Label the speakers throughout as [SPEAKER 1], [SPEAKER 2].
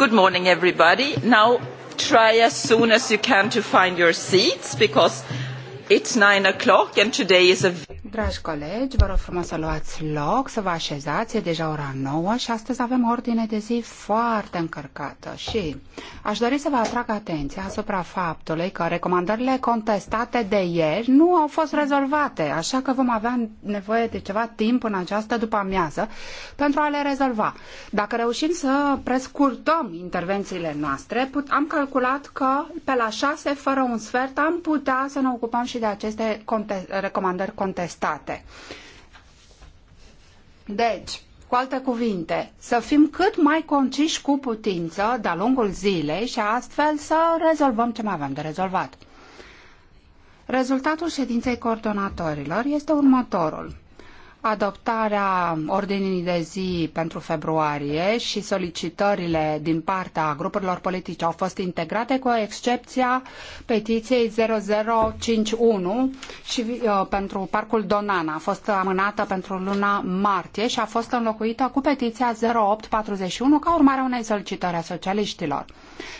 [SPEAKER 1] Good morning, everybody. Now try as soon as you can to find your seats because it's nine o'clock and today is a
[SPEAKER 2] Dragi colegi, vă rog frumos să luați loc, să vă așezați, e deja ora 9 și astăzi avem ordine de zi foarte încărcată și aș dori să vă atrag atenția asupra faptului că recomandările contestate de ieri nu au fost rezolvate, așa că vom avea nevoie de ceva timp în această după-amiază pentru a le rezolva. Dacă reușim să prescurtăm intervențiile noastre, am calculat că pe la 6 fără un sfert am putea să ne ocupăm și de aceste recomandări contestate state. Deci, cu alte cuvinte, să fim cât mai conciși cu putință de-a lungul zilei și astfel să rezolvăm ce mai avem de rezolvat. Rezultatul ședinței coordonatorilor este următorul adoptarea ordinii de zi pentru februarie și solicitările din partea grupurilor politice au fost integrate cu excepția petiției 0051 și uh, pentru Parcul Donana. A fost amânată pentru luna martie și a fost înlocuită cu petiția 0841 ca urmare a unei solicitări a socialiștilor.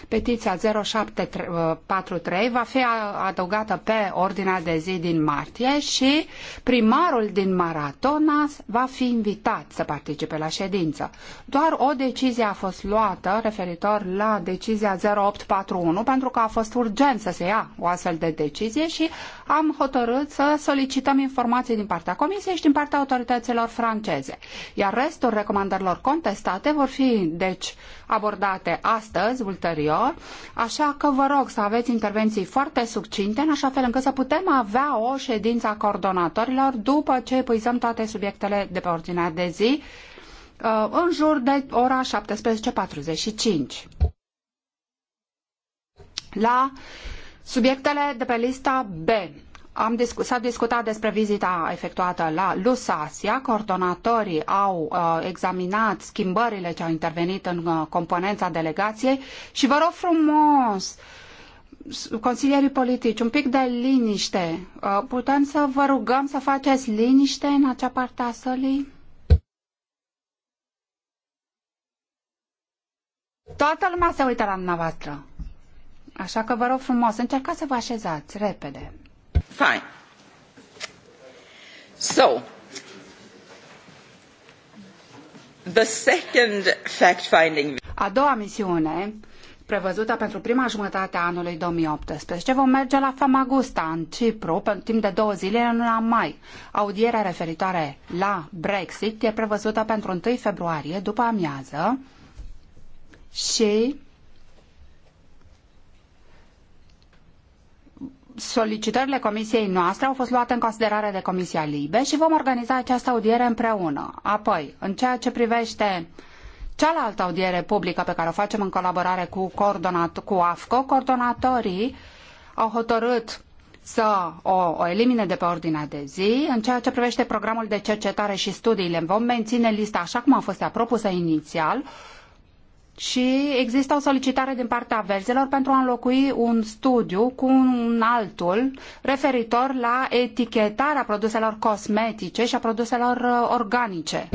[SPEAKER 2] Petiția 0743 va fi adăugată pe ordinea de zi din martie și primarul din Marato Persona va fi invitat să participe la ședință. Doar o decizie a fost luată referitor la decizia 0841 pentru că a fost urgent să se ia o astfel de decizie și am hotărât să solicităm informații din partea Comisiei și din partea autorităților franceze. Iar restul recomandărilor contestate vor fi, deci, abordate astăzi, ulterior, așa că vă rog să aveți intervenții foarte succinte, în așa fel încât să putem avea o ședință a coordonatorilor după ce epuizăm toate toate subiectele de pe ordinea de zi uh, în jur de ora 17.45. La subiectele de pe lista B. Am discu- s-a discutat despre vizita efectuată la Lusasia. Coordonatorii au uh, examinat schimbările ce au intervenit în uh, componența delegației și vă rog frumos uh, consilierii politici, un pic de liniște. Uh, putem să vă rugăm să faceți liniște în acea parte a sălii? Toată lumea se uită la dumneavoastră. Așa că vă rog frumos, încercați să vă așezați repede. Fine. So, the second fact-finding. A doua misiune prevăzută pentru prima jumătate a anului 2018. Vom merge la Famagusta, în Cipru, pe timp de două zile în luna mai. Audierea referitoare la Brexit e prevăzută pentru 1 februarie, după amiază, și solicitările comisiei noastre au fost luate în considerare de Comisia Libe și vom organiza această audiere împreună. Apoi, în ceea ce privește uh, cealaltă audiere publică pe care o facem în colaborare cu, coordonat, cu AFCO, coordonatorii au hotărât să o, o elimine de pe ordinea de zi. În ceea ce privește programul de cercetare și studiile, vom menține lista așa cum a fost ea propusă inițial și există o solicitare din partea verzilor pentru a înlocui un studiu cu un altul referitor la etichetarea produselor cosmetice și a produselor uh, organice.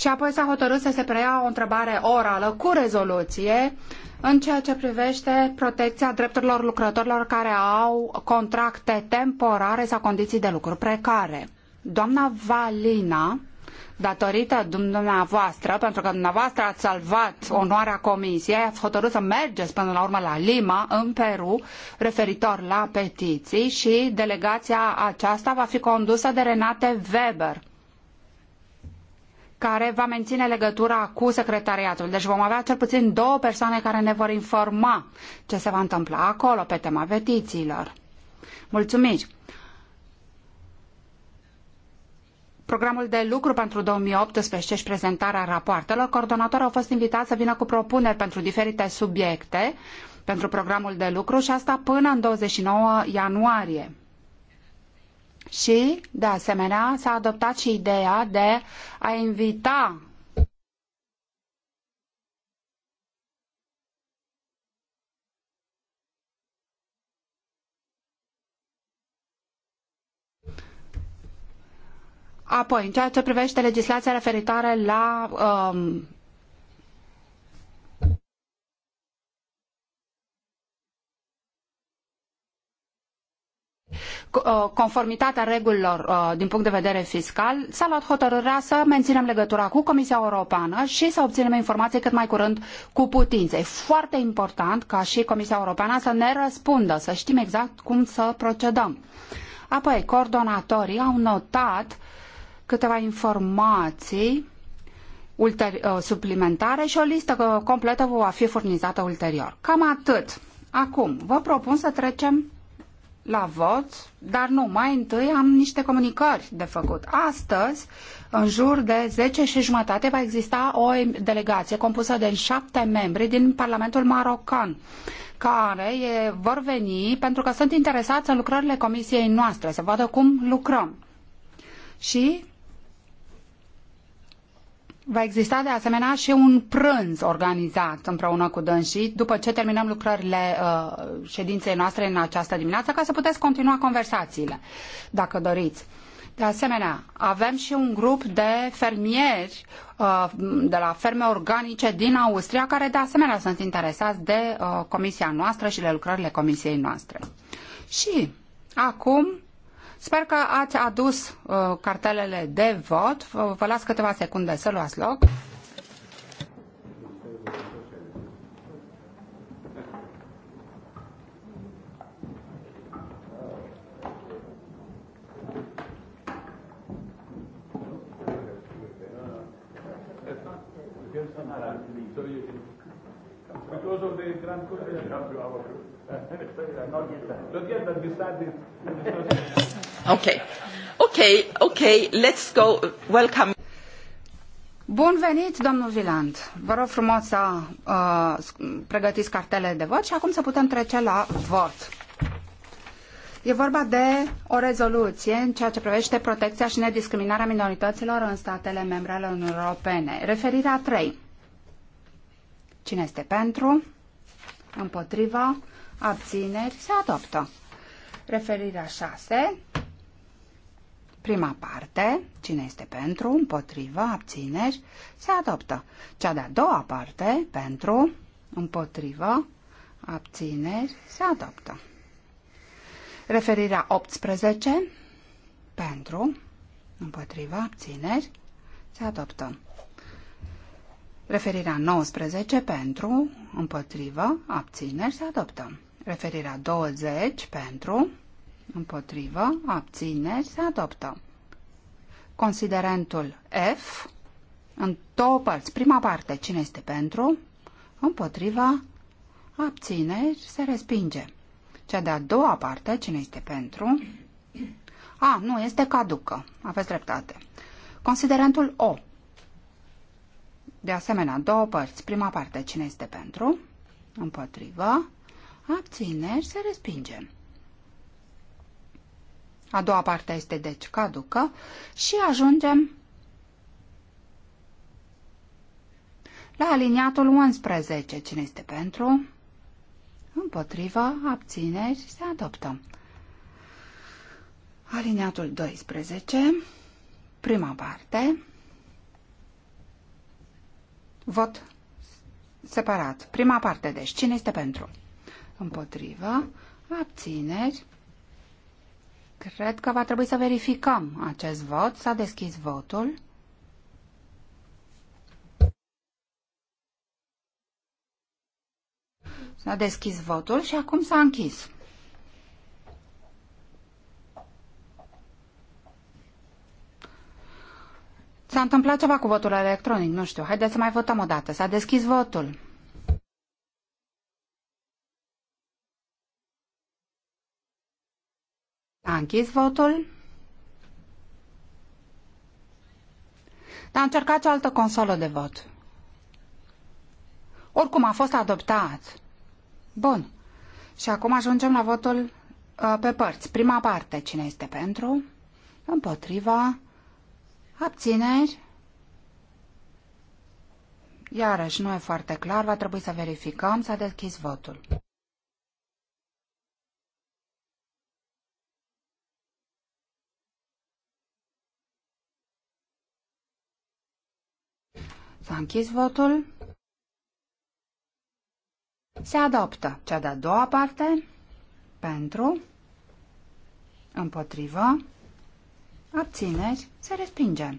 [SPEAKER 2] și apoi s-a hotărât să se preia o întrebare orală cu rezoluție în ceea ce privește protecția drepturilor lucrătorilor care au contracte temporare sau condiții de lucru precare. Doamna Valina, datorită dumneavoastră, pentru că dumneavoastră ați salvat onoarea comisiei, ați hotărât să mergeți până la urmă la Lima, în Peru, referitor la petiții și delegația aceasta va fi condusă de Renate Weber care va menține legătura cu secretariatul. Deci vom avea cel puțin două persoane care ne vor informa ce se va întâmpla acolo pe tema petițiilor. Mulțumiri! Programul de lucru pentru 2018 și prezentarea rapoartelor, coordonatorul au fost invitați să vină cu propuneri pentru diferite subiecte pentru programul de lucru și asta până în 29 ianuarie și, de asemenea, s-a adoptat și ideea de a invita Apoi, în ceea ce privește legislația referitoare la um, Uh, conformitatea regulilor uh, din punct de vedere fiscal, s-a luat hotărârea să menținem legătura cu Comisia Europeană și să obținem informații cât mai curând cu putință. E foarte important ca și Comisia Europeană să ne răspundă, să știm exact cum să procedăm. Apoi, coordonatorii au notat câteva informații uh, suplimentare și o listă completă va fi furnizată ulterior. Cam atât. Acum, vă propun să trecem la vot, dar nu, mai întâi am niște comunicări de făcut. Astăzi, în jur de 10 și jumătate, va exista o delegație compusă de șapte membri din Parlamentul Marocan, care e, vor veni pentru că sunt interesați în lucrările comisiei noastre, să vadă cum lucrăm. Și va exista de asemenea și un prânz organizat împreună cu dânsii după ce terminăm lucrările uh, ședinței noastre în această dimineață ca să puteți continua conversațiile, dacă doriți. De asemenea, avem și un grup de fermieri uh, de la ferme organice din Austria care de asemenea sunt interesați de uh, comisia noastră și de lucrările comisiei noastre. Și acum Sper că ați adus uh, cartelele de vot. Vă las câteva secunde să luați loc. Because of the grand coup, not
[SPEAKER 1] yet. Not yet, but besides this Ok. Ok, ok, let's go. Welcome.
[SPEAKER 2] Bun venit, domnul Viland. Vă rog frumos să uh, pregătiți cartele de vot și acum să putem trece la vot. E vorba de o rezoluție în ceea ce privește protecția și nediscriminarea minorităților în statele membre ale Uniunii Europene. Referirea 3. Cine este pentru? Împotriva? Abțineri? Se adoptă. Referirea 6. Prima parte, cine este pentru, împotrivă, abțineri, se adoptă. Cea de-a doua parte, pentru, împotrivă, abțineri, se adoptă. Referirea 18, pentru, împotrivă, abțineri, se adoptă. Referirea 19, pentru, împotrivă, abțineri, se adoptă. Referirea 20, pentru, împotrivă, abțineri, se adoptă. Considerentul F, în două părți. Prima parte, cine este pentru, împotriva, abțineri, se respinge. Cea de-a doua parte, cine este pentru, a, nu, este caducă, aveți dreptate. Considerentul O, de asemenea, două părți. Prima parte, cine este pentru, împotrivă, abțineri, se respinge. A doua parte este deci caducă și ajungem la aliniatul 11. Cine este pentru? abține abțineri, se adoptă. Aliniatul 12, prima parte, vot separat. Prima parte, deci, cine este pentru? Împotriva, abțineri, Cred că va trebui să verificăm acest vot. S-a deschis votul. S-a deschis votul și acum s-a închis. S-a întâmplat ceva cu votul electronic, nu știu. Haideți să mai votăm o dată. S-a deschis votul. A închis votul. Dar încercați o altă consolă de vot. Oricum a fost adoptat. Bun. Și acum ajungem la votul uh, pe părți. Prima parte. Cine este pentru? Împotriva. Abțineri. Iarăși nu e foarte clar, va trebui să verificăm, s-a deschis votul. S-a închis votul. Se adoptă cea de-a doua parte pentru, împotrivă, abțineri, se respinge.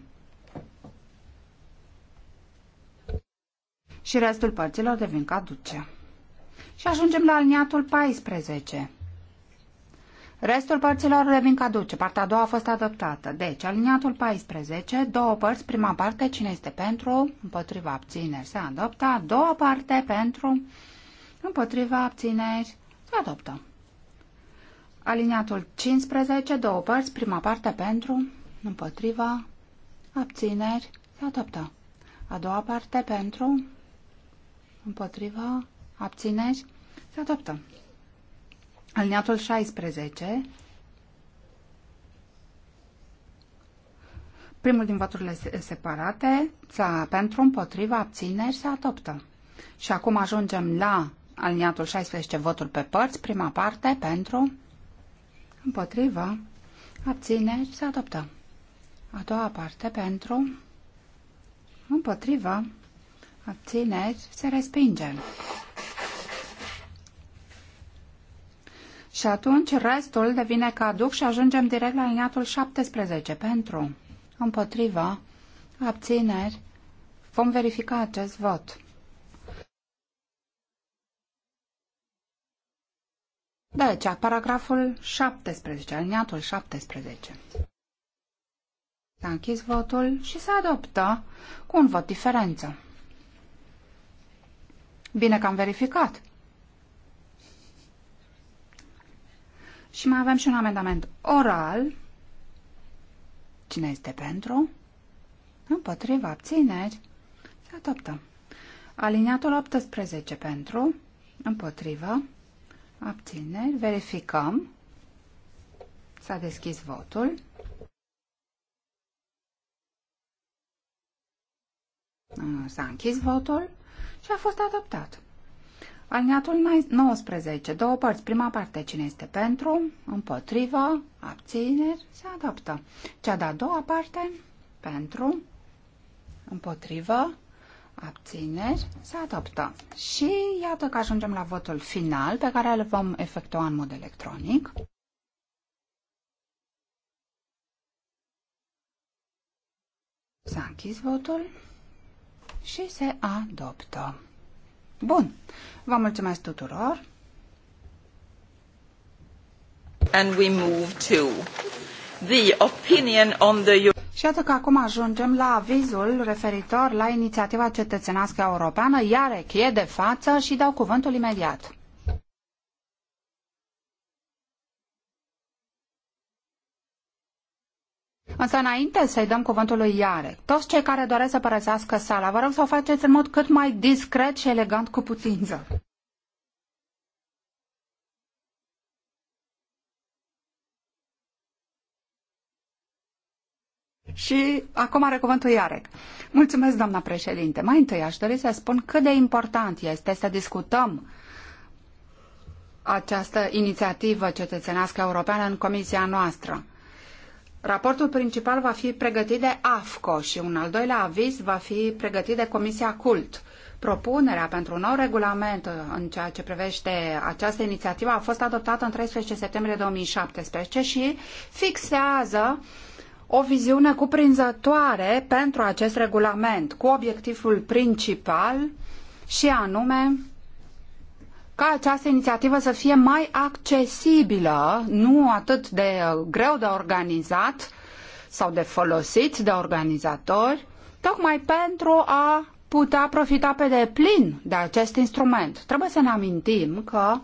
[SPEAKER 2] Și restul părților devin caduce. Și ajungem la alniatul 14. Restul părților revin caduce. Partea a doua a fost adoptată. Deci, aliniatul 14, două părți, prima parte, cine este pentru, împotriva abțineri, se adoptă. A doua parte, pentru, împotriva abțineri, se adoptă. Aliniatul 15, două părți, prima parte, pentru, împotriva, abțineri, se adoptă. A doua parte, pentru, împotriva, abțineri, se adoptă. Alineatul 16. Primul din voturile separate, pentru, împotriva, și se adoptă. Și acum ajungem la alineatul 16, voturi pe părți, prima parte, pentru, împotriva, și se adoptă. A doua parte, pentru, împotriva, și se respinge. Și atunci restul devine caduc și ajungem direct la liniatul 17 pentru, împotriva, abțineri. Vom verifica acest vot. Deci, paragraful 17, aliniatul 17. S-a închis votul și se adoptă cu un vot diferență. Bine că am verificat. Și mai avem și un amendament oral. Cine este pentru? Împotriva abțineri. Se adoptă. Aliniatul 18 pentru. Împotriva. Abțineri. Verificăm. S-a deschis votul. S-a închis votul și a fost adoptat. Alineatul 19, două părți. Prima parte, cine este pentru, împotrivă, abțineri, se adoptă. Cea de-a doua parte, pentru, împotrivă, abțineri, se adoptă. Și iată că ajungem la votul final, pe care îl vom efectua în mod electronic. S-a închis votul și se adoptă. Bun. Vă mulțumesc tuturor.
[SPEAKER 1] And we move to the opinion on the
[SPEAKER 2] și iată că acum ajungem la avizul referitor la inițiativa cetățenească europeană, iar e de față și dau cuvântul imediat. Însă înainte să-i dăm cuvântul lui Iare, toți cei care doresc să părăsească sala, vă rog să o faceți în mod cât mai discret și elegant cu putință. Și acum are cuvântul Iarec. Mulțumesc, doamna președinte. Mai întâi aș dori să spun cât de important este să discutăm această inițiativă cetățenească europeană în comisia noastră. Raportul principal va fi pregătit de AFCO și un al doilea aviz va fi pregătit de Comisia CULT. Propunerea pentru un nou regulament uh, în ceea ce privește această inițiativă a fost adoptată în 13 septembrie 2017 și fixează o viziune cuprinzătoare pentru acest regulament, cu obiectivul principal și anume ca această inițiativă să fie mai accesibilă, nu atât de uh, greu de organizat sau de folosit de organizatori, tocmai pentru a putea profita pe deplin de acest instrument. Trebuie să ne amintim că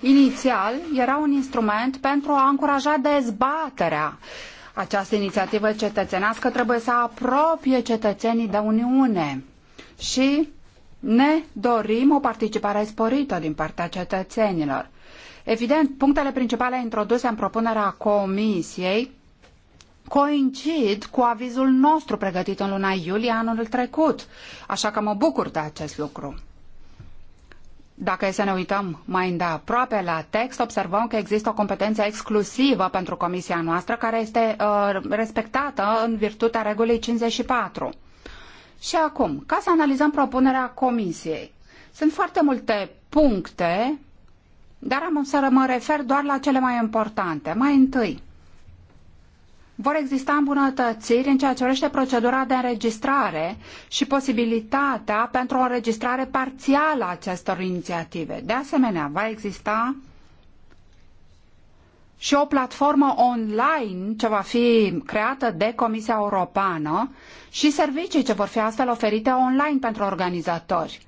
[SPEAKER 2] inițial era un instrument pentru a încuraja dezbaterea. Această inițiativă cetățenească trebuie să apropie cetățenii de Uniune și ne dorim o participare sporită din partea cetățenilor. Evident, punctele principale introduse în propunerea Comisiei coincid cu avizul nostru pregătit în luna iulie anul trecut, așa că mă bucur de acest lucru. Dacă e să ne uităm mai îndeaproape la text, observăm că există o competență exclusivă pentru comisia noastră care este uh, respectată în virtutea regulii 54. Și acum, ca să analizăm propunerea comisiei, sunt foarte multe puncte, dar am să mă refer doar la cele mai importante. Mai întâi, vor exista îmbunătățiri în ceea ce urește procedura de înregistrare și posibilitatea pentru o înregistrare parțială a acestor inițiative. De asemenea, va exista și o platformă online ce va fi creată de Comisia Europeană și servicii ce vor fi astfel oferite online pentru organizatori.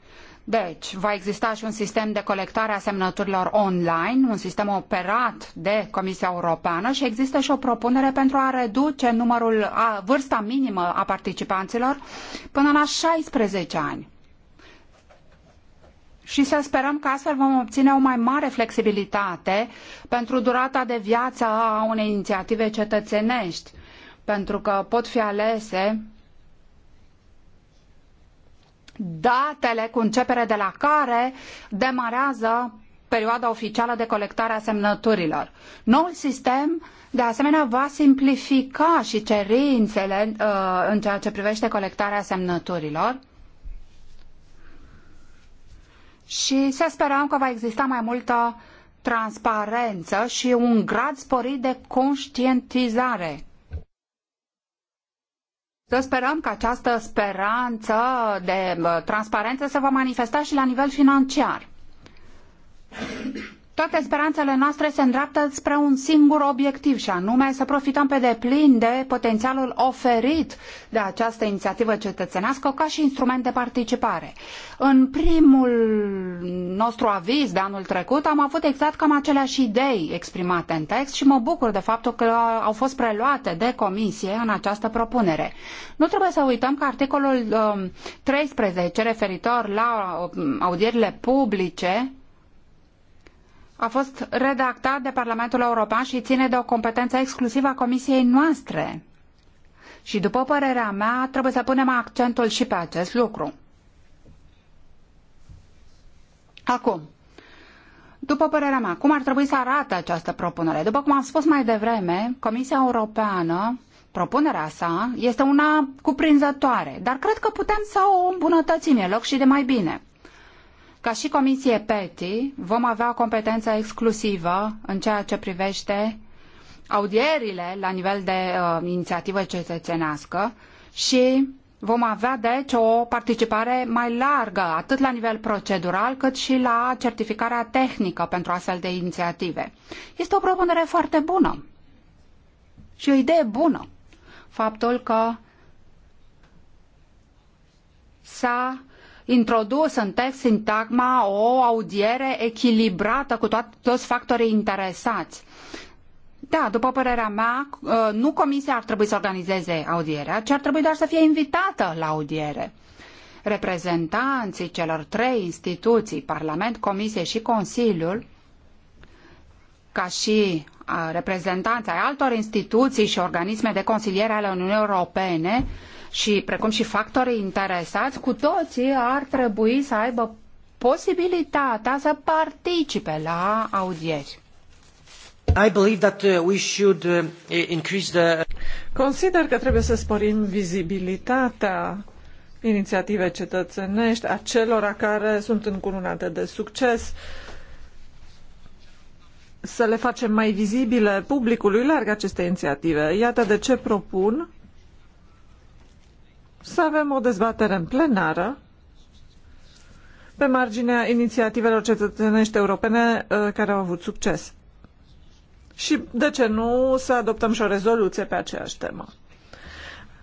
[SPEAKER 2] Deci, va exista și un sistem de colectare a semnăturilor online, un sistem operat de Comisia Europeană și există și o propunere pentru a reduce numărul, a, vârsta minimă a participanților până la 16 ani și să sperăm că astfel vom obține o mai mare flexibilitate pentru durata de viață a unei inițiative cetățenești, pentru că pot fi alese datele cu începere de la care demarează perioada oficială de colectare a semnăturilor. Noul sistem, de asemenea, va simplifica și cerințele uh, în ceea ce privește colectarea semnăturilor și să sperăm că va exista mai multă transparență și un grad sporit de conștientizare. Să sperăm că această speranță de uh, transparență se va manifesta și la nivel financiar. Toate speranțele noastre se îndreaptă spre un singur obiectiv și anume să profităm pe deplin de potențialul oferit de această inițiativă cetățenească ca și instrument de participare. În primul nostru aviz de anul trecut am avut exact cam aceleași idei exprimate în text și mă bucur de faptul că au fost preluate de comisie în această propunere. Nu trebuie să uităm că articolul 13 um, referitor la um, audierile publice a fost redactat de Parlamentul European și ține de o competență exclusivă a Comisiei noastre. Și după părerea mea, trebuie să punem accentul și pe acest lucru. Acum, după părerea mea, cum ar trebui să arate această propunere? După cum am spus mai devreme, Comisia Europeană, propunerea sa, este una cuprinzătoare, dar cred că putem să o îmbunătățim, e loc și de mai bine. Ca și Comisie PETI, vom avea competența exclusivă în ceea ce privește audierile la nivel de uh, inițiativă cetățenească și vom avea deci o participare mai largă, atât la nivel procedural, cât și la certificarea tehnică pentru astfel de inițiative. Este o propunere foarte bună și o idee bună. Faptul că s-a introdus în text sintagma o audiere echilibrată cu toat, toți factorii interesați. Da, după părerea mea, uh, nu comisia ar trebui să organizeze audierea, ci ar trebui doar să fie invitată la audiere. Reprezentanții celor trei instituții, Parlament, Comisie și Consiliul, ca și uh, reprezentanții ai altor instituții și organisme de consiliere ale Uniunii Europene, și precum și factorii interesați, cu toții ar trebui să aibă posibilitatea să participe la
[SPEAKER 1] audieri. I believe that uh, we should uh, increase the... Consider că trebuie să sporim vizibilitatea inițiative cetățenești, a celora care sunt încununate de succes, să le facem mai vizibile publicului larg aceste inițiative. Iată de ce propun să avem o dezbatere în plenară pe marginea inițiativelor cetățenești europene uh, care au avut succes. Și, de ce nu, să adoptăm și o rezoluție pe aceeași temă.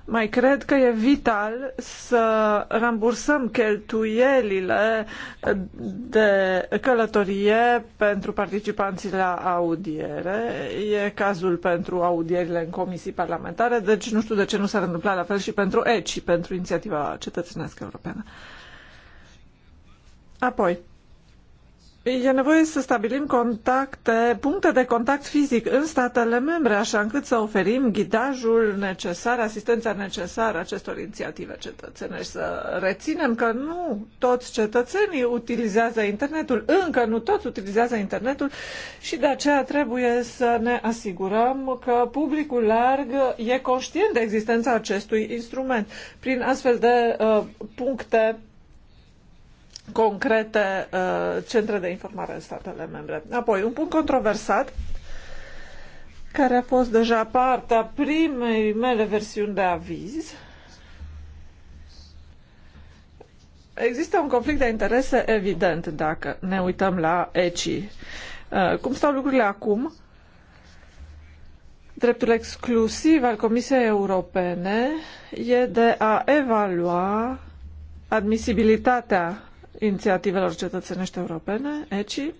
[SPEAKER 1] Mai cred că e vital să rambursăm cheltuielile de călătorie pentru participanții la audiere. E cazul pentru audierile în comisii parlamentare, deci nu știu de ce nu s-ar întâmpla la fel și pentru ECI, pentru Inițiativa Cetățenească Europeană. Apoi, E nevoie să stabilim contacte, puncte de contact fizic în statele membre, așa încât să oferim ghidajul necesar, asistența necesară acestor inițiative cetățenești. Să reținem că nu toți cetățenii utilizează internetul, încă nu toți utilizează internetul și de aceea trebuie să ne asigurăm că publicul larg e conștient de existența acestui instrument. Prin astfel de uh, puncte concrete uh, centre de informare în statele membre. Apoi, un punct controversat care a fost deja parte a primei mele versiuni de aviz. Există un conflict de interese evident dacă ne uităm la ECI. Uh, cum stau lucrurile acum? Dreptul exclusiv al Comisiei Europene e de a evalua admisibilitatea inițiativelor cetățenești europene, ECI,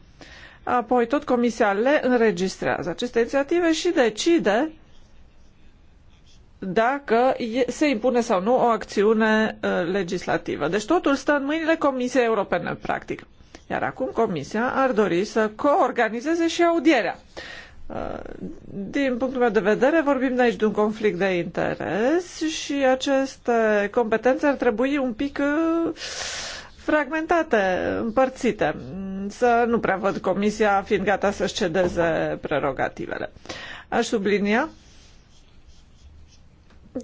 [SPEAKER 1] apoi tot Comisia le înregistrează aceste inițiative și decide dacă se impune sau nu o acțiune uh, legislativă. Deci totul stă în mâinile Comisiei Europene, practic. Iar acum Comisia ar dori să coorganizeze și audierea. Uh, din punctul meu de vedere, vorbim de aici de un conflict de interes și aceste competențe ar trebui un pic uh, fragmentate, împărțite. Să nu prea văd comisia fiind gata să-și cedeze prerogativele. Aș sublinia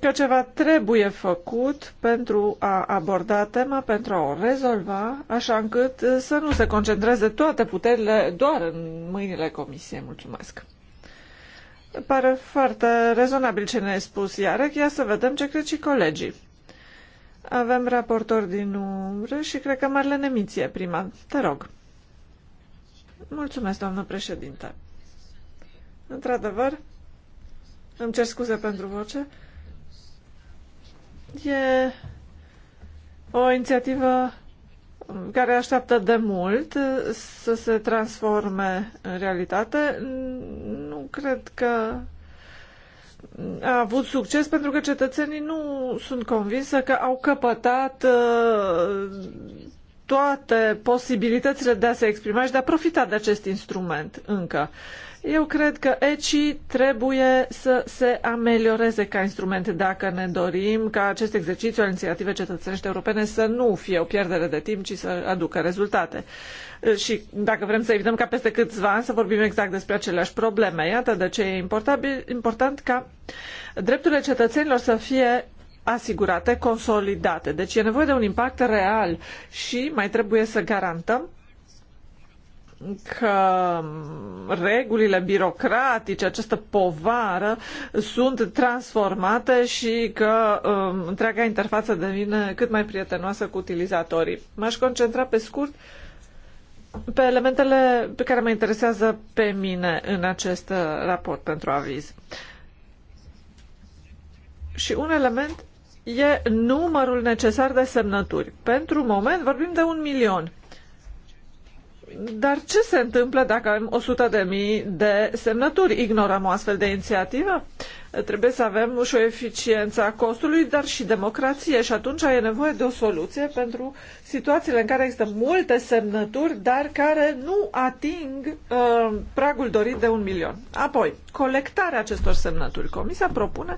[SPEAKER 1] că ceva trebuie făcut pentru a aborda tema, pentru a o rezolva, așa încât să nu se concentreze toate puterile doar în mâinile comisiei. Mulțumesc! Pare foarte rezonabil ce ne-ai spus, Iar Ia să vedem ce cred și colegii. Avem raportor din umbră și cred că Marlene Miție prima. Te rog. Mulțumesc, doamnă președinte. Într-adevăr, îmi cer scuze pentru voce. E o inițiativă care așteaptă de mult să se transforme în realitate. Nu cred că a avut succes pentru că cetățenii nu sunt convinsă că au căpătat uh, toate posibilitățile de a se exprima și de a profita de acest instrument încă. Uh, eu cred că ECI trebuie să se amelioreze ca instrument dacă ne dorim ca acest exercițiu al inițiativei cetățenești europene să nu fie o pierdere de timp, ci să aducă rezultate. Și dacă vrem să evităm ca peste câțiva ani să vorbim exact despre aceleași probleme, iată de ce e important ca drepturile cetățenilor să fie asigurate, consolidate. Deci e nevoie de un impact real și mai trebuie să garantăm că regulile birocratice, această povară, sunt transformate și că um, întreaga interfață devine cât mai prietenoasă cu utilizatorii. M-aș concentra pe scurt pe elementele pe care mă interesează pe mine în acest uh, raport pentru aviz. Și un element e numărul necesar de semnături. Pentru moment vorbim de un milion. Dar ce se întâmplă dacă avem 100 de mii de semnături? Ignorăm o astfel de inițiativă? Trebuie să avem și o eficiență a costului, dar și democrație și atunci e nevoie de o soluție pentru situațiile în care există multe semnături, dar care nu ating uh, pragul dorit de un milion. Apoi, colectarea acestor semnături. Comisia propune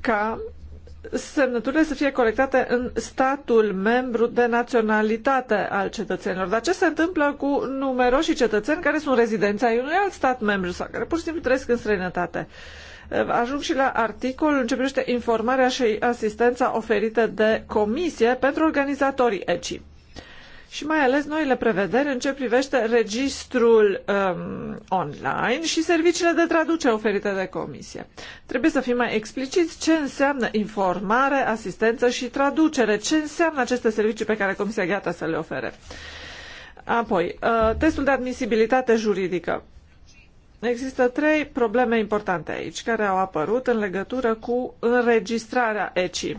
[SPEAKER 1] ca semnăturile să fie colectate în statul membru de naționalitate al cetățenilor. Dar ce se întâmplă cu numeroși cetățeni care sunt rezidenți ai unui alt stat membru sau care pur și simplu trăiesc în străinătate? Eh, ajung și la articol, în ce privește informarea și asistența oferită de comisie pentru organizatorii ECI și mai ales noile prevederi în ce privește registrul um, online și serviciile de traducere oferite de comisie. Trebuie să fim mai expliciți ce înseamnă informare, asistență și traducere, ce înseamnă aceste servicii pe care comisia gata să le ofere. Apoi, uh, testul de admisibilitate juridică. Există trei probleme importante aici care au apărut în legătură cu înregistrarea ECI.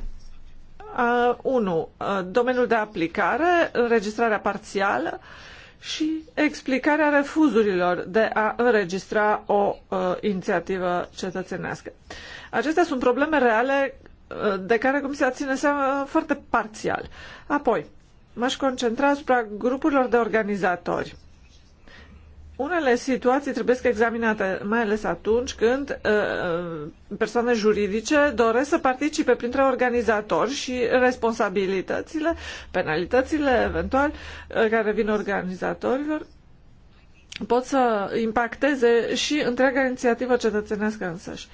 [SPEAKER 1] Uh, 1. Uh, domeniul de aplicare, înregistrarea parțială și explicarea refuzurilor de a înregistra o uh, inițiativă cetățenească. Acestea sunt probleme reale uh, de care Comisia ține seama foarte parțial. Apoi, m-aș concentra asupra grupurilor de organizatori unele situații trebuie să examinate, mai ales atunci când uh, uh, persoane juridice doresc să participe printre organizatori și responsabilitățile, penalitățile eventual uh, care vin organizatorilor pot să impacteze și întreaga inițiativă cetățenească însăși.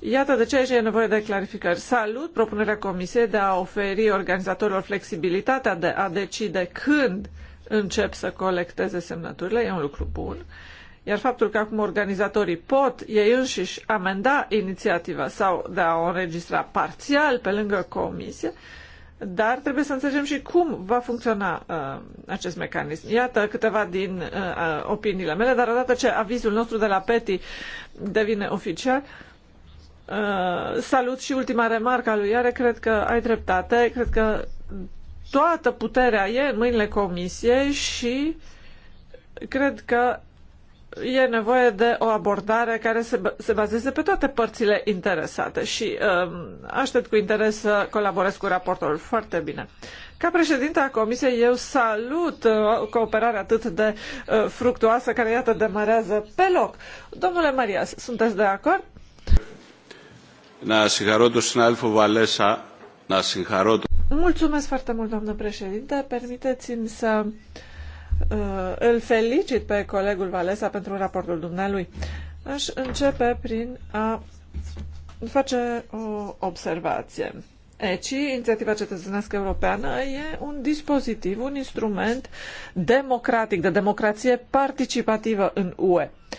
[SPEAKER 1] Iată de ce aici e nevoie de clarificări. Salut propunerea Comisiei de a oferi organizatorilor flexibilitatea de a decide când încep să colecteze semnăturile, e un lucru bun. Iar faptul că acum organizatorii pot ei înșiși amenda inițiativa sau de a o înregistra parțial pe lângă comisie, dar trebuie să înțelegem și cum va funcționa uh, acest mecanism. Iată câteva din uh, uh opiniile mele, dar odată ce avizul nostru de la PETI devine oficial, uh, salut și ultima remarcă a lui Iare, cred că ai dreptate, cred că toată puterea e în mâinile comisiei și cred că e nevoie de o abordare care se, se bazeze pe toate părțile interesate și um, aștept cu interes să colaborez cu raportorul. Foarte bine. Ca președinte a Comisiei, eu salut uh, cooperarea atât de uh, fructuoasă care, iată, demarează pe loc. Domnule Marias, sunteți de acord? Na, συγχαρώ τον συνάδελφο Βαλέσα, να συγχαρώ τον... Mulțumesc foarte mult, doamnă președinte. Permiteți-mi să uh, îl felicit pe colegul Valesa pentru raportul dumnealui. Aș începe prin a face o observație. ECI, Inițiativa Cetățenească Europeană, e un dispozitiv, un instrument democratic, de democrație participativă în UE. Uh,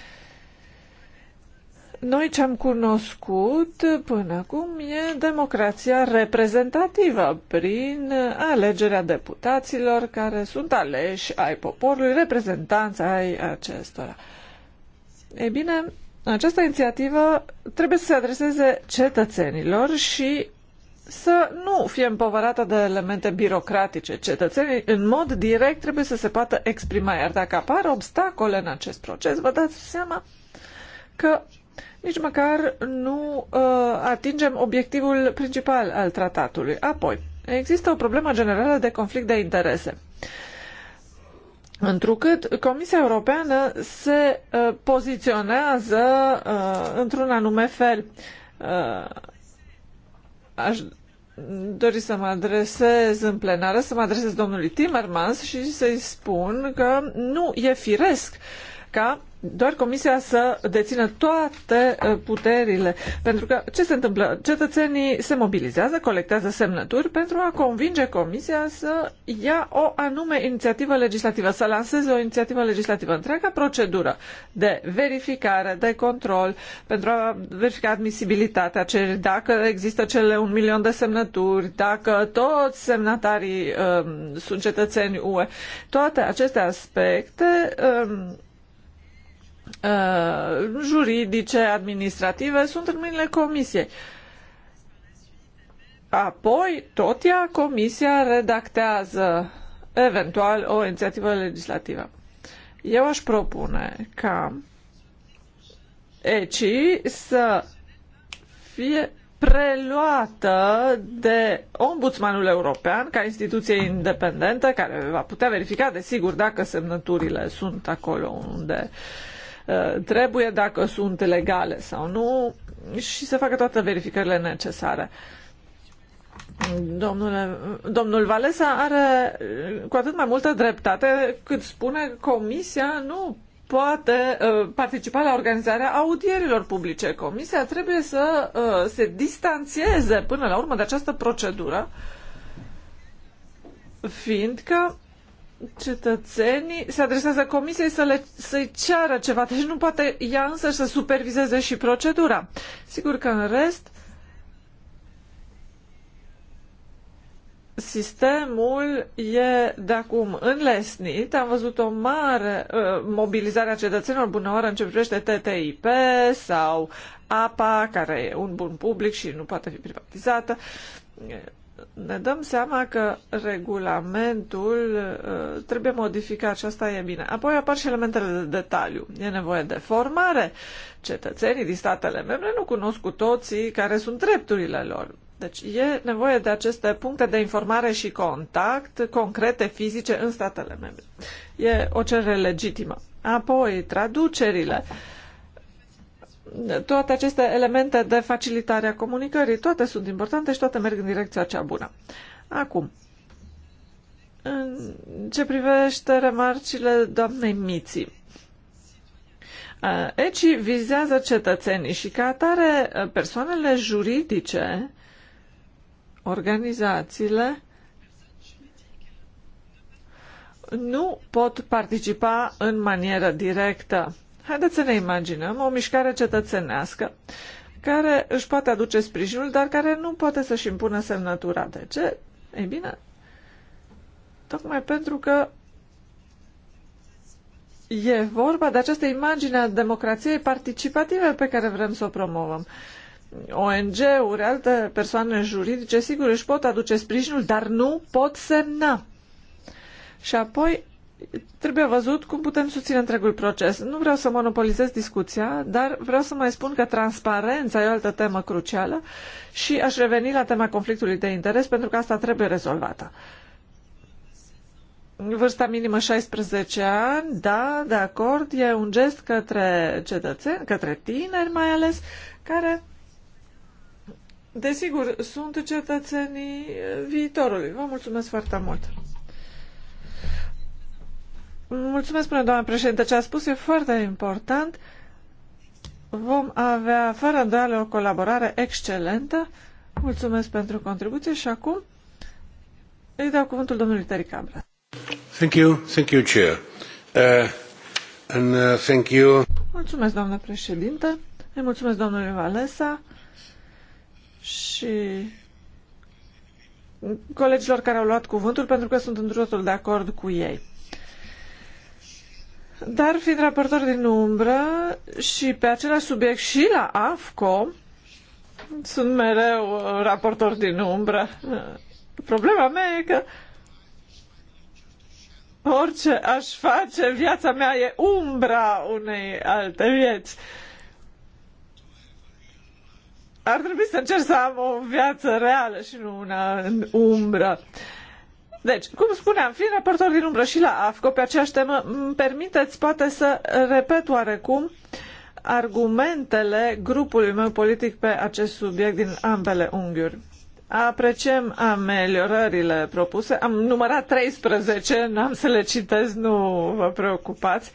[SPEAKER 1] noi ce am cunoscut până acum e democrația reprezentativă prin alegerea deputaților care sunt aleși ai poporului, reprezentanți ai acestora. Ei bine, această inițiativă trebuie să se adreseze cetățenilor și să nu fie împovărată de elemente birocratice. Cetățenii, în mod direct, trebuie să se poată exprima, iar dacă apar obstacole în acest proces, vă dați seama că nici măcar nu uh, atingem obiectivul principal al tratatului. Apoi, există o problemă generală de conflict de interese. Întrucât Comisia Europeană se uh, poziționează uh, într-un anume fel. Uh, aș dori să mă adresez în plenară, să mă adresez domnului Timmermans și să-i spun că nu e firesc ca doar Comisia să dețină toate uh, puterile. Pentru că ce se întâmplă? Cetățenii se mobilizează, colectează semnături pentru a convinge Comisia să ia o anume inițiativă legislativă, să lanseze o inițiativă legislativă. Întreaga procedură de verificare, de control, pentru a verifica admisibilitatea, dacă există cele un milion de semnături, dacă toți semnatarii um, sunt cetățeni UE, toate aceste aspecte um, uh, juridice, administrative, sunt în mâinile comisiei. Apoi, tot ea, comisia redactează eventual o inițiativă legislativă. Eu aș propune ca ECI să fie preluată de Ombudsmanul European ca instituție independentă care va putea verifica, desigur, dacă semnăturile sunt acolo unde uh, Eh, trebuie, dacă sunt legale sau nu și să facă toate verificările necesare. Domnule, domnul Valesa are eh, cu atât mai multă dreptate cât spune Comisia nu poate uh, participa la organizarea audierilor publice. Comisia trebuie să uh, se distanțieze până la urmă de această procedură, fiindcă cetățenii se adresează comisiei să le, să-i ceară ceva, deci nu poate ea însă să supervizeze și procedura. Sigur că în rest, sistemul e de acum înlesnit. Am văzut o mare uh, mobilizare a cetățenilor bună oară în ce privește TTIP sau APA, care e un bun public și nu poate fi privatizată ne dăm seama că regulamentul uh, trebuie modificat și asta e bine. Apoi apar și elementele de detaliu. E nevoie de formare. Cetățenii din statele membre nu cunosc cu toții care sunt drepturile lor. Deci e nevoie de aceste puncte de informare și contact concrete, fizice, în statele membre. E o cerere legitimă. Apoi, traducerile. Uh, toate aceste elemente de facilitare a comunicării, toate sunt importante și toate merg în direcția cea bună. Acum, în ce privește remarcile doamnei Miții, ECI vizează cetățenii și ca atare persoanele juridice, organizațiile, nu pot participa în manieră directă Haideți să ne imaginăm o mișcare cetățenească care își poate aduce sprijinul, dar care nu poate să-și impună semnătura. De ce? Ei bine, tocmai pentru că e vorba de această imagine a democrației participative pe care vrem să o promovăm. ONG-uri, alte persoane juridice, sigur, își pot aduce sprijinul, dar nu pot semna. Și apoi trebuie văzut cum putem susține întregul proces. Nu vreau să monopolizez discuția, dar vreau să mai spun că transparența e o altă temă crucială și aș reveni la tema conflictului de interes pentru că asta trebuie rezolvată. Vârsta minimă 16 ani, da, de acord, e un gest către cetățeni, către tineri mai ales, care Desigur, sunt cetățenii viitorului. Vă mulțumesc foarte mult! Mulțumesc, până, doamna președinte. Ce a spus e foarte important. Vom avea, fără îndoială, o colaborare excelentă. Mulțumesc pentru contribuție și acum îi dau cuvântul domnului Terry Cabra. Thank you, thank you, Chair. Uh, and, uh, thank you. Mulțumesc, doamnă președinte. Îi mulțumesc domnului Valesa și colegilor care au luat cuvântul pentru că sunt într totul de acord cu ei. Dar fiind raportor din umbră și pe același subiect și la AFCO, sunt mereu uh, raportor din umbră. Problema mea e că orice aș face, viața mea e umbra unei alte vieți. Ar trebui să încerc să am o viață reală și nu una în umbră. Uh, deci, cum spuneam, fiind raportor din umbră și la AFCO pe aceeași temă, îmi permiteți poate să repet oarecum argumentele grupului meu politic pe acest subiect din ambele unghiuri. Apreciem ameliorările propuse. Am numărat 13, n-am să le citez, nu vă preocupați.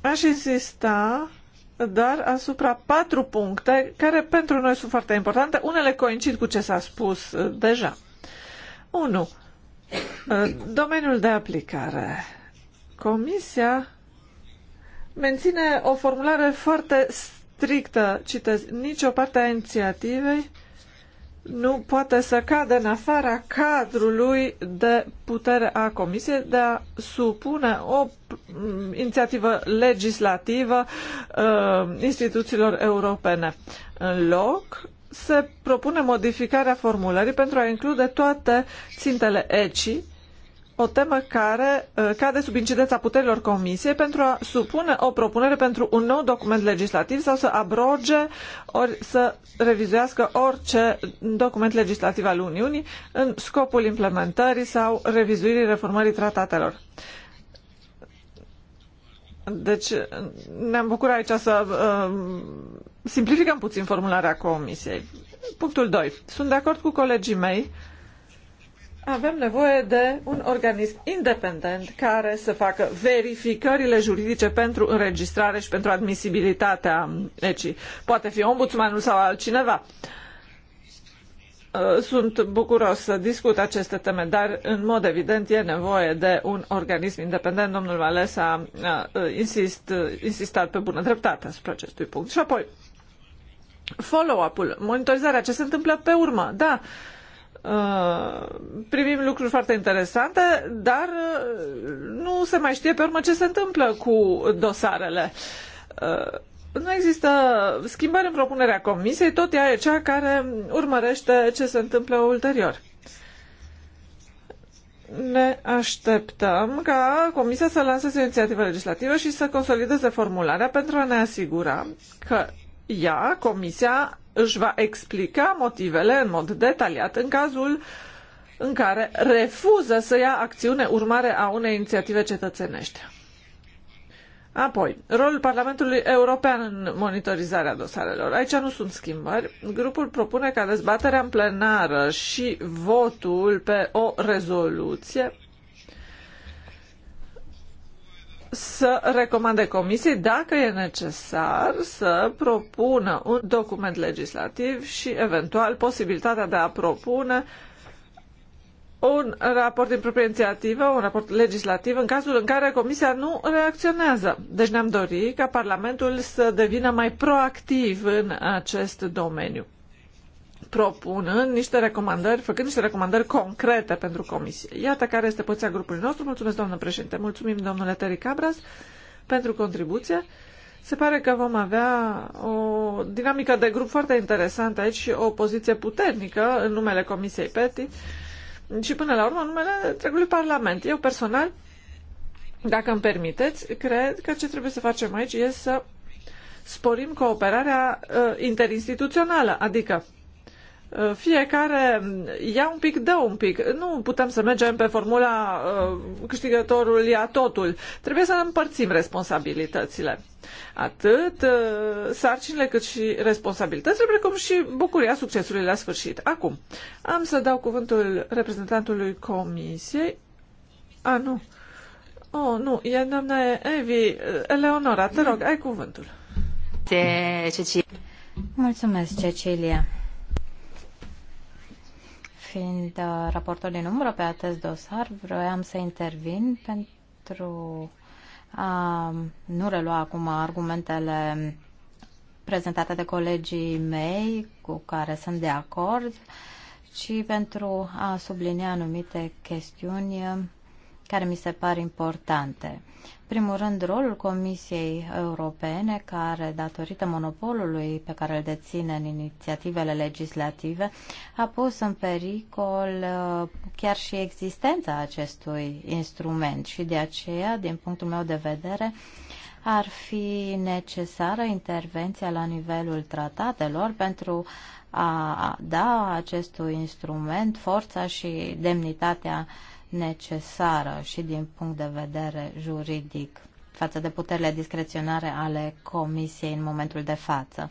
[SPEAKER 1] Aș insista dar asupra patru puncte care pentru noi sunt foarte importante. Unele coincid cu ce s-a spus uh, deja. 1. Uh, domeniul de aplicare. Comisia menține o formulare foarte strictă, citez, nicio parte a inițiativei nu poate să cadă în afara cadrului de putere a Comisiei de a supune o inițiativă legislativă uh, instituțiilor europene. În loc, se propune modificarea formulării pentru a include toate țintele ECI o temă care uh, cade sub incidența puterilor Comisiei pentru a supune o propunere pentru un nou document legislativ sau să abroge ori să revizuiască orice document legislativ al Uniunii în scopul implementării sau revizuirii reformării tratatelor. Deci ne-am bucurat aici să uh, simplificăm puțin formularea Comisiei. Punctul 2. Sunt de acord cu colegii mei uh, avem nevoie de un organism independent care să facă verificările juridice pentru înregistrare și pentru admisibilitatea legii. Poate fi ombudsmanul sau altcineva. Uh, sunt bucuros să discut aceste teme, dar în mod evident e nevoie de un organism independent. Domnul Vales a uh, uh, insist, insistat pe bună dreptate asupra acestui punct. Și apoi, follow-up-ul, monitorizarea, ce se întâmplă pe urmă. Da, uh, Uh, primim lucruri foarte interesante, dar uh, nu se mai știe pe urmă ce se întâmplă cu dosarele. Uh, nu există schimbări în propunerea comisiei, tot ea e cea care urmărește ce se întâmplă ulterior. Ne așteptăm ca Comisia să lanseze o inițiativă legislativă și să consolideze formularea pentru a ne asigura că ea, Comisia, își va explica motivele în mod detaliat în cazul în care refuză să ia acțiune urmare a unei inițiative cetățenești. Apoi, rolul Parlamentului European în monitorizarea dosarelor. Aici nu sunt schimbări. Grupul propune ca dezbaterea în plenară și votul pe o rezoluție să recomande comisiei, dacă e necesar, să propună un document legislativ și, eventual, posibilitatea de a propune un raport din proprie inițiativă, un raport legislativ, în cazul în care Comisia nu reacționează. Deci ne-am dorit ca Parlamentul să devină mai proactiv în acest domeniu propunând niște recomandări, făcând niște recomandări concrete pentru comisie. Iată care este poziția grupului nostru. Mulțumesc, doamnă președinte. Mulțumim, domnule Terry Cabras, pentru contribuție. Se pare că vom avea o dinamică de grup foarte interesantă aici și o poziție puternică în numele Comisiei PETI și până la urmă în numele întregului Parlament. Eu personal, dacă îmi permiteți, cred că ce trebuie să facem aici este să sporim cooperarea uh, interinstituțională, adică Eh, fiecare ia un pic, dă un pic. Nu putem să mergem pe formula eh, câștigătorul ia totul. Trebuie să împărțim responsabilitățile. Atât eh, sarcinile cât și responsabilitățile, precum și bucuria succesului la sfârșit. Acum, am să dau cuvântul reprezentantului comisiei. A, nu. Oh, nu, e doamna Evi. Eleonora, te rog, ai cuvântul.
[SPEAKER 3] Mulțumesc, Cecilia fiind uh, raportor din umbră pe acest dosar, vroiam să intervin pentru a um, nu relua acum argumentele prezentate de colegii mei cu care sunt de acord, ci pentru a sublinia anumite chestiuni care mi se par importante. Primul rând, rolul Comisiei Europene, care, datorită monopolului pe care îl deține în inițiativele legislative, a pus în pericol uh, chiar și existența acestui instrument și de aceea, din punctul meu de vedere, ar fi necesară intervenția la nivelul tratatelor pentru a da acestui instrument forța și demnitatea uh, necesară și din punct de vedere juridic față de puterile discreționare ale Comisiei în momentul de față.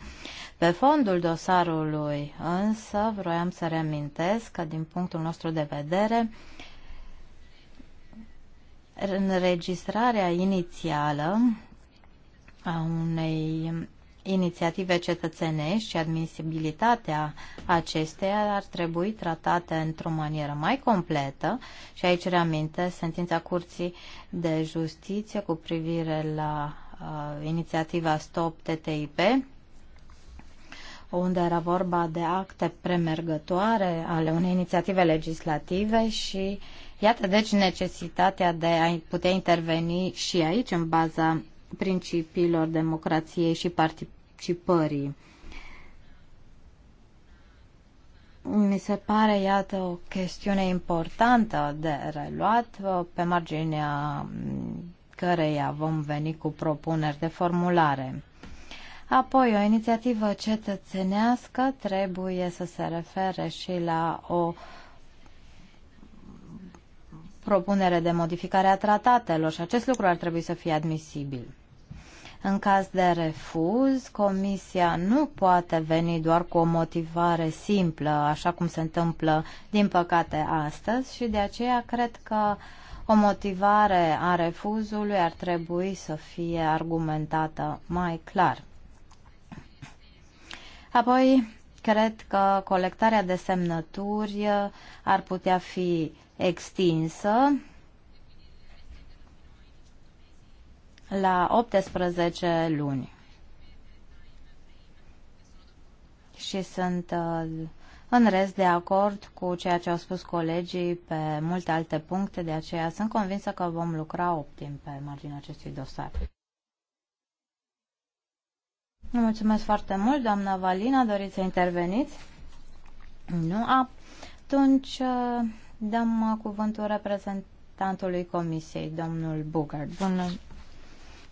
[SPEAKER 3] Pe fondul dosarului însă vroiam să reamintesc că din punctul nostru de vedere înregistrarea inițială a unei inițiative cetățenești și admisibilitatea acesteia ar trebui tratate într-o manieră mai completă și aici reaminte sentința Curții de Justiție cu privire la uh, inițiativa Stop TTIP unde era vorba de acte premergătoare ale unei inițiative legislative și iată deci necesitatea de a putea interveni și aici în baza principiilor democrației și participării participării. Mi se pare, iată, o chestiune importantă de reluat, uh, pe marginea mm, căreia vom veni cu propuneri de formulare. Apoi, o inițiativă cetățenească trebuie să se refere și la o propunere de modificare a tratatelor și acest lucru ar trebui să fie admisibil. În caz de refuz, comisia nu poate veni doar cu o motivare simplă, așa cum se întâmplă din păcate astăzi și de aceea cred că o motivare a refuzului ar trebui să fie argumentată mai clar. Apoi, cred că colectarea de semnături ar putea fi extinsă la 18 luni. Și sunt uh, în rest de acord cu ceea ce au spus colegii pe multe alte puncte, de aceea sunt convinsă că vom lucra optim pe marginea acestui dosar. Mulțumesc foarte mult, doamna Valina. Doriți să interveniți? Nu? Atunci uh, dăm uh, cuvântul reprezentantului Comisiei, domnul Bugard. Bună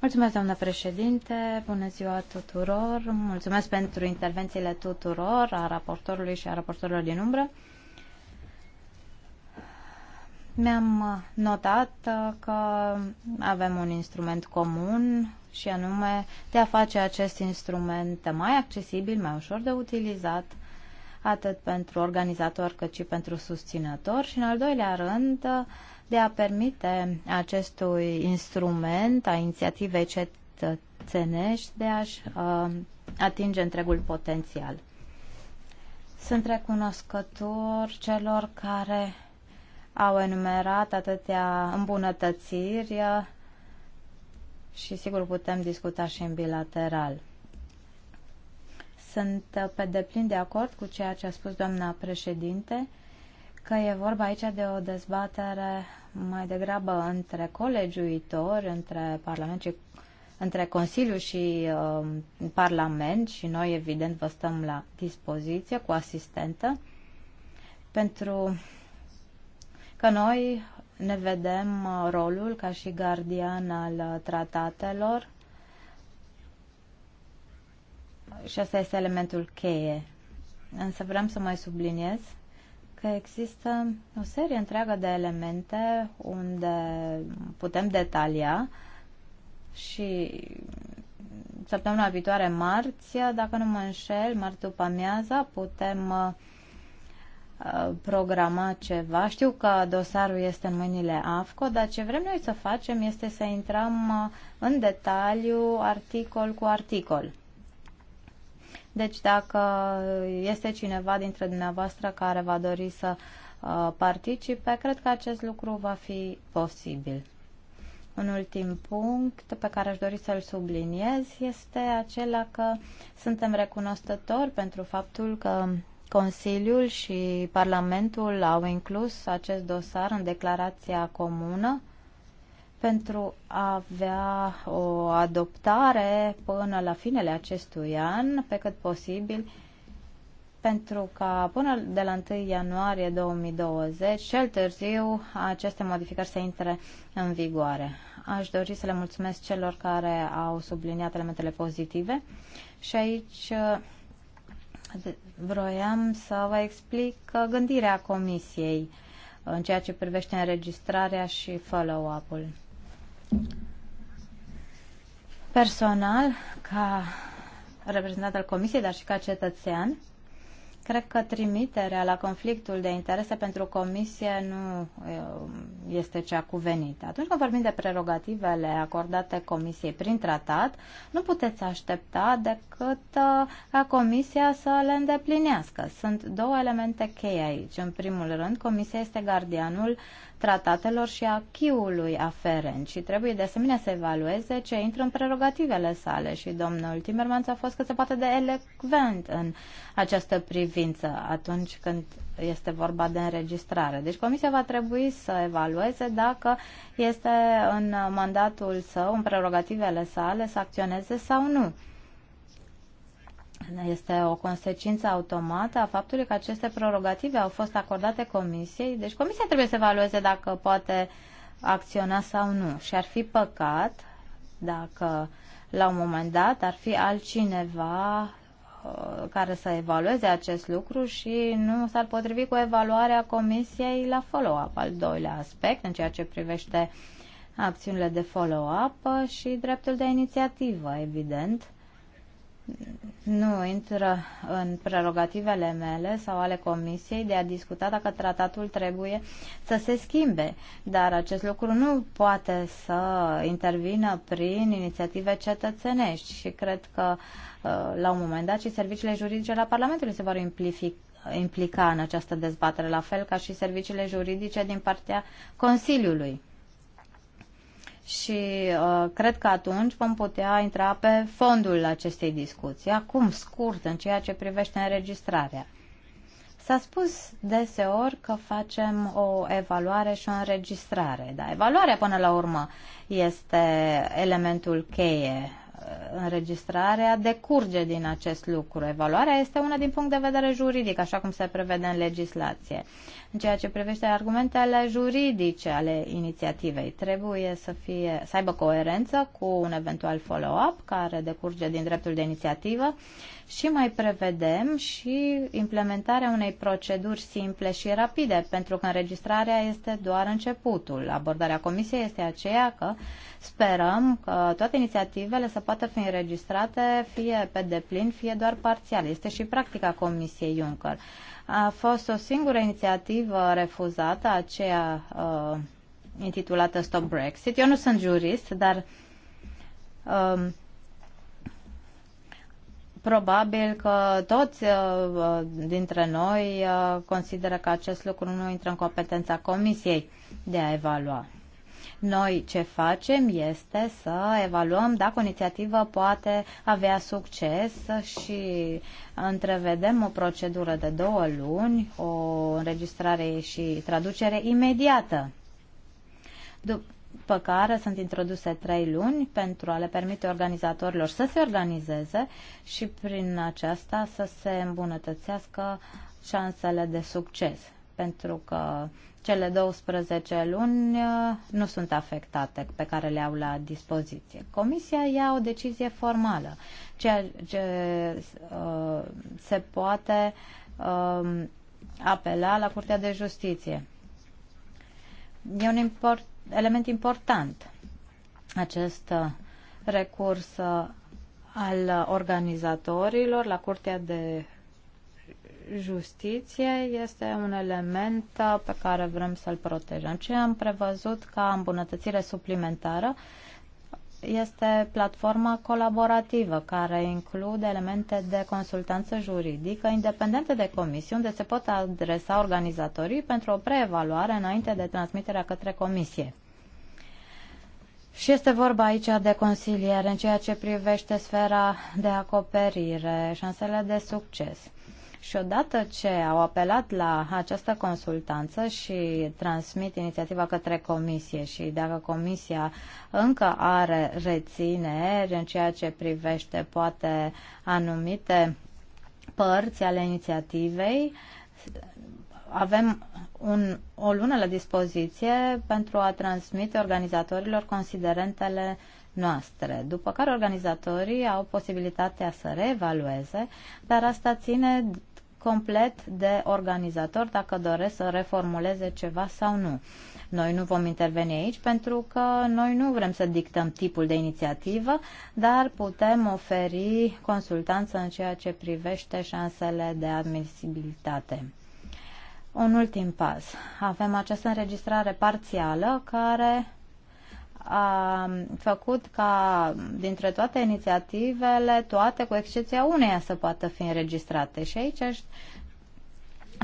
[SPEAKER 3] Mulțumesc, doamnă președinte, bună ziua tuturor, mulțumesc pentru intervențiile tuturor, a raportorului și a raportorilor din umbră. Mi-am notat că avem un instrument comun și anume de a face acest instrument mai accesibil, mai ușor de utilizat, atât pentru organizator cât și pentru susținător și în al doilea rând de a permite acestui instrument a inițiativei cetățenești de a-și uh, atinge întregul potențial. Sunt recunoscător celor care au enumerat atâtea îmbunătățiri uh, și sigur putem discuta și în bilateral. Sunt uh, pe deplin de acord cu ceea ce a spus doamna președinte că e vorba aici de o dezbatere mai degrabă între colegiuitori, între Parlament și între Consiliu și uh, Parlament și noi, evident, vă stăm la dispoziție cu asistentă, pentru că noi ne vedem uh, rolul ca și gardian al tratatelor și asta este elementul cheie. Însă vreau să mai subliniez că există o serie întreagă de elemente unde putem detalia și săptămâna viitoare, marți, dacă nu mă înșel, marți după amiaza, putem uh, uh, programa ceva. Știu că dosarul este în mâinile AFCO, dar ce vrem noi să facem este să intrăm uh, în detaliu articol cu articol. Deci dacă este cineva dintre dumneavoastră care va dori să uh, participe, cred că acest lucru va fi posibil. Un ultim punct pe care aș dori să-l subliniez este acela că suntem recunoscători pentru faptul că Consiliul și Parlamentul au inclus acest dosar în declarația comună pentru a avea o adoptare până la finele acestui an, pe cât posibil, pentru ca până de la 1 ianuarie 2020, cel târziu, aceste modificări să intre în vigoare. Aș dori să le mulțumesc celor care au subliniat elementele pozitive și aici vroiam să vă explic uh, gândirea Comisiei în ceea ce privește înregistrarea și follow-up-ul. Personal, ca reprezentant al Comisiei, dar și ca cetățean, cred că trimiterea la conflictul de interese pentru Comisie nu eh, este cea cuvenită. Atunci când vorbim de prerogativele acordate Comisiei prin tratat, nu puteți aștepta decât eh, ca Comisia să le îndeplinească. Sunt două elemente cheie aici. În primul rând, Comisia este gardianul tratatelor și a chiului aferent și trebuie de asemenea să evalueze ce intră în prerogativele sale și domnul Timmermans a fost că se poate de elecvent în această privință atunci când este vorba de înregistrare. Deci comisia va trebui să evalueze dacă este în mandatul său, în prerogativele sale, să acționeze sau nu. Este o consecință automată a faptului că aceste prerogative au fost acordate Comisiei. Deci Comisia trebuie să evalueze dacă poate acționa sau nu. Și ar fi păcat dacă la un moment dat ar fi altcineva uh, care să evalueze acest lucru și nu s-ar potrivi cu evaluarea Comisiei la follow-up. Al doilea aspect, în ceea ce privește acțiunile de follow-up și dreptul de inițiativă, evident nu intră în prerogativele mele sau ale Comisiei de a discuta dacă tratatul trebuie să se schimbe, dar acest lucru nu poate să intervină prin inițiative cetățenești și cred că uh, la un moment dat și serviciile juridice la Parlamentului se vor implifica implica în această dezbatere, la fel ca și serviciile juridice din partea Consiliului și uh, cred că atunci vom putea intra pe fondul acestei discuții. Acum, scurt, în ceea ce privește înregistrarea. S-a spus deseori că facem o evaluare și o înregistrare, dar evaluarea până la urmă este elementul cheie. Uh, înregistrarea decurge din acest lucru. Evaluarea este una din punct de vedere juridic, așa cum se prevede în legislație. În ceea ce privește argumentele juridice ale inițiativei, trebuie să, fie, să aibă coerență cu un eventual follow-up care decurge din dreptul de inițiativă și mai prevedem și implementarea unei proceduri simple și rapide, pentru că înregistrarea este doar începutul. Abordarea comisiei este aceea că sperăm că toate inițiativele să poată fi înregistrate fie pe deplin, fie doar parțial. Este și practica comisiei Juncker. A fost o singură inițiativă refuzată, aceea uh, intitulată Stop Brexit. Eu nu sunt jurist, dar um, probabil că toți uh, uh dintre noi uh, consideră că acest lucru nu intră în competența Comisiei de a evalua. Noi ce facem este să evaluăm dacă o inițiativă poate avea succes și întrevedem o procedură de două luni, o înregistrare și traducere imediată. Dup- după care sunt introduse trei luni pentru a le permite organizatorilor să se organizeze și prin aceasta să se îmbunătățească șansele de succes. Pentru că cele 12 luni uh, nu sunt afectate pe care le au la dispoziție. Comisia ia o decizie formală, ceea ce uh, se poate uh, apela la Curtea de Justiție. E un import, element important acest uh, recurs uh, al organizatorilor la Curtea de justiție este un element pe care vrem să-l protejăm. Ce am prevăzut ca îmbunătățire suplimentară este platforma colaborativă care include elemente de consultanță juridică independente de comisie unde se pot adresa organizatorii pentru o preevaluare înainte de transmiterea către comisie. Și este vorba aici de consiliere în ceea ce privește sfera de acoperire, șansele de succes. Și odată ce au apelat la această consultanță și transmit inițiativa către comisie și dacă comisia încă are rețineri în ceea ce privește poate anumite părți ale inițiativei, avem un, o lună la dispoziție pentru a transmite organizatorilor considerentele noastre, după care organizatorii au posibilitatea să reevalueze, dar asta ține complet de organizator dacă doresc să reformuleze ceva sau nu. Noi nu vom interveni aici pentru că noi nu vrem să dictăm tipul de inițiativă, dar putem oferi consultanță în ceea ce privește șansele de admisibilitate. Un ultim pas. Avem această înregistrare parțială care a făcut ca dintre toate inițiativele, toate cu excepția uneia să poată fi înregistrate. Și aici aș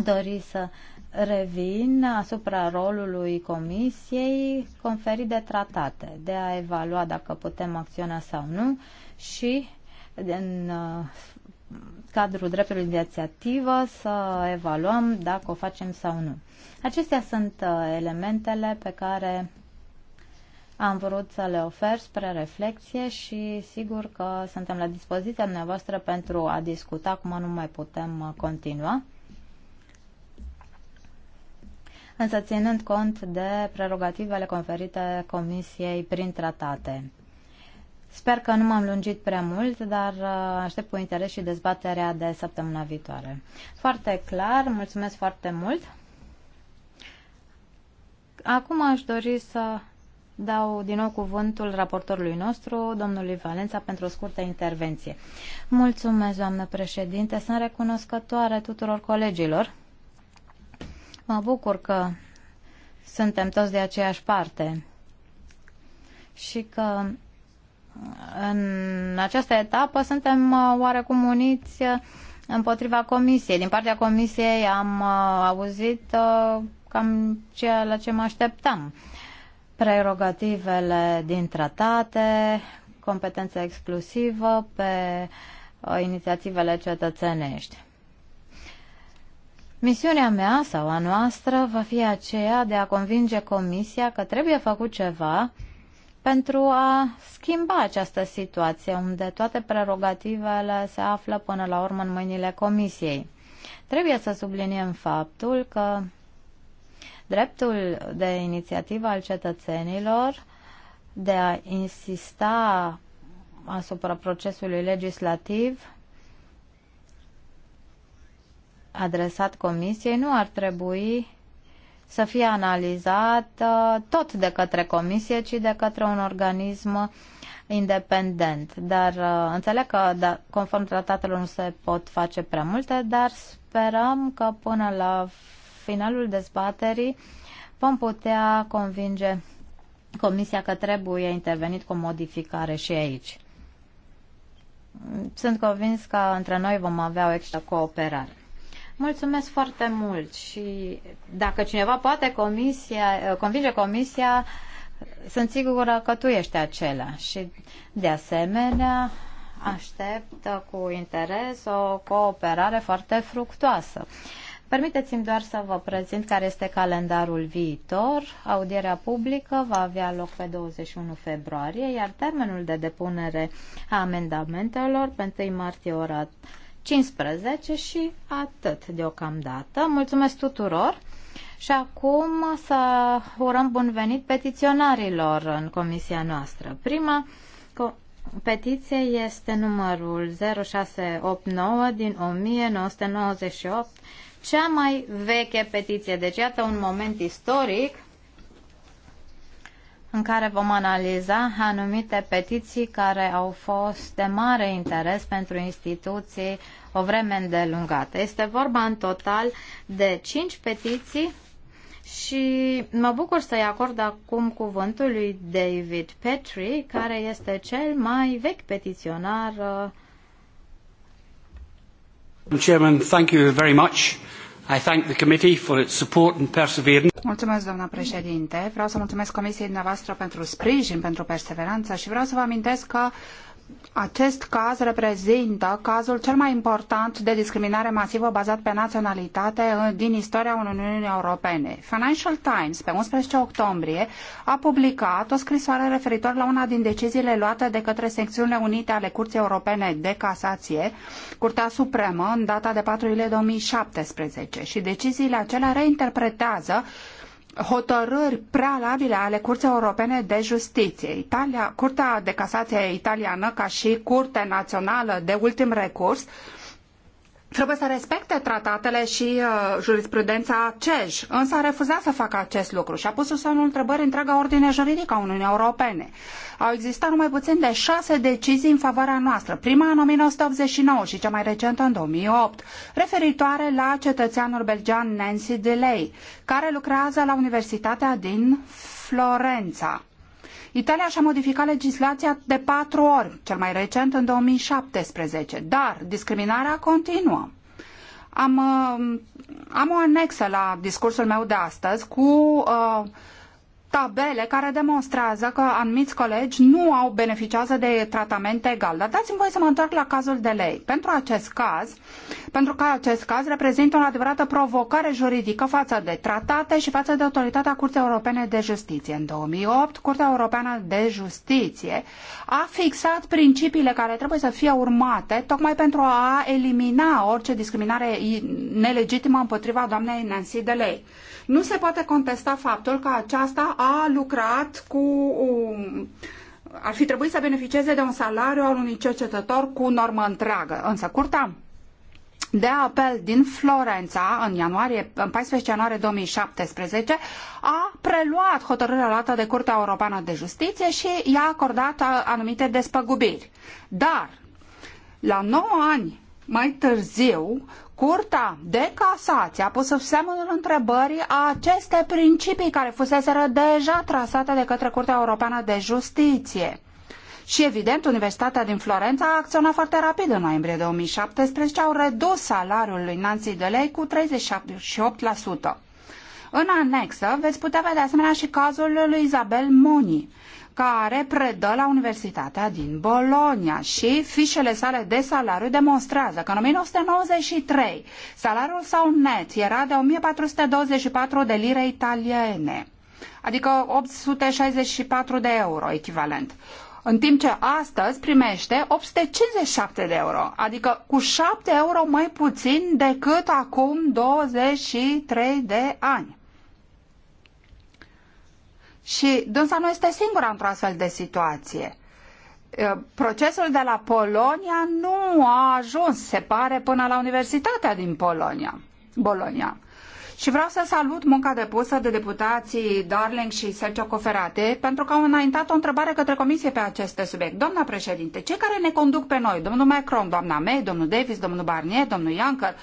[SPEAKER 3] dori să revin asupra rolului Comisiei conferit de tratate, de a evalua dacă putem acționa sau nu și în uh, cadrul dreptului de inițiativă să evaluăm dacă o facem sau nu. Acestea sunt uh, elementele pe care am vrut să le ofer spre reflexie și sigur că suntem la dispoziția dumneavoastră pentru a discuta cum mai putem uh, continua. Însă ținând cont de prerogativele conferite Comisiei prin tratate. Sper că nu m-am lungit prea mult, dar uh, aștept cu interes și dezbaterea de săptămâna viitoare. Foarte clar, mulțumesc foarte mult. Acum aș dori să Dau din nou cuvântul raportorului nostru, domnului Valența, pentru o scurtă intervenție. Mulțumesc, doamnă președinte. Sunt recunoscătoare tuturor colegilor. Mă bucur că suntem toți de aceeași parte și că în această etapă suntem uh, oarecum uniți uh, împotriva comisiei. Din partea comisiei am uh, auzit cam ceea la ce mă așteptam prerogativele din tratate, competență exclusivă pe uh, inițiativele cetățenești. Misiunea mea sau a noastră va fi aceea de a convinge Comisia că trebuie făcut ceva pentru a schimba această situație unde toate prerogativele se află până la urmă în mâinile Comisiei. Trebuie să subliniem faptul că Dreptul de inițiativă al cetățenilor de a insista asupra procesului legislativ adresat Comisiei nu ar trebui să fie analizat tot de către Comisie, ci de către un organism independent. Dar uh, înțeleg că da, conform tratatelor nu se pot face prea multe, dar sperăm că până la finalul dezbaterii vom putea convinge Comisia că trebuie intervenit cu modificare și aici. Sunt convins că între noi vom avea o extra cooperare. Mulțumesc foarte mult și dacă cineva poate comisia, convinge comisia, sunt sigură că tu ești acela și de asemenea aștept cu interes o cooperare foarte fructoasă. Permiteți-mi doar să vă prezint care este calendarul viitor. Audierea publică va avea loc pe 21 februarie, iar termenul de depunere a amendamentelor pe 1 martie ora 15 și atât deocamdată. Mulțumesc tuturor! Și acum să urăm bun venit petiționarilor în comisia noastră. Prima petiție este numărul 0689 din 1998 cea mai veche petiție. Deci iată un moment istoric în care vom analiza anumite petiții care au fost de mare interes pentru instituții o vreme îndelungată. Este vorba în total de 5 petiții și mă bucur să-i acord acum cuvântul lui David Petrie, care este cel mai vechi petiționar uh,
[SPEAKER 2] Mulțumesc, președinte. Vreau să mulțumesc comisiei dumneavoastră pentru sprijin, pentru perseveranță și vreau să vă amintesc că acest caz reprezintă cazul cel mai important de discriminare masivă bazat pe naționalitate uh, din istoria Uniunii Europene. Financial Times, pe 11 octombrie, a publicat o scrisoare referitor la una din deciziile luate de către secțiunile unite ale Curții Europene de Casație, Curtea Supremă, în data de 4 iulie 2017 și deciziile acelea reinterpretează hotărâri prealabile ale Curții Europene de Justiție. Italia, Curtea de Casație Italiană, ca și Curtea Națională de Ultim Recurs, uh, trebuie să respecte tratatele și uh, jurisprudența CEJ, însă a refuzat să facă acest lucru și a pus sub semnul întrebării întreaga ordine juridică a Uniunii Europene. Au existat numai puțin de șase decizii în favoarea noastră, prima în 1989 și cea mai recentă în 2008, referitoare la cetățeanul belgian Nancy Delay, care lucrează la Universitatea din Florența. Italia și-a modificat legislația de patru ori, cel mai recent în 2017, dar discriminarea continuă. Am, uh, am o anexă la discursul meu de astăzi cu uh, tabele care demonstrează că anumiți colegi nu au beneficiază de tratament egal. Dar dați-mi voie să mă întorc la cazul de lei. Pentru acest caz, pentru că acest caz reprezintă o adevărată provocare juridică față de tratate și față de autoritatea Curții Europene de Justiție. În 2008, Curtea Europeană de Justiție a fixat principiile care trebuie să fie urmate tocmai pentru a elimina orice discriminare nelegitimă împotriva doamnei Nancy lei. Nu se poate contesta faptul că aceasta a lucrat cu um, ar fi trebuit să beneficieze de un salariu al unui cercetător cu normă întreagă. Însă curta de apel din Florența în, ianuarie, în 14 ianuarie 2017 a preluat hotărârea luată de Curtea Europeană de Justiție și i-a acordat uh, anumite despăgubiri. Dar, la 9 ani mai târziu, Curtea de casație a pus sub semnul întrebării aceste principii care fuseseră deja trasate de către Curtea Europeană de Justiție. Și evident, Universitatea din Florența a acționat foarte rapid în noiembrie 2017, au redus salariul lui Nancy lei cu 37,8%. În anexă veți putea vedea asemenea și cazul lui Isabel Moni, care predă la Universitatea din Bologna și fișele sale de salariu demonstrează că în 1993 salariul său net era de 1424 de lire italiene, adică 864 de euro echivalent în timp ce astăzi primește 857 de euro, adică cu 7 euro mai puțin decât acum 23 de ani. Și dânsa nu este singura într-o astfel de situație. Procesul de la Polonia nu a ajuns, se pare, până la Universitatea din Polonia, Bologna. Și vreau să salut munca depusă de deputații Darling și Sergio Coferate, pentru că au înaintat o întrebare către Comisie pe acest subiect. Doamna președinte, cei care ne conduc pe noi, domnul Macron, doamna May, domnul Davis, domnul Barnier, domnul Juncker,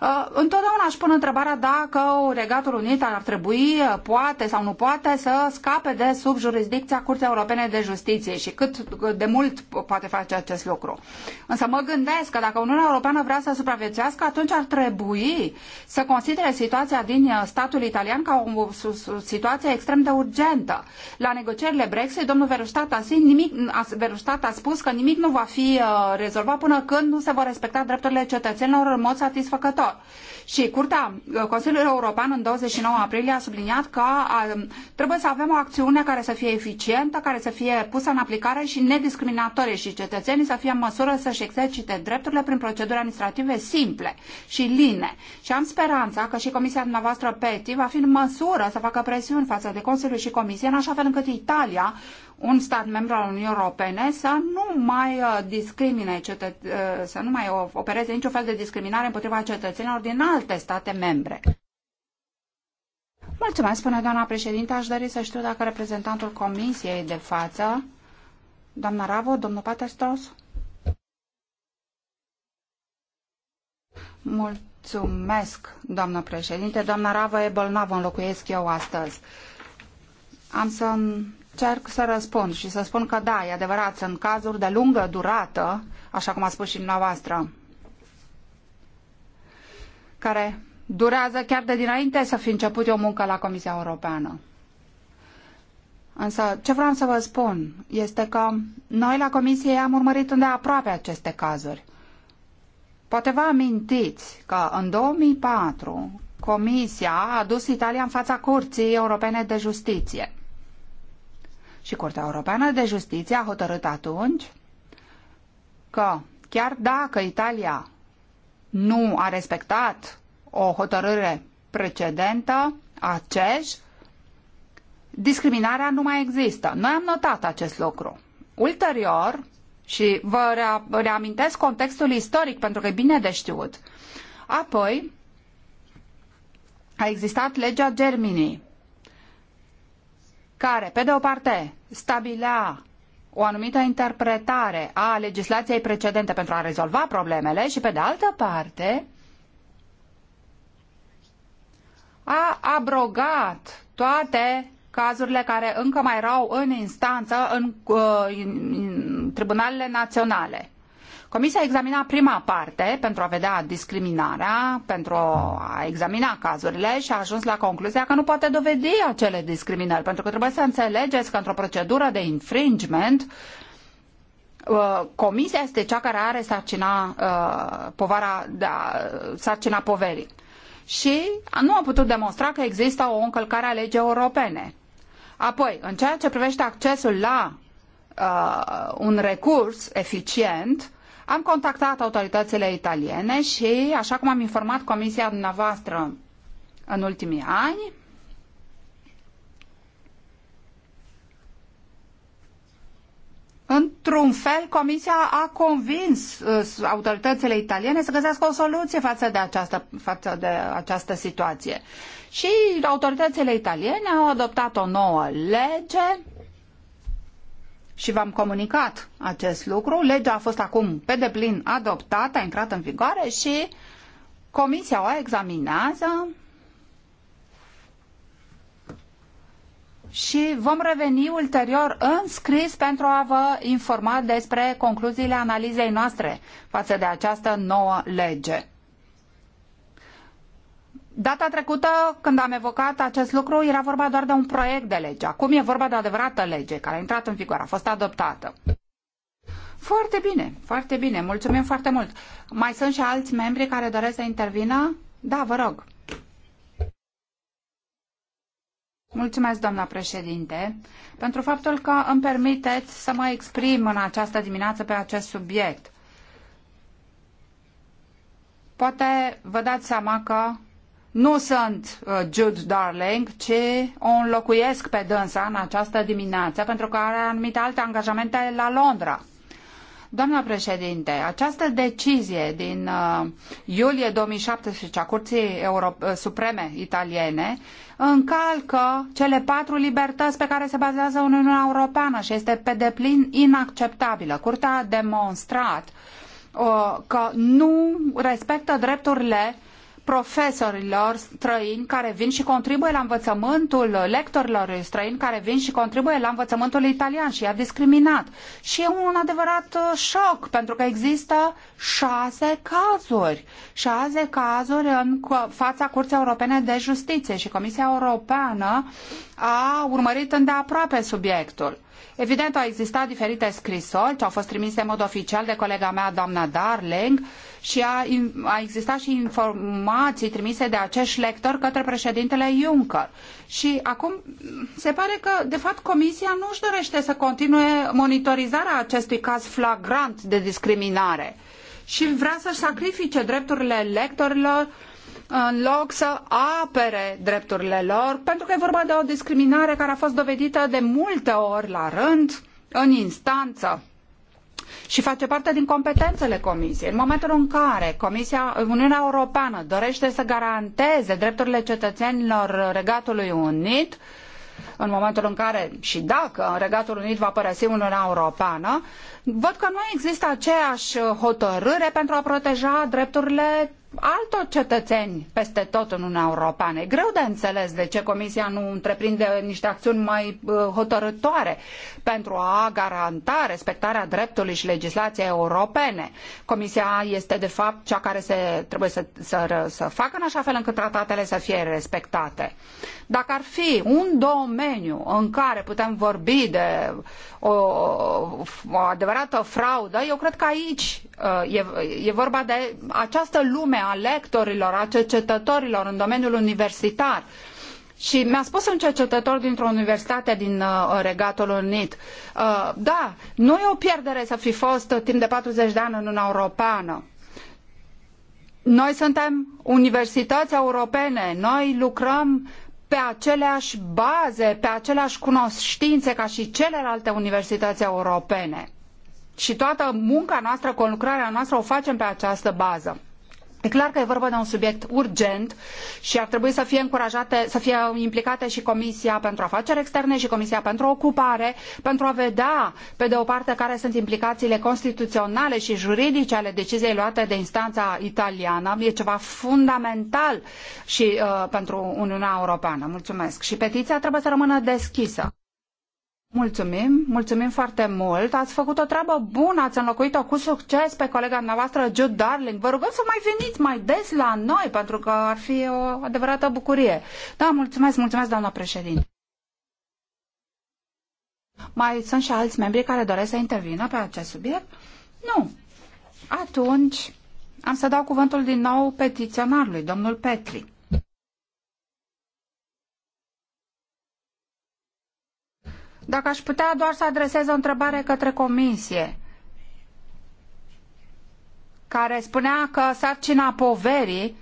[SPEAKER 2] Uh, întotdeauna își pun întrebarea dacă Regatul Unit ar trebui, uh, poate sau nu poate, să scape de sub jurisdicția Curții Europene de Justiție și cât de mult poate face acest lucru. Însă mă gândesc că dacă Uniunea Europeană vrea să supraviețuiască, atunci ar trebui să considere situația din uh, statul italian ca o situație extrem de urgentă. La negocierile Brexit, domnul Verustat a, nimic, Verustat a spus că nimic nu va fi rezolvat până când nu se vor respecta drepturile cetățenilor în mod satisfăcător lor. Și Curtea uh, Consiliului European în 29 aprilie a subliniat că uh, trebuie să avem o acțiune care să fie eficientă, care să fie pusă în aplicare și nediscriminatorie și cetățenii să fie în măsură să-și exercite drepturile prin proceduri administrative simple și line. Și am speranța că și Comisia dumneavoastră PETI va fi în măsură să facă presiuni față de Consiliul și Comisie în așa fel încât Italia un stat membru al Uniunii Europene să nu mai uh, discrimine uh, să nu mai opereze niciun fel de discriminare împotriva cetățenilor din alte state membre. Mulțumesc, spune doamna președinte. Aș dori să știu dacă reprezentantul comisiei de față, doamna Ravo, domnul Paterstos. Mulțumesc, doamnă președinte. Doamna Ravo e bolnavă, înlocuiesc eu astăzi. Am să încerc să răspund și să spun că da, e adevărat, sunt cazuri de lungă durată, așa cum a spus și dumneavoastră, care durează chiar de dinainte să fi început eu muncă la Comisia Europeană. Însă, ce vreau să vă spun este că noi la Comisie am urmărit îndeaproape aceste cazuri. Poate vă amintiți că în 2004 Comisia a dus Italia în fața Curții Europene de Justiție și Curtea Europeană de Justiție a hotărât atunci că chiar dacă Italia nu a respectat o hotărâre precedentă a CEJ, discriminarea nu mai există. Noi am notat acest lucru. Ulterior, și vă reamintesc contextul istoric pentru că e bine de știut, apoi a existat legea Germinii, care, pe de o parte, stabilea o anumită interpretare a legislației precedente pentru a rezolva problemele și, pe de altă parte, a abrogat toate cazurile care încă mai erau în instanță în, uh, în, în tribunalele naționale. Comisia a examinat prima parte pentru a vedea discriminarea, pentru a examina cazurile și a ajuns la concluzia că nu poate dovedi acele discriminări, pentru că trebuie să înțelegeți că într-o procedură de infringement uh, comisia este cea care are sarcina, uh, povara, da, sarcina poverii. Și nu a putut demonstra că există o încălcare a legii europene. Apoi, în ceea ce privește accesul la uh, un recurs eficient, am contactat autoritățile italiene și, așa cum am informat comisia dumneavoastră în ultimii ani, Într-un fel, Comisia a convins uh, autoritățile italiene să găsească o soluție față de, această, față de această situație. Și autoritățile italiene au adoptat o nouă lege și v-am comunicat acest lucru. Legea a fost acum pe deplin adoptată, a intrat în vigoare și comisia o examinează și vom reveni ulterior în scris pentru a vă informa despre concluziile analizei noastre față de această nouă lege. Data trecută, când am evocat acest lucru, era vorba doar de un proiect de lege. Acum e vorba de o adevărată lege care a intrat în vigoare, a fost adoptată. Foarte bine, foarte bine. Mulțumim foarte mult. Mai sunt și alți membri care doresc să intervină? Da, vă rog. Mulțumesc, doamna președinte, pentru faptul că îmi permiteți să mă exprim în această dimineață pe acest subiect. Poate vă dați seama că nu sunt uh, Jude Darling, ci o înlocuiesc pe dânsa în această dimineață pentru că are anumite alte angajamente la Londra. Doamna președinte, această decizie din uh, iulie 2017 a Curții Euro uh, Supreme Italiene încalcă cele patru libertăți pe care se bazează Uniunea Europeană și este pe deplin inacceptabilă. Curtea a demonstrat uh, că nu respectă drepturile profesorilor străini care vin și contribuie la învățământul lectorilor străini care vin și contribuie la învățământul italian și i-a discriminat. Și e un adevărat uh, șoc, pentru că există șase cazuri. Șase cazuri în fața Curții Europene de Justiție și Comisia Europeană a urmărit îndeaproape subiectul. Evident, au existat diferite scrisori ce au fost trimise în mod oficial de colega mea, doamna Darling, și a, a existat și informații trimise de acești lectori către președintele Juncker. Și acum se pare că, de fapt, Comisia nu își dorește să continue monitorizarea acestui caz flagrant de discriminare și vrea să-și sacrifice drepturile lectorilor în loc să apere drepturile lor, pentru că e vorba de o discriminare care a fost dovedită de multe ori la rând în instanță și face parte din competențele Comisiei. În momentul în care Comisia, Uniunea Europeană dorește să garanteze drepturile cetățenilor Regatului Unit, în momentul în care și dacă Regatul Unit va părăsi Uniunea Europeană, văd că nu există aceeași hotărâre pentru a proteja drepturile altor cetățeni peste tot în Uniunea Europeană. E greu de înțeles de ce Comisia nu întreprinde niște acțiuni mai uh, hotărătoare pentru a garanta respectarea dreptului și legislației europene. Comisia este, de fapt, cea care se, trebuie să, să, să facă în așa fel încât tratatele să fie respectate. Dacă ar fi un domeniu în care putem vorbi de o, o adevărată fraudă, eu cred că aici uh, e, e vorba de această lume anume a lectorilor, a cercetătorilor în domeniul universitar. Și mi-a spus un cercetător dintr-o universitate din uh, Regatul Unit, uh, da, nu e o pierdere să fi fost uh, timp de 40 de ani în Uniunea Europeană. Noi suntem universități europene, noi lucrăm pe aceleași baze, pe aceleași cunoștințe ca și celelalte universități europene. Și toată munca noastră, conlucrarea noastră o facem pe această bază. E clar că e vorba de un subiect urgent și ar trebui să fie încurajate, să fie implicate și Comisia pentru Afaceri Externe și Comisia pentru Ocupare pentru a vedea, pe de o parte, care sunt implicațiile constituționale și juridice ale deciziei luate de instanța italiană. E ceva fundamental și uh, pentru Uniunea Europeană. Mulțumesc. Și petiția trebuie să rămână deschisă. Mulțumim, mulțumim foarte mult. Ați făcut o treabă bună, ați înlocuit-o cu succes pe colega noastră, Jude Darling. Vă rugăm să mai veniți mai des la noi, pentru că ar fi o adevărată bucurie. Da, mulțumesc, mulțumesc, doamna președinte. Mai sunt și alți membri care doresc să intervină pe acest subiect? Nu. Atunci, am să dau cuvântul din nou petiționarului, domnul Petri. Dacă aș putea doar să adresez o întrebare către comisie, care spunea că sarcina poverii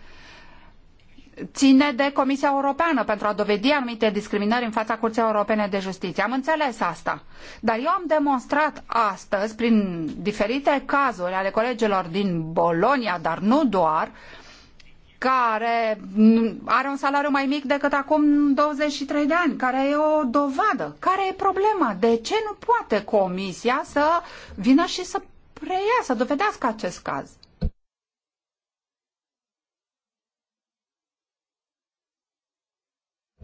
[SPEAKER 2] ține de Comisia Europeană pentru a dovedi anumite discriminări în fața Curții Europene de Justiție. Am înțeles asta. Dar eu am demonstrat astăzi, prin diferite cazuri ale colegilor din Bolonia, dar nu doar, uh, care are un salariu mai mic decât acum 23 de ani, care e o dovadă. Care e problema? De ce nu poate comisia să vină și să preia, să dovedească acest caz?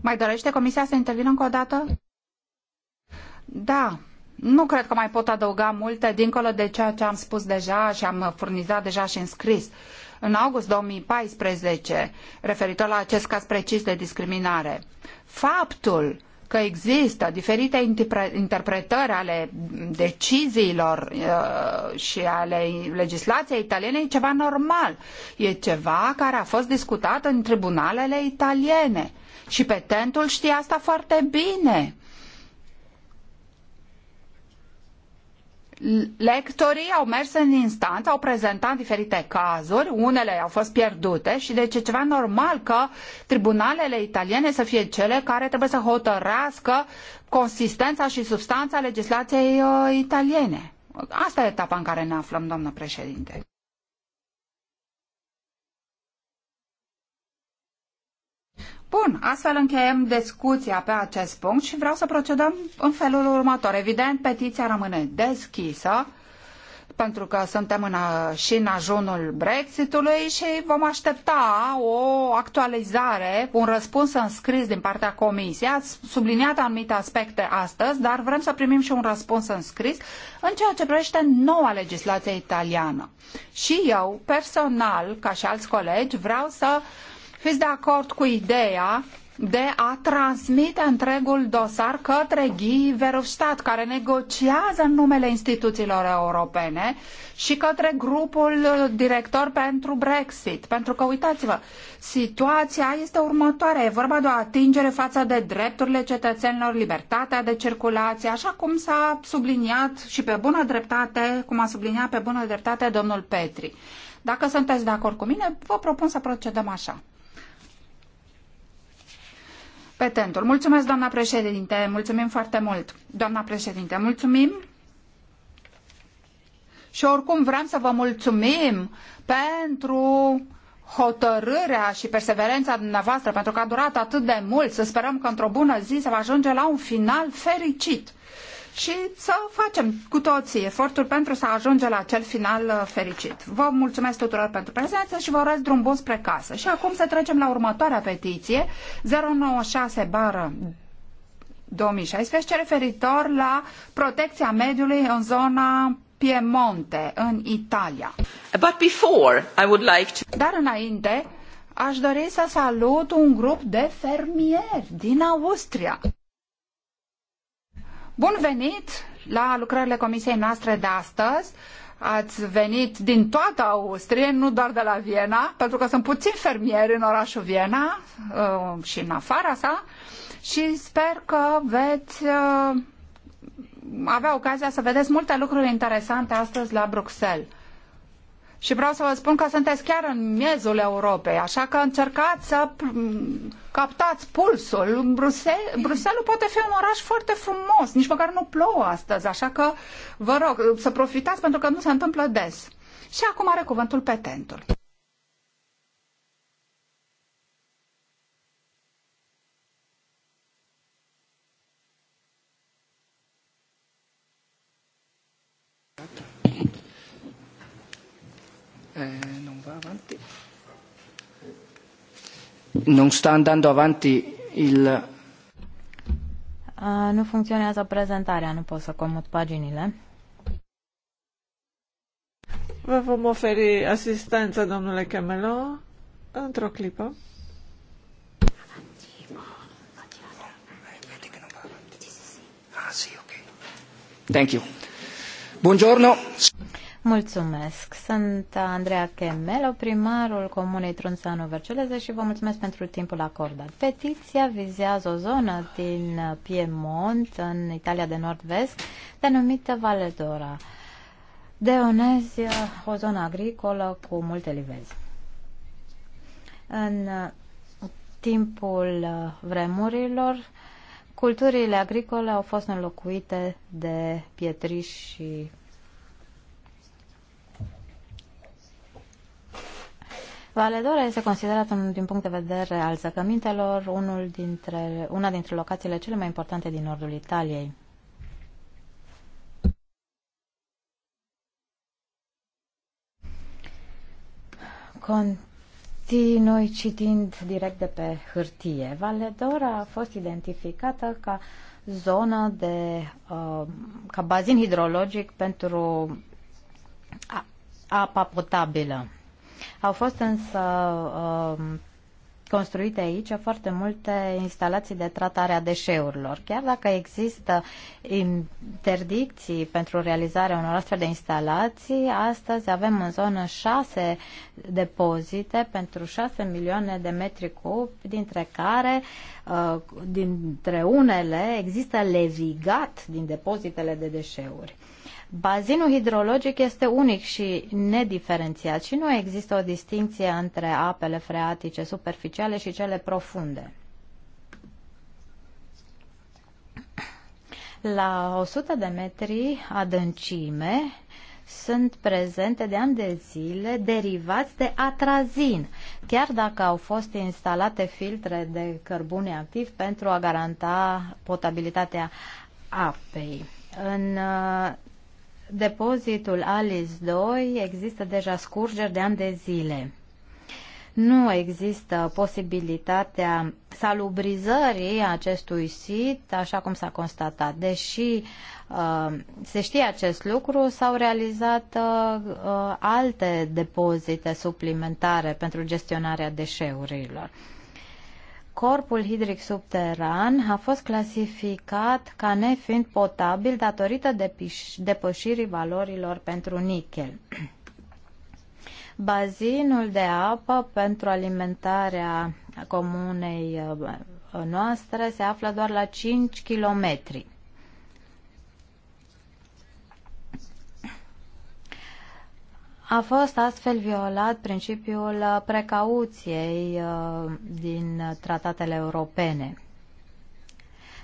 [SPEAKER 2] Mai dorește comisia să intervină încă o dată? Da. Nu cred că mai pot adăuga multe dincolo de ceea ce am spus deja și am furnizat deja și înscris. scris în august 2014 referitor la acest caz precis de discriminare. Faptul că există diferite interpretări ale deciziilor uh, și ale legislației italiene e ceva normal. E ceva care a fost discutat în tribunalele italiene. Și petentul știe asta foarte bine. lectorii au mers în instanță, au prezentat diferite cazuri, unele au fost pierdute și deci e ceva normal că tribunalele italiene să fie cele care trebuie să hotărască consistența și substanța legislației uh, italiene. Asta e etapa în care ne aflăm, doamnă președinte. Bun, astfel încheiem discuția pe acest punct și vreau să procedăm în felul următor. Evident, petiția rămâne deschisă pentru că suntem în, și în ajunul Brexitului și vom aștepta o actualizare, un răspuns înscris din partea Comisiei. Ați subliniat anumite aspecte astăzi, dar vrem să primim și un răspuns înscris în ceea ce privește noua legislație italiană. Și eu, personal, ca și alți colegi, vreau să uh, fiți de acord cu ideea de a transmite întregul dosar către Guy Verhofstadt, care negociază în numele instituțiilor europene și către grupul director pentru Brexit. Pentru că, uitați-vă, situația este următoarea. E vorba de o atingere față de drepturile cetățenilor, libertatea de circulație, așa cum s-a subliniat și pe bună dreptate, cum a subliniat pe bună dreptate domnul Petri. Dacă sunteți de acord cu mine, vă propun să procedăm așa petentul. Mulțumesc, doamna președinte, mulțumim foarte mult. Doamna președinte, mulțumim. Și oricum vrem să vă mulțumim pentru hotărârea și perseverența dumneavoastră, pentru că a durat atât de mult. Să sperăm că într-o bună zi se va ajunge la un final fericit și să facem cu toții eforturi pentru să ajungem la acel final uh, fericit. Vă mulțumesc tuturor pentru prezență și vă urez drum bun spre casă. Și acum să trecem la următoarea petiție 096 bară 2016 referitor la protecția mediului în zona Piemonte, în Italia. But before, I would like to... Dar înainte, aș dori să salut un grup de fermieri din Austria. Bun venit la lucrările comisiei noastre de astăzi. Ați venit din toată Austria, nu doar de la Viena, pentru că sunt puțini fermieri în orașul Viena uh, și în afara sa și sper că veți uh, avea ocazia să vedeți multe lucruri interesante astăzi la Bruxelles. Și vreau să vă spun că sunteți chiar în miezul Europei, așa că încercați să mm, captați pulsul. Bruxelles Bruselul poate fi un oraș foarte frumos, nici măcar nu plouă astăzi, așa că vă rog să profitați pentru că nu se întâmplă des. Și acum are cuvântul petentul.
[SPEAKER 1] eh,
[SPEAKER 3] non va avanti.
[SPEAKER 1] Non sta andando avanti il...
[SPEAKER 3] Uh, nu funcționează prezentarea, nu pot să comut paginile. Vă vom oferi
[SPEAKER 1] asistență, domnule Camelo, într-o clipă.
[SPEAKER 3] Thank you. Buongiorno. Mulțumesc. Sunt Andreea Chemelo, primarul Comunei Trunțanu Verceleze și vă mulțumesc pentru timpul acordat. Petiția vizează o zonă din Piemont, în Italia de Nord-Vest, denumită Valedora. Deonezi, o zonă agricolă cu multe livezi. În timpul vremurilor, culturile agricole au fost înlocuite de pietriș și Valedora este considerată, din punct de vedere al zăcămintelor, unul dintre, una dintre locațiile cele mai importante din nordul Italiei. Continui citind direct de pe hârtie. Valedora a fost identificată ca zonă de uh, ca bazin hidrologic pentru apa potabilă. Au fost însă um, construite aici foarte multe instalații de tratare a deșeurilor. Chiar dacă există interdicții pentru realizarea unor astfel de instalații, astăzi avem în zonă șase depozite pentru șase milioane de metri cub, dintre care, uh, dintre unele, există levigat din depozitele de deșeuri. Bazinul hidrologic este unic și nediferențiat și nu există o distinție între apele freatice superficiale și cele profunde. La 100 de metri adâncime sunt prezente de ani de zile derivați de atrazin, chiar dacă au fost instalate filtre de cărbune activ pentru a garanta potabilitatea apei. În depozitul Alice 2 există deja scurgeri de ani de zile. Nu există posibilitatea salubrizării acestui sit, așa cum s-a constatat. Deși uh, se știe acest lucru, s-au realizat uh, uh alte depozite suplimentare pentru gestionarea deșeurilor. Corpul hidric subteran a fost clasificat ca nefiind potabil datorită depășirii valorilor pentru nichel. Bazinul de apă pentru alimentarea comunei uh, noastre se află doar la 5 kilometri. A fost astfel violat principiul precauției uh, din tratatele europene.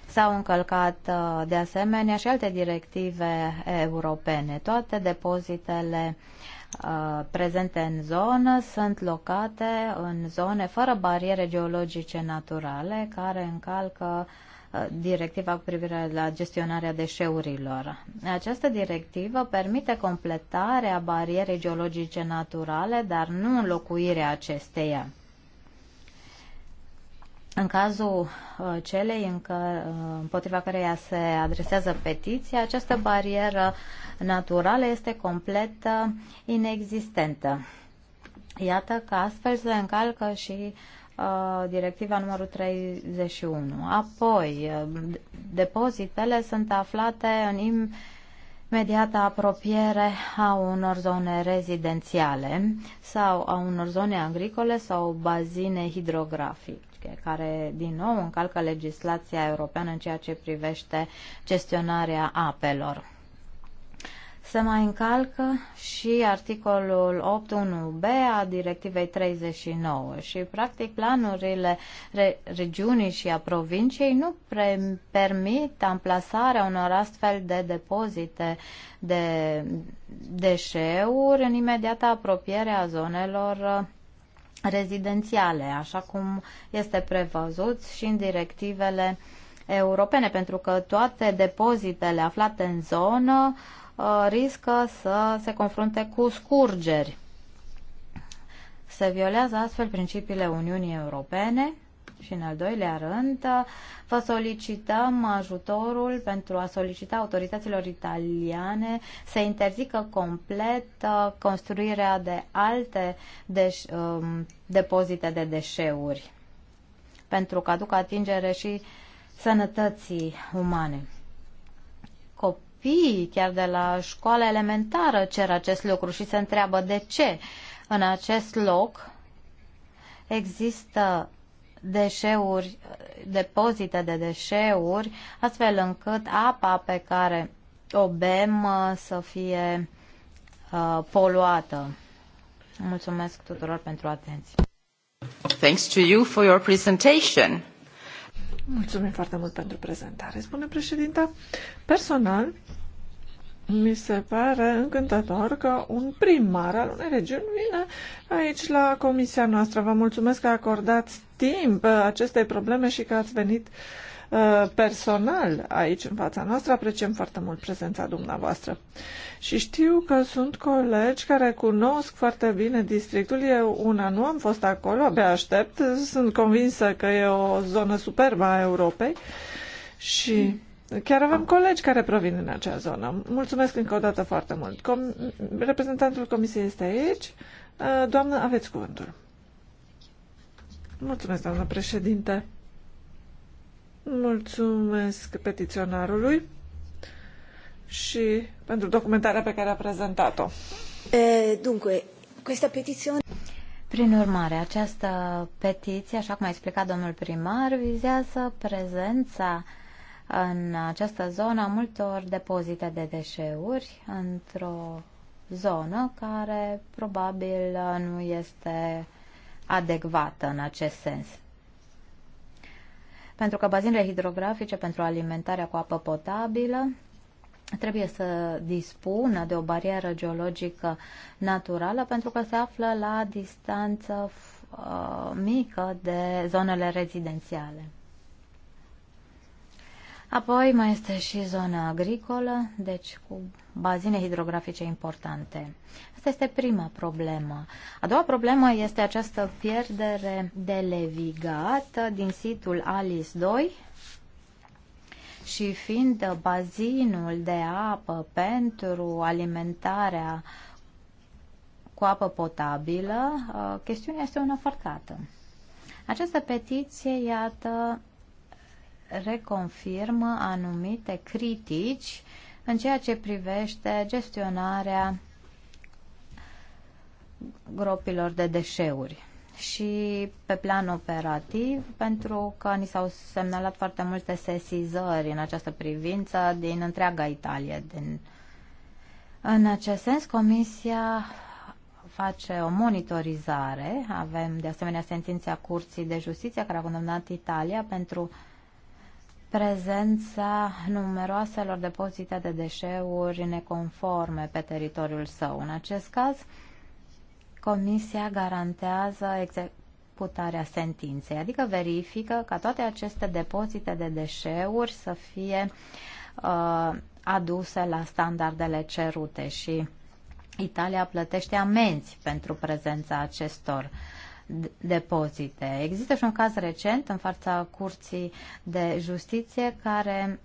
[SPEAKER 3] S-au încălcat uh, de asemenea și alte directive europene. Toate depozitele uh, prezente în zonă sunt locate în zone fără bariere geologice naturale care încalcă uh, Uh, directiva cu privire la gestionarea deșeurilor. Această directivă permite completarea barierei geologice naturale, dar nu înlocuirea acesteia. În cazul uh, celei în care, uh, împotriva căreia se adresează petiția, această barieră naturală este complet inexistentă. Iată că astfel se încalcă și uh, Uh, directiva numărul 31. Apoi, uh, depozitele sunt aflate în imediată apropiere a unor zone rezidențiale sau a unor zone agricole sau bazine hidrografice care din nou încalcă legislația europeană în ceea ce privește gestionarea apelor se mai încalcă și articolul 8.1b a directivei 39 și practic planurile re- regiunii și a provinciei nu pre- permit amplasarea unor astfel de depozite de deșeuri în imediată apropiere a zonelor uh, rezidențiale, așa cum este prevăzut și în directivele europene, pentru că toate depozitele aflate în zonă uh, Uh, riscă să se confrunte cu scurgeri. Se violează astfel principiile Uniunii Europene și, în al doilea rând, vă solicităm ajutorul pentru a solicita autorităților italiane să interzică complet uh, construirea de alte deș- um, depozite de deșeuri, pentru că aduc atingere și sănătății umane copiii chiar de la școala elementară, cer acest lucru și se întreabă de ce în acest loc există deșeuri, depozite de deșeuri, astfel încât apa pe care o bem uh, să fie uh, poluată. Mulțumesc tuturor pentru atenție. Thanks to you for your presentation.
[SPEAKER 1] Mulțumim foarte mult pentru prezentare, spune președinta. Personal, mi se pare încântător că un primar al unei regiuni vine aici la comisia noastră. Vă mulțumesc că acordați timp acestei probleme și că ați venit uh, Uh, personal aici în fața noastră. Apreciem foarte mult prezența dumneavoastră. Și știu că sunt colegi care cunosc foarte bine districtul. Eu una nu am fost acolo, abia aștept. Sunt convinsă că e o zonă superbă a Europei și Chiar avem colegi care provin din acea zonă. Mulțumesc încă o dată foarte mult. Com- reprezentantul comisiei este aici. Uh, doamnă, aveți cuvântul. Mulțumesc, doamnă președinte. Mulțumesc petiționarului și pentru documentarea pe care a prezentat-o.
[SPEAKER 3] Dunque, questa petizione... Prin urmare, această petiție, așa cum a explicat domnul primar, vizează prezența în această zonă a multor depozite de deșeuri într-o zonă care probabil nu este adecvată în acest sens pentru că bazinele hidrografice pentru alimentarea cu apă potabilă trebuie să dispună de o barieră geologică naturală pentru că se află la distanță uh, mică de zonele rezidențiale. Apoi mai este și zona agricolă, deci cu bazine hidrografice importante. Asta este prima problemă. A doua problemă este această pierdere de levigat din situl Alice 2 și fiind bazinul de apă pentru alimentarea cu apă potabilă, uh, chestiunea este una forcată. Această petiție, iată, reconfirmă anumite critici în ceea ce privește gestionarea gropilor de deșeuri și pe plan operativ, pentru că ni s-au semnalat foarte multe sesizări în această privință din întreaga Italie. Din... În acest sens, Comisia face o monitorizare. Avem, de asemenea, sentința Curții de Justiție care a condamnat Italia pentru uh, prezența numeroaselor depozite de deșeuri neconforme pe teritoriul său. În acest caz, Comisia garantează executarea sentinței, adică verifică ca toate aceste depozite de deșeuri să fie uh, aduse la standardele cerute și Italia plătește amenzi pentru prezența acestor uh, depozite. Există și un caz recent în fața Curții de Justiție care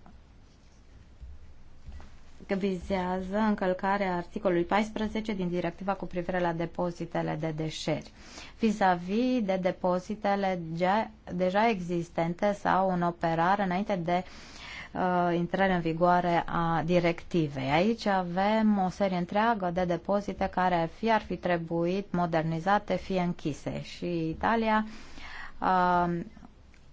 [SPEAKER 3] vizează încălcarea articolului 14 din directiva cu privire la depozitele de deșeri vis-a-vis -vis de depozitele deja existente sau în operare înainte de uh, uh, intrare în vigoare a directivei. Aici avem o serie întreagă de depozite care fie ar fi trebuit modernizate, fie închise. Și Italia uh,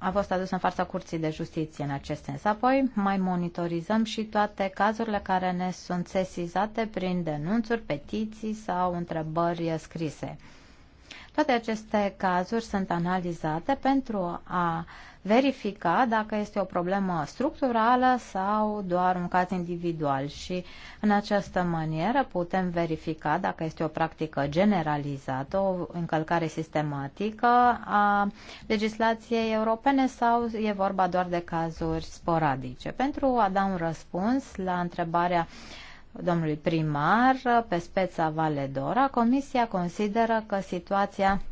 [SPEAKER 3] a fost adusă în fața Curții de Justiție în acest sens. Apoi mai monitorizăm și toate cazurile care ne sunt sesizate prin denunțuri, petiții sau întrebări scrise. Toate aceste cazuri sunt analizate pentru a verifica dacă este o problemă structurală sau doar un caz individual și în această manieră putem verifica dacă este o practică generalizată, o încălcare sistematică a legislației europene sau e vorba doar de cazuri sporadice. Pentru a da un răspuns la întrebarea uh, domnului primar pe speța Valedora, Comisia consideră că situația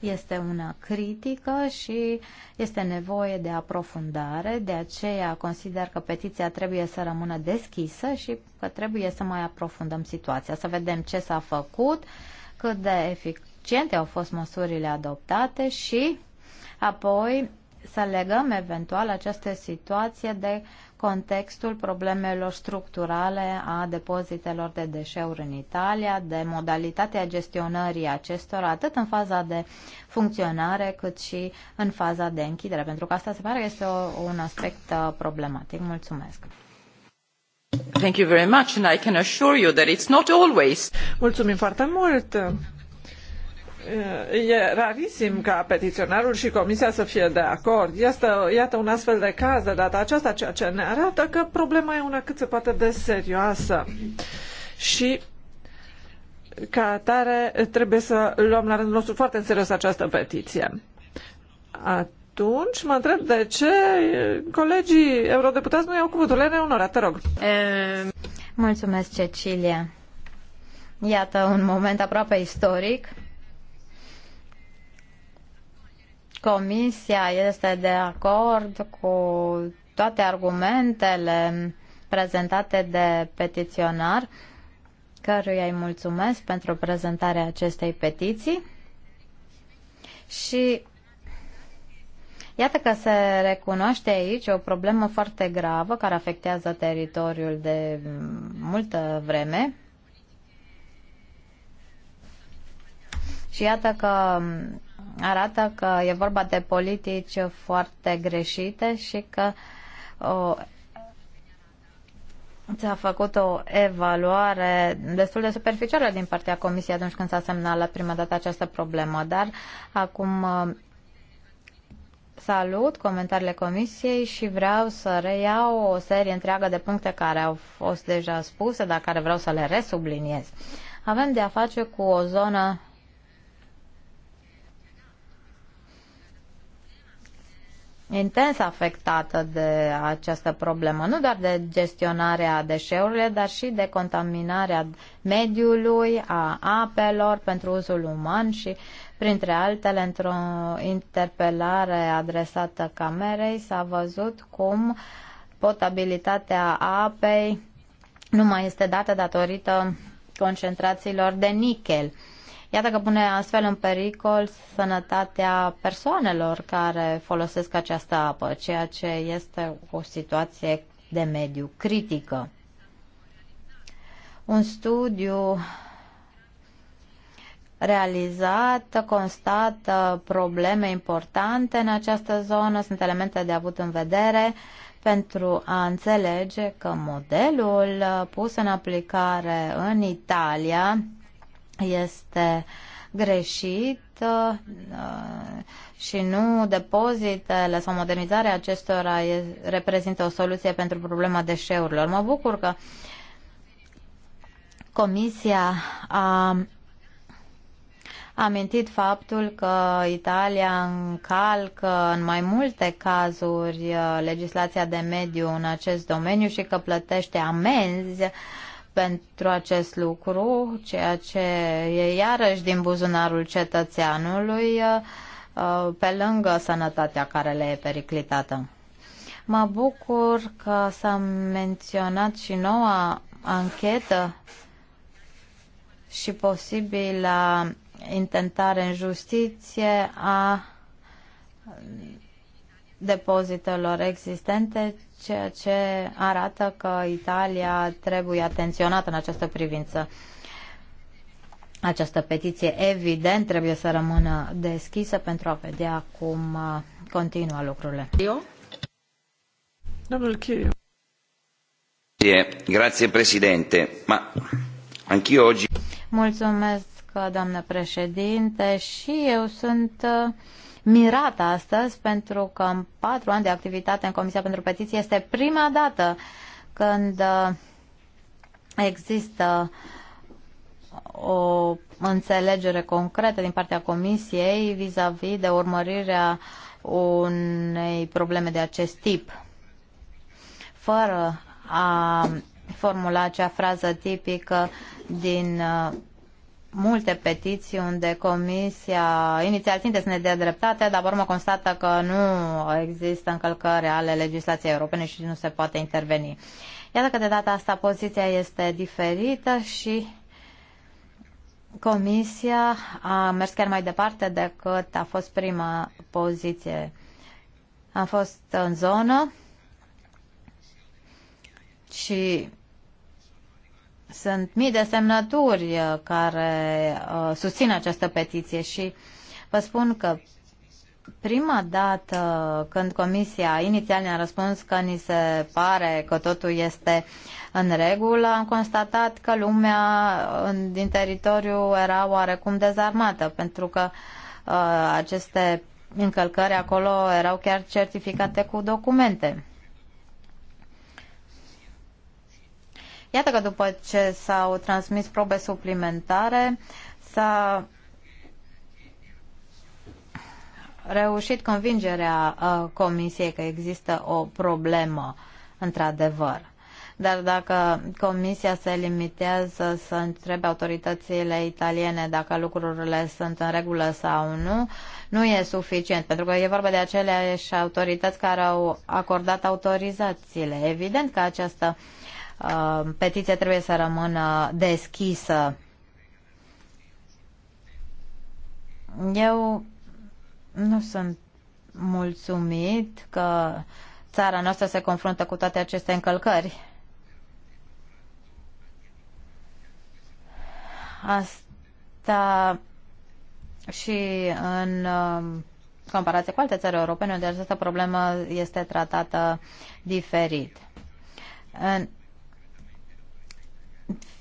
[SPEAKER 3] este una critică și este nevoie de aprofundare, de aceea consider că petiția trebuie să rămână deschisă și că trebuie să mai aprofundăm situația, să vedem ce s-a făcut, cât de eficiente au fost măsurile adoptate și apoi să legăm eventual această situație de contextul problemelor structurale a depozitelor de deșeuri în Italia, de modalitatea gestionării acestora, atât în faza de funcționare, cât și în faza de închidere, pentru că asta se pare că este o, un aspect uh, problematic. Mulțumesc!
[SPEAKER 1] Thank you very much and I can assure you that it's not always. Mulțumim foarte mult! E rarisim ca petiționarul și comisia să fie de acord. Este, iată, un astfel de caz de data aceasta, ceea ce ne arată că problema e una cât se poate de serioasă. Și ca atare trebuie să luăm la rândul nostru foarte în serios această petiție. Atunci mă întreb de ce colegii eurodeputați nu iau cuvântul. Lene Unora, te rog.
[SPEAKER 3] Mulțumesc, Cecilia. Iată un moment aproape istoric Comisia este de acord cu toate argumentele prezentate de petiționar, căruia îi mulțumesc pentru prezentarea acestei petiții. Și iată că se recunoaște aici o problemă foarte gravă care afectează teritoriul de multă vreme. Și iată că arată că e vorba de politici foarte greșite și că o, s-a făcut o evaluare destul de superficială din partea Comisiei atunci când s-a semnalat prima dată această problemă, dar acum uh, salut comentariile Comisiei și vreau să reiau o serie întreagă de puncte care au fost deja spuse, dar care vreau să le resubliniez. Avem de a face cu o zonă intens afectată de această problemă, nu doar de gestionarea deșeurilor, dar și de contaminarea mediului, a apelor pentru uzul uman și, printre altele, într-o interpelare adresată camerei s-a văzut cum potabilitatea apei nu mai este dată datorită concentrațiilor de nichel. Iată că pune astfel în pericol sănătatea persoanelor care folosesc această apă, ceea ce este o situație de mediu critică. Un studiu realizat constată probleme importante în această zonă, sunt elemente de avut în vedere pentru a înțelege că modelul pus în aplicare în Italia este greșit uh, și nu depozitele sau modernizarea acestora reprezintă o soluție pentru problema deșeurilor. Mă bucur că Comisia a amintit faptul că Italia încalcă în mai multe cazuri uh, legislația de mediu în acest domeniu și că plătește amenzi uh, pentru acest lucru, ceea ce e iarăși din buzunarul cetățeanului, uh, pe lângă sănătatea care le e periclitată. Mă bucur că s-a menționat și noua anchetă și posibilă intentare în justiție a depozitelor existente, ceea ce arată că Italia trebuie atenționată în această privință. Această petiție, evident, trebuie să rămână deschisă pentru a vedea cum uh, continuă lucrurile. Eu? Grazie, Presidente. Ma anch'io oggi... Mulțumesc, doamnă președinte, și eu sunt uh, mirată astăzi pentru că în patru ani de activitate în Comisia pentru Petiții este prima dată când uh, există o înțelegere concretă din partea Comisiei vis-a-vis -vis de urmărirea unei probleme de acest tip. Fără a formula acea frază tipică din uh, multe petiții unde comisia inițial ținte să ne dea dreptate, dar urmă constată că nu există încălcări ale legislației europene și nu se poate interveni. Iată că de data asta poziția este diferită și comisia a mers chiar mai departe decât a fost prima poziție. Am fost în zonă și sunt mii de semnături uh, care uh, susțin această petiție și vă spun că prima dată când comisia inițial ne-a răspuns că ni se pare că totul este în regulă, am constatat că lumea uh, din teritoriu era oarecum dezarmată, pentru că uh, aceste încălcări acolo erau chiar certificate cu documente. Iată că după ce s-au transmis probe suplimentare, s-a reușit convingerea uh, Comisiei că există o problemă, într-adevăr. Dar dacă Comisia se limitează să întrebe autoritățile italiene dacă lucrurile sunt în regulă sau nu, nu e suficient, pentru că e vorba de aceleași autorități care au acordat autorizațiile. Evident că această uh, Uh, petiția trebuie să rămână deschisă. Eu nu sunt mulțumit că țara noastră se confruntă cu toate aceste încălcări. Asta și în uh, comparație cu alte țări europene, unde această problemă este tratată diferit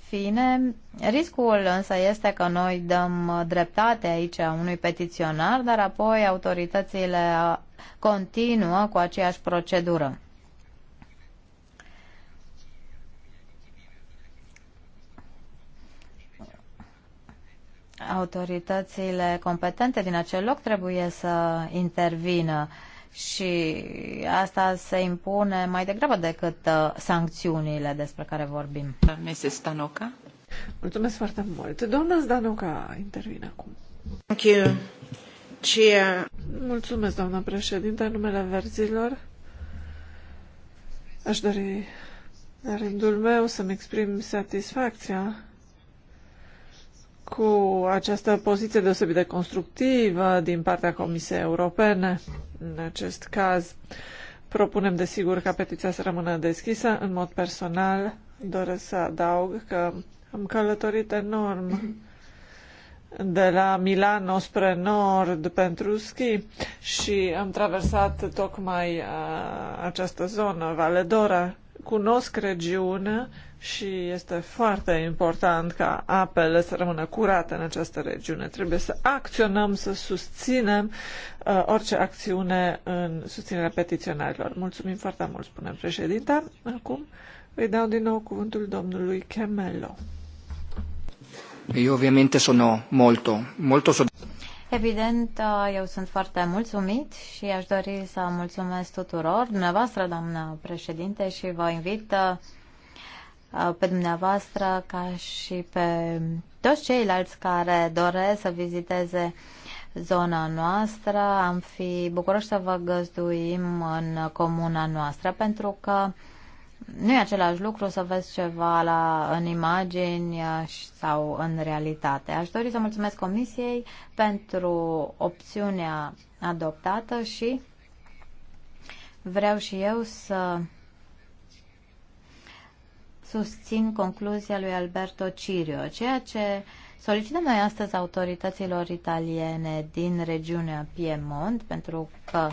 [SPEAKER 3] fine, riscul însă este că noi dăm dreptate aici unui petiționar, dar apoi autoritățile continuă cu aceeași procedură. Autoritățile competente din acel loc trebuie să intervină. Uh, și asta se impune mai degrabă decât uh, sancțiunile despre care vorbim. Mrs. Stanoca? Mulțumesc foarte mult. Doamna Zdanoca intervine
[SPEAKER 1] acum. Thank you. Cheer. Mulțumesc, doamna președinte, în numele verzilor. Aș dori, la rândul meu, să-mi exprim satisfacția cu această poziție deosebit de constructivă din partea Comisiei Europene. În acest caz, propunem desigur ca petiția să rămână deschisă. În mod personal, doresc să adaug că am călătorit enorm de la Milano spre nord pentru schi și am traversat tocmai uh, această zonă, Valedora, cunosc regiunea și este foarte important ca apele să rămână curate în această regiune. Trebuie să acționăm, să susținem uh, orice acțiune în susținerea petiționarilor. Mulțumim foarte mult, spune președinte. Acum îi dau din nou cuvântul domnului Chemelo.
[SPEAKER 2] Eu, obviamente, sono molto, molto
[SPEAKER 3] Evident, uh, eu sunt foarte mulțumit și aș dori să mulțumesc tuturor, dumneavoastră, doamnă președinte, și vă invit uh, uh, pe dumneavoastră ca și pe toți ceilalți care doresc să viziteze zona noastră. Am fi bucuroși să vă găzduim în comuna noastră pentru că nu e același lucru să vezi ceva la, în imagini uh, sau în realitate. Aș dori să mulțumesc Comisiei pentru opțiunea adoptată și vreau și eu să susțin concluzia lui Alberto Cirio, ceea ce solicităm noi astăzi autorităților italiene din regiunea Piemont, pentru că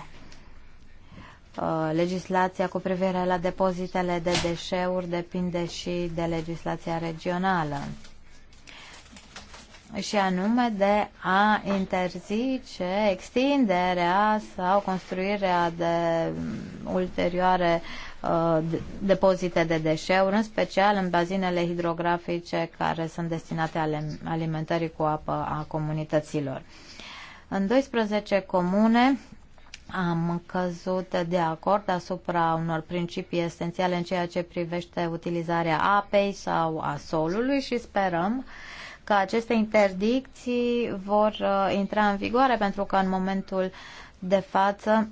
[SPEAKER 3] Uh, legislația cu privire la depozitele de deșeuri depinde și de legislația regională și anume de a interzice extinderea sau construirea de ulterioare uh, depozite de deșeuri, în special în bazinele hidrografice care sunt destinate alimentării cu apă a comunităților. În 12 comune am căzut de acord asupra unor principii esențiale în ceea ce privește utilizarea apei sau a solului și sperăm că aceste interdicții vor uh, intra în vigoare pentru că în momentul de față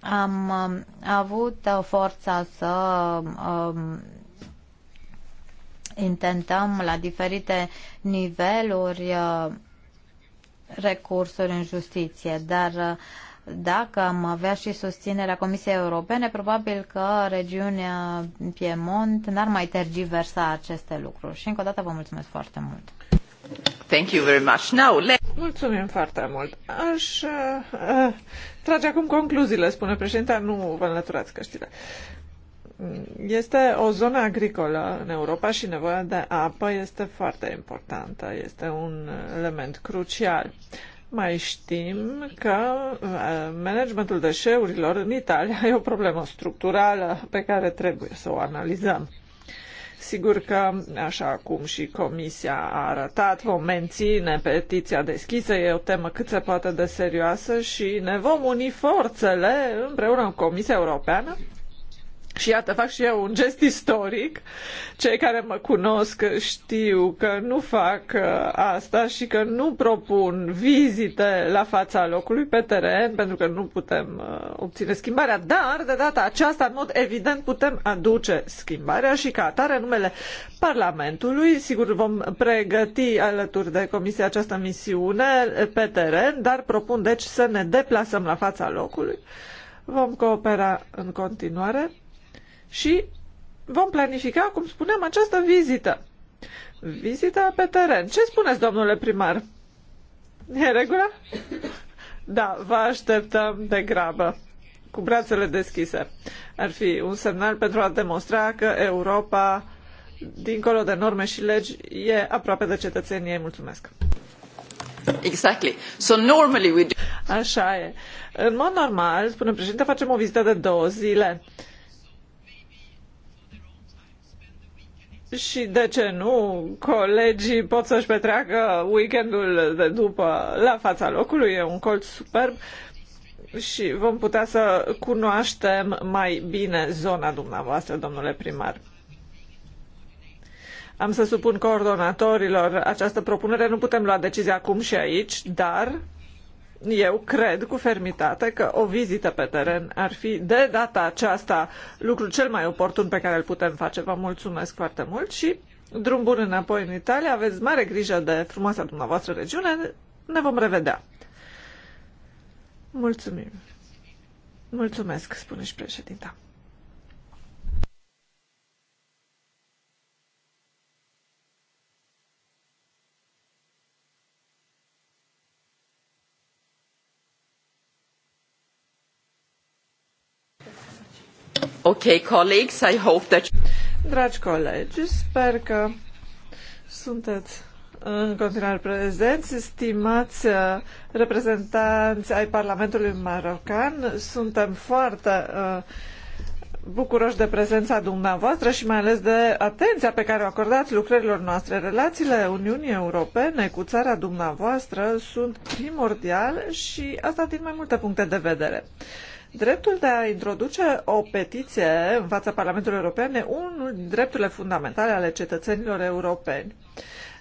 [SPEAKER 3] am uh, avut uh, forța să um, intentăm la diferite niveluri recursuri în justiție, dar uh, dacă am avea și susținerea Comisiei Europene, probabil că regiunea Piemont n-ar mai tergiversa aceste lucruri. Și încă o dată vă mulțumesc foarte mult. Thank you very much. Now, let... Mulțumim foarte mult. Aș uh, trage acum concluziile, spune
[SPEAKER 1] președinta, nu vă înlăturați căștile. Este o zonă agricolă în Europa și nevoia de apă este foarte importantă. Este un element crucial. Uh, mai știm că uh, managementul deșeurilor în Italia e o problemă structurală pe care trebuie să o analizăm. Sigur că, așa cum și Comisia a arătat, vom menține petiția deschisă. E o temă cât se poate de serioasă și ne vom uni forțele împreună cu Comisia Europeană și iată, fac și eu un gest istoric. Cei care mă cunosc știu că nu fac uh, asta și că nu propun vizite la fața locului pe teren, pentru că nu putem uh, obține schimbarea, dar de data aceasta, în mod evident, putem aduce schimbarea și ca atare numele Parlamentului. Sigur, vom pregăti alături de Comisia această misiune pe teren, dar propun deci să ne deplasăm la fața locului. Vom coopera în continuare și vom planifica, cum spuneam, această vizită. Vizita pe teren. Ce spuneți, domnule primar? E regulă? Da, vă așteptăm de grabă, cu brațele deschise. Ar fi un semnal pentru a demonstra că Europa, dincolo de norme și legi, e aproape de cetățenie. Mulțumesc! Exactly. So normally we do... Așa e. În mod normal, spune președinte, facem o vizită de două zile. Uh, și de ce nu, colegii pot să-și petreacă weekendul de după la fața locului, e un colț superb și vom putea să cunoaștem mai bine zona dumneavoastră, domnule primar. Am să supun coordonatorilor această propunere, nu putem lua decizia acum și aici, dar eu cred cu fermitate că o vizită pe teren ar fi de data aceasta lucru cel mai oportun pe care îl putem face. Vă mulțumesc foarte mult și drum bun înapoi în Italia. Aveți mare grijă de frumoasa dumneavoastră regiune. Ne vom revedea. Mulțumim. Mulțumesc, spune și președinta. Okay, colleagues, I hope that... Dragi colegi, sper că sunteți în continuare prezenți, stimați uh, reprezentanți ai Parlamentului Marocan. Suntem foarte uh, bucuroși de prezența dumneavoastră și mai ales de atenția pe care o acordați lucrărilor noastre. Relațiile Uniunii Europene cu țara dumneavoastră sunt primordiale și asta din mai multe puncte de vedere. Dreptul de a introduce o petiție în fața Parlamentului European e unul din drepturile fundamentale ale cetățenilor europeni,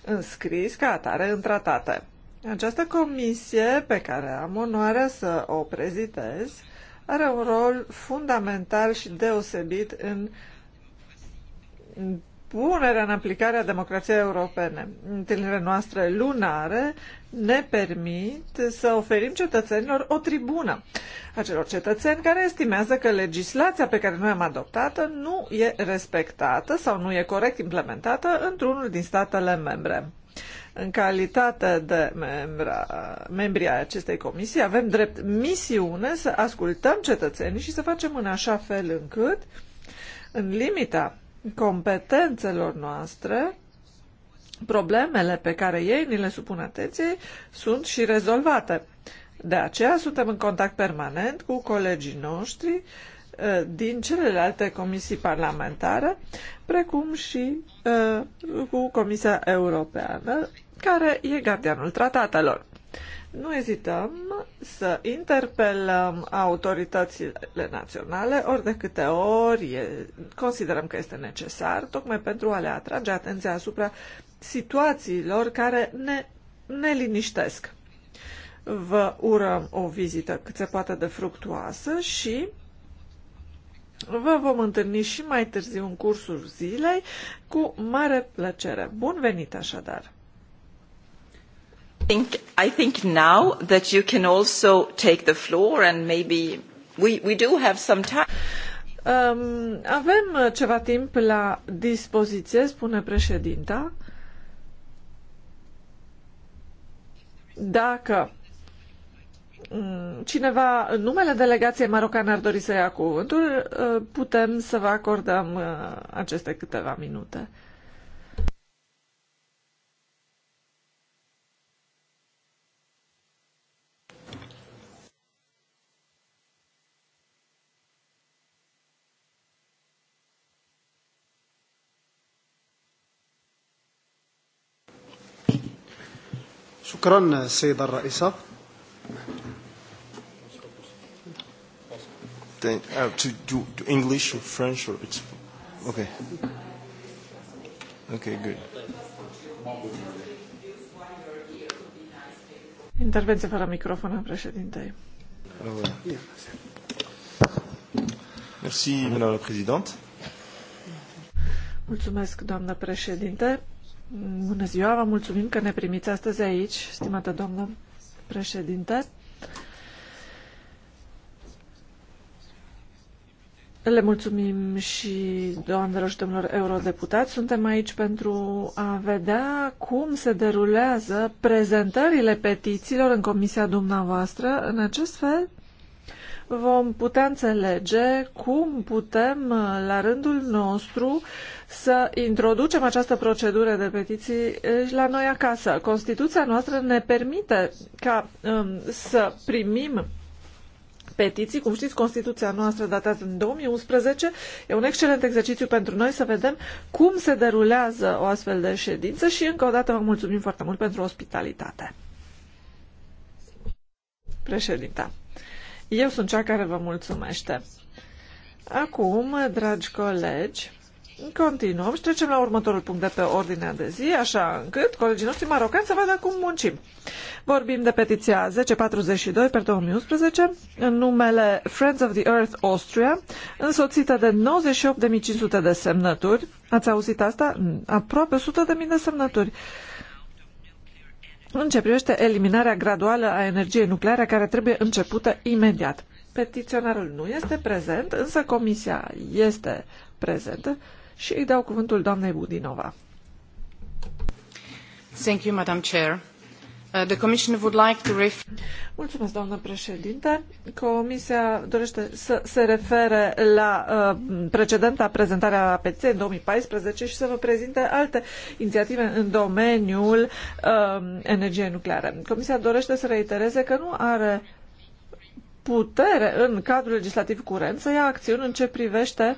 [SPEAKER 1] înscris ca atare în tratate. Această comisie, pe care am onoarea să o prezitez, are un rol fundamental și deosebit în punerea în aplicare a democrației europene. Întâlnirile noastre lunare ne permit să oferim cetățenilor o tribună. Acelor cetățeni care estimează că legislația pe care noi am adoptată nu e respectată sau nu e corect implementată într-unul din statele membre. În calitate de membra, membri ai acestei comisii, avem drept misiune să ascultăm cetățenii și să facem în așa fel încât, în limita competențelor noastre, problemele pe care ei ni le supun atenției sunt și rezolvate. De aceea suntem în contact permanent cu colegii noștri eh, din celelalte comisii parlamentare, precum și eh, cu Comisia Europeană, care e gardianul tratatelor nu ezităm să interpelăm autoritățile naționale ori de câte ori e, considerăm că este necesar, tocmai pentru a le atrage atenția asupra situațiilor care ne, ne liniștesc. Vă urăm o vizită cât se poate de fructuoasă și vă vom întâlni și mai târziu în cursul zilei cu mare plăcere. Bun venit așadar! think, I think now that you can also take the floor and maybe we, we do have some time. Um, avem uh, ceva timp la dispoziție, spune președinta. Dacă mm, cineva în numele delegației marocane ar dori să ia cuvântul, uh, putem să vă acordăm uh, aceste câteva minute.
[SPEAKER 3] شكرا سيدة الرئيسة uh, to do to English or French or it's okay. Okay, good.
[SPEAKER 1] Intervenție fără microfon a președintei.
[SPEAKER 3] Merci, Madame la Présidente.
[SPEAKER 1] Mulțumesc, doamnă președinte. Bună ziua, vă mulțumim că ne primiți astăzi aici, stimată doamnă președinte. Le mulțumim și doamnelor și domnilor eurodeputați. Suntem aici pentru a vedea cum se derulează prezentările petițiilor în comisia dumneavoastră. În acest fel, vom putea înțelege cum putem, uh, la rândul nostru, să introducem această procedură de petiții uh, la noi acasă. Constituția noastră ne permite ca um, să primim petiții. Cum știți, Constituția noastră datează în 2011. E un excelent exercițiu pentru noi să vedem cum se derulează o astfel de ședință și încă o dată vă mulțumim foarte mult pentru ospitalitate. Președinta. Eu sunt cea care vă mulțumește. Acum, dragi colegi, continuăm și trecem la următorul punct de pe ordinea de zi, așa încât colegii noștri marocani să vadă cum muncim. Vorbim de petiția 1042 pe 2011 în numele Friends of the Earth Austria, însoțită de 98.500 de semnături. Ați auzit asta? Aproape 100.000 de semnături. Uh, în ce privește eliminarea graduală a energiei nucleare care trebuie începută imediat. Petiționarul nu este prezent, însă comisia este prezentă și îi dau cuvântul doamnei Budinova. Thank you, Madam Chair. Uh, Mulțumesc, doamnă Președintă, Comisia dorește să se refere la uh, precedenta prezentare a petiției în 2014 și să vă prezinte alte inițiative în domeniul uh, energiei nucleare. Comisia dorește să reitereze că nu are putere în cadrul legislativ curent să ia acțiuni în ce privește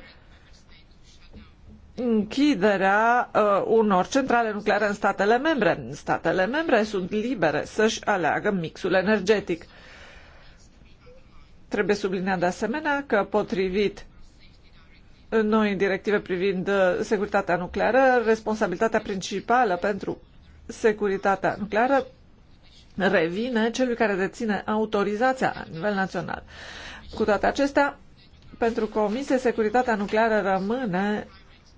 [SPEAKER 1] închiderea uh, unor centrale nucleare în statele membre. Statele membre sunt libere să-și aleagă mixul energetic. Trebuie subliniat de asemenea că potrivit noi directive privind uh, securitatea nucleară, responsabilitatea principală pentru securitatea nucleară revine celui care deține autorizația la nivel național. Cu toate acestea, pentru Comisie, securitatea nucleară rămâne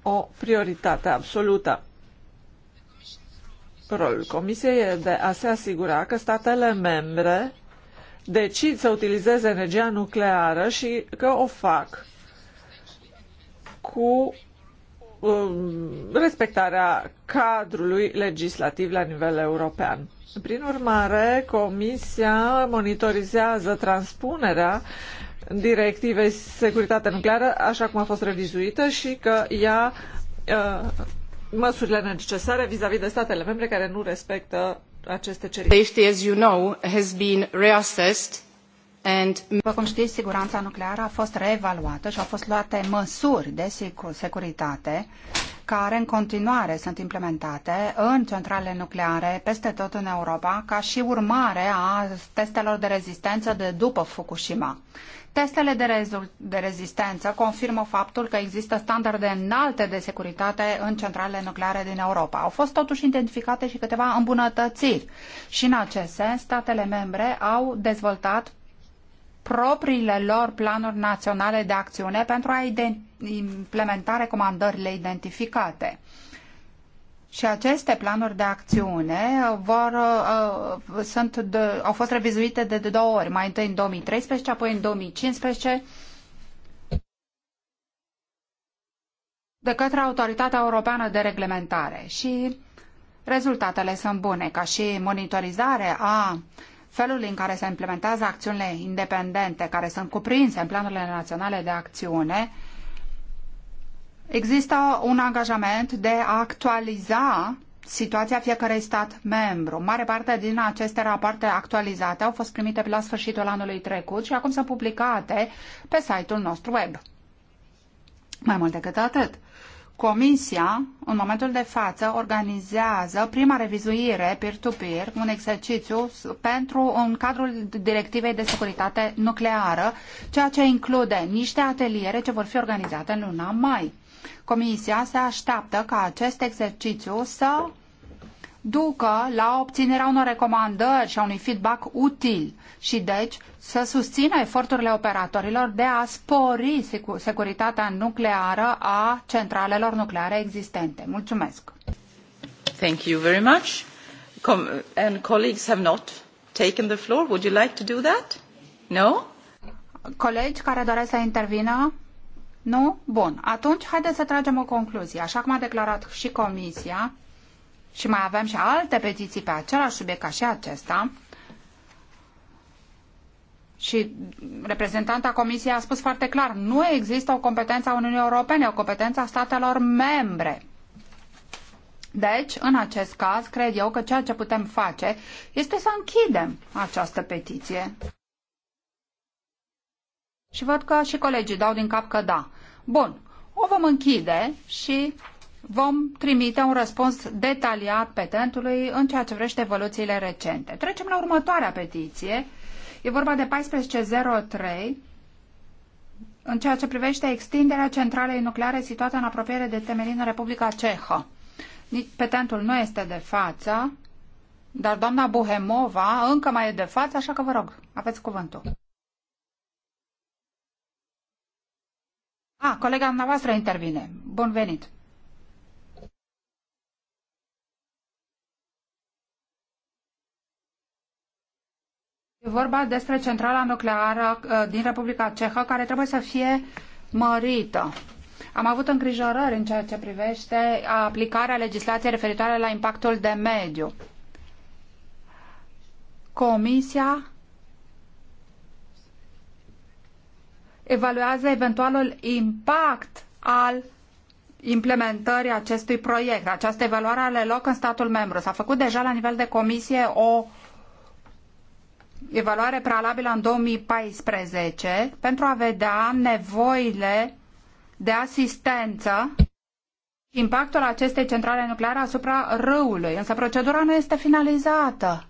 [SPEAKER 1] o prioritate absolută. Rolul Comisiei e de a se asigura că statele membre decid să utilizeze energia nucleară și că o fac cu um, respectarea cadrului legislativ la nivel european. Prin urmare, Comisia monitorizează transpunerea directivei securitate nucleară, așa cum a fost revizuită și că ia uh, măsurile necesare vis-a-vis de statele membre care nu respectă aceste cerințe. Safety, as you know, has been reassessed
[SPEAKER 2] and... După cum știți, siguranța nucleară a fost reevaluată și au fost luate măsuri de securitate care în continuare sunt implementate în centrale nucleare peste tot în Europa ca și urmare a testelor de rezistență de după Fukushima. Testele de, de rezistență confirmă faptul că există standarde înalte de securitate în centralele nucleare din Europa. Au fost totuși identificate și câteva îmbunătățiri și în acest sens statele membre au dezvoltat propriile lor planuri naționale de acțiune pentru a implementa recomandările identificate. Și aceste planuri de acțiune vor, uh, sunt de, au fost revizuite de, de două ori, mai întâi în 2013, apoi în 2015, de către Autoritatea Europeană de Reglementare. Și rezultatele sunt bune, ca și monitorizare a uh, felul în care se implementează acțiunile independente care sunt cuprinse în planurile naționale de acțiune, există un angajament de a actualiza situația fiecărui stat membru. Mare parte din aceste rapoarte actualizate au fost primite la sfârșitul anului trecut și acum sunt publicate pe site-ul nostru web. Mai mult decât atât, Comisia, în momentul de față, organizează prima revizuire peer-to-peer, -peer, un exercițiu pentru un cadrul Directivei de Securitate Nucleară, ceea ce include niște ateliere ce vor fi organizate în luna mai. Comisia se așteaptă ca acest exercițiu să ducă la obținerea unor recomandări și a unui feedback util și deci să susțină eforturile operatorilor de a spori securitatea nucleară a centralelor nucleare existente. Mulțumesc! Thank you very much. Com and colleagues have not
[SPEAKER 1] taken the floor. Would you like to do that? No?
[SPEAKER 2] Colegi care doresc să intervină? Nu? Bun. Atunci, haideți să tragem o concluzie. Așa cum a declarat și Comisia, și mai avem și alte petiții pe același subiect ca și acesta, și reprezentanta Comisiei a spus foarte clar, nu există o competență a Uniunii Europene, o competență a statelor membre. Deci, în acest caz, cred eu că ceea ce putem face este să închidem această petiție. Și văd că și colegii dau din cap că da. Bun, o vom închide și vom trimite un răspuns detaliat petentului în ceea ce vrește evoluțiile recente. Trecem la următoarea petiție. E vorba de 1403 în ceea ce privește extinderea centralei nucleare situată în apropiere de temelină Republica Cehă. Petentul nu este de față, dar doamna Buhemova încă mai e de față, așa că vă rog, aveți cuvântul. A, ah, colega noastră intervine. Bun venit! E vorba despre centrala nucleară uh, din Republica Cehă, care trebuie să fie mărită. Am avut îngrijorări în ceea ce privește aplicarea legislației referitoare la impactul de mediu. Comisia evaluează eventualul impact al implementării acestui proiect. Această evaluare are loc în statul membru. S-a făcut deja la nivel de comisie o evaluare prealabilă în 2014 pentru a vedea nevoile de asistență și impactul acestei centrale nucleare asupra râului. Însă procedura nu este finalizată.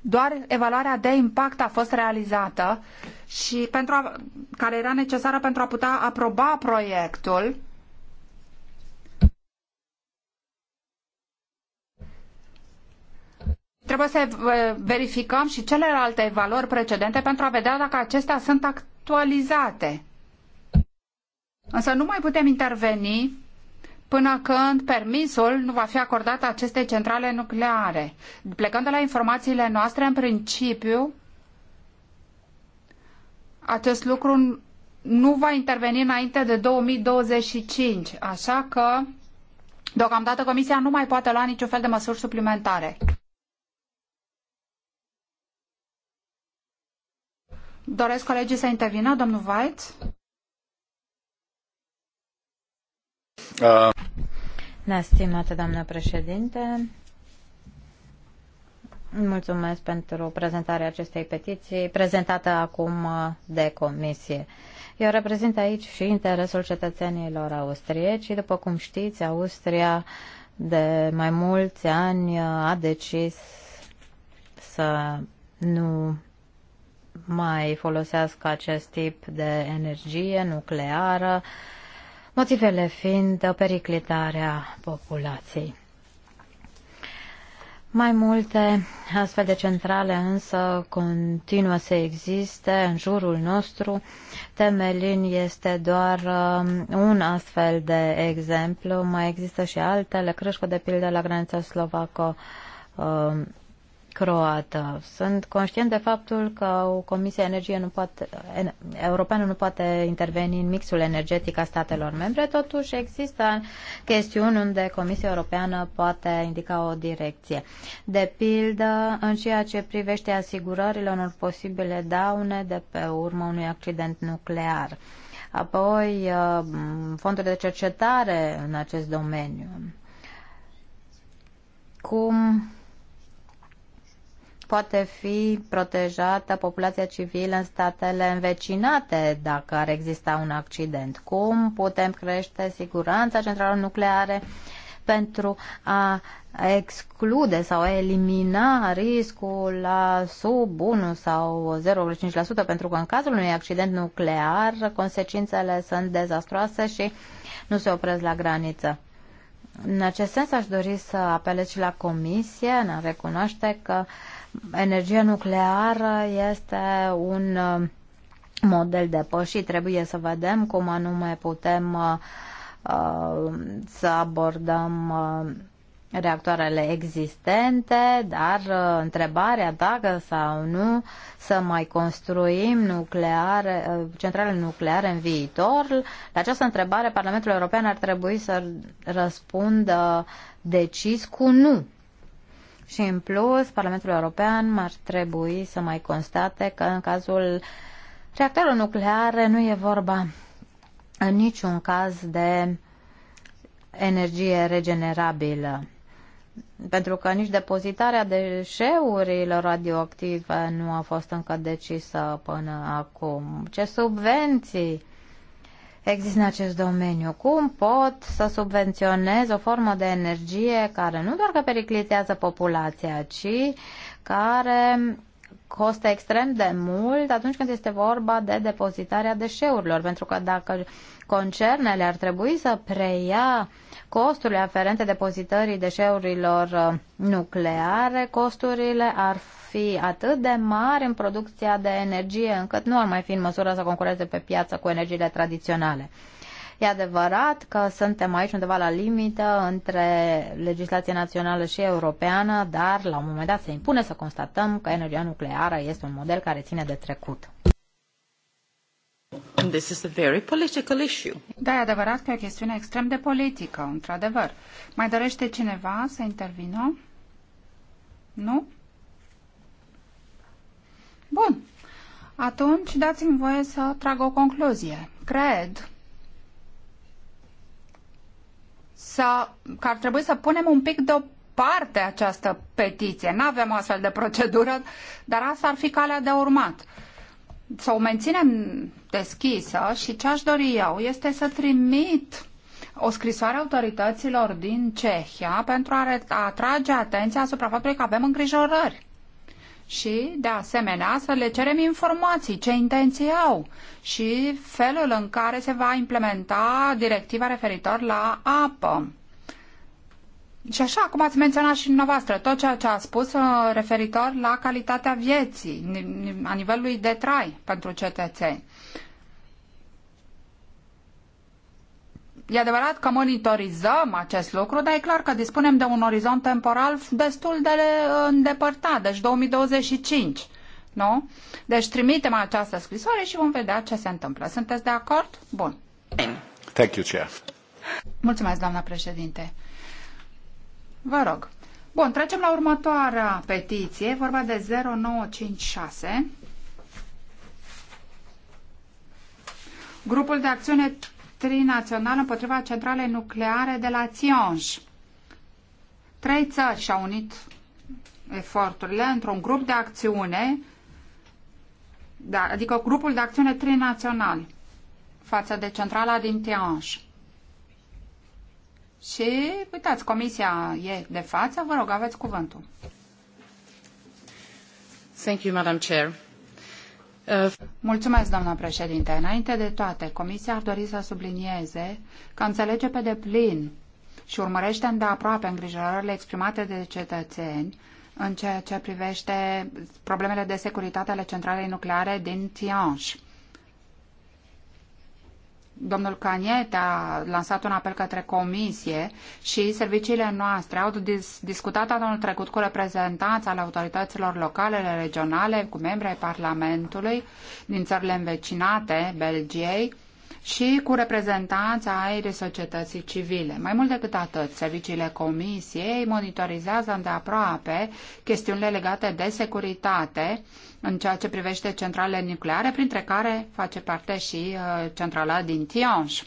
[SPEAKER 2] Doar evaluarea de impact a fost realizată și pentru a, care era necesară pentru a putea aproba proiectul Trebuie să uh, verificăm și celelalte valori precedente pentru a vedea dacă acestea sunt actualizate. Însă nu mai putem interveni până când permisul nu va fi acordat acestei centrale nucleare. Plecând de la informațiile noastre, în principiu, acest lucru nu va interveni înainte de 2025, așa că deocamdată Comisia nu mai poate lua niciun fel de măsuri suplimentare. Doresc colegii să intervină,
[SPEAKER 3] domnul White? Uh. Da, doamnă președinte, mulțumesc pentru prezentarea acestei petiții prezentată acum de comisie. Eu reprezint aici și interesul cetățenilor austrieci după cum știți, Austria de mai mulți ani a decis să nu mai folosească acest tip de energie nucleară, motivele fiind periclitarea populației. Mai multe astfel de centrale însă continuă să existe în jurul nostru. Temelin este doar um, un astfel de exemplu. Mai există și altele. Crâșcu, de pildă, la granița slovaco um, croată. Sunt conștient de faptul că o Comisia Energie nu poate, Europeană nu poate interveni în mixul energetic a statelor membre, totuși există chestiuni unde Comisia Europeană poate indica o direcție. De pildă, în ceea ce privește asigurările unor posibile daune de pe urma unui accident nuclear. Apoi, uh, fonduri de cercetare în acest domeniu. Cum poate fi protejată populația civilă în statele învecinate dacă ar exista un accident? Cum putem crește siguranța centralelor nucleare pentru a exclude sau a elimina riscul la sub 1 sau 0,5% pentru că în cazul unui accident nuclear consecințele sunt dezastroase și nu se opresc la graniță. În acest sens aș dori să apelez și la Comisie în a recunoaște că uh, energia nucleară este un uh, model depășit. Trebuie să vedem cum anume putem uh, uh, să abordăm uh, reactoarele existente, dar uh, întrebarea dacă sau nu să mai construim nucleare, uh, centrale nucleare în viitor, la această întrebare Parlamentul European ar trebui să răspundă decis cu nu. Și în plus, Parlamentul European ar trebui să mai constate că în cazul reactorului nuclear nu e vorba în niciun caz de energie regenerabilă. Pentru că nici depozitarea deșeurilor radioactive nu a fost încă decisă până acum. Ce subvenții există în acest domeniu. Cum pot să subvenționez o formă de energie care nu doar că periclitează populația, ci care costă extrem de mult atunci când este vorba de depozitarea deșeurilor, pentru că dacă concernele ar trebui să preia costurile aferente depozitării deșeurilor uh, nucleare, costurile ar fi atât de mari în producția de energie încât nu ar mai fi în măsură să concureze pe piață cu energiile tradiționale. E adevărat că suntem aici undeva la limită între legislația națională și europeană, dar la un moment dat se impune să constatăm că energia nucleară este un model care ține de trecut.
[SPEAKER 2] This is a very political issue.
[SPEAKER 3] Da, e adevărat că e o chestiune extrem de politică,
[SPEAKER 2] într-adevăr. Mai dorește cineva să intervină? Nu? Bun. Atunci dați-mi voie să trag o concluzie. Cred să, că ar trebui să punem un pic deoparte această petiție. Nu avem o astfel de procedură, dar asta ar fi calea de urmat. Să o menținem deschisă și ce aș dori eu este să trimit o scrisoare autorităților din Cehia pentru a atrage atenția asupra faptului că avem îngrijorări și, de asemenea, să le cerem informații, ce intenții au și felul în care se va implementa directiva referitor la apă. Și așa, cum ați menționat și dumneavoastră, tot ceea ce a spus uh, referitor la calitatea vieții, a nivelului de trai pentru cetățeni. E adevărat că monitorizăm acest lucru, dar e clar că dispunem de un orizont temporal destul de uh, îndepărtat, deci 2025. Nu? Deci trimitem această scrisoare și vom vedea ce se întâmplă. Sunteți de acord? Bun. Thank you, Chair. Mulțumesc, doamna președinte. Vă rog. Bun, trecem la următoarea petiție, vorba de 0956. Grupul de acțiune trinațional împotriva centralei nucleare de la Tionj. Trei țări și-au unit eforturile într-un grup de acțiune, da, adică grupul de acțiune trinațional față de centrala din Tionj. Și, uitați, comisia e de față, vă rog, aveți cuvântul. Thank you, Madam Chair. Mulțumesc, președinte. Înainte de toate, Comisia ar dori să sublinieze că înțelege pe deplin și urmărește îndeaproape îngrijorările exprimate de cetățeni în ceea ce privește problemele de securitate ale centralei nucleare din Tianj domnul Caniet a lansat un apel către comisie și serviciile noastre au dis- discutat anul trecut cu reprezentanți ale autorităților locale, regionale, cu membri ai Parlamentului din țările învecinate, Belgiei, și cu reprezentanța aerii societății civile. Mai mult decât atât, serviciile comisiei monitorizează îndeaproape chestiunile legate de securitate în ceea ce privește centralele nucleare, printre care face parte și uh, centrala din Tionj.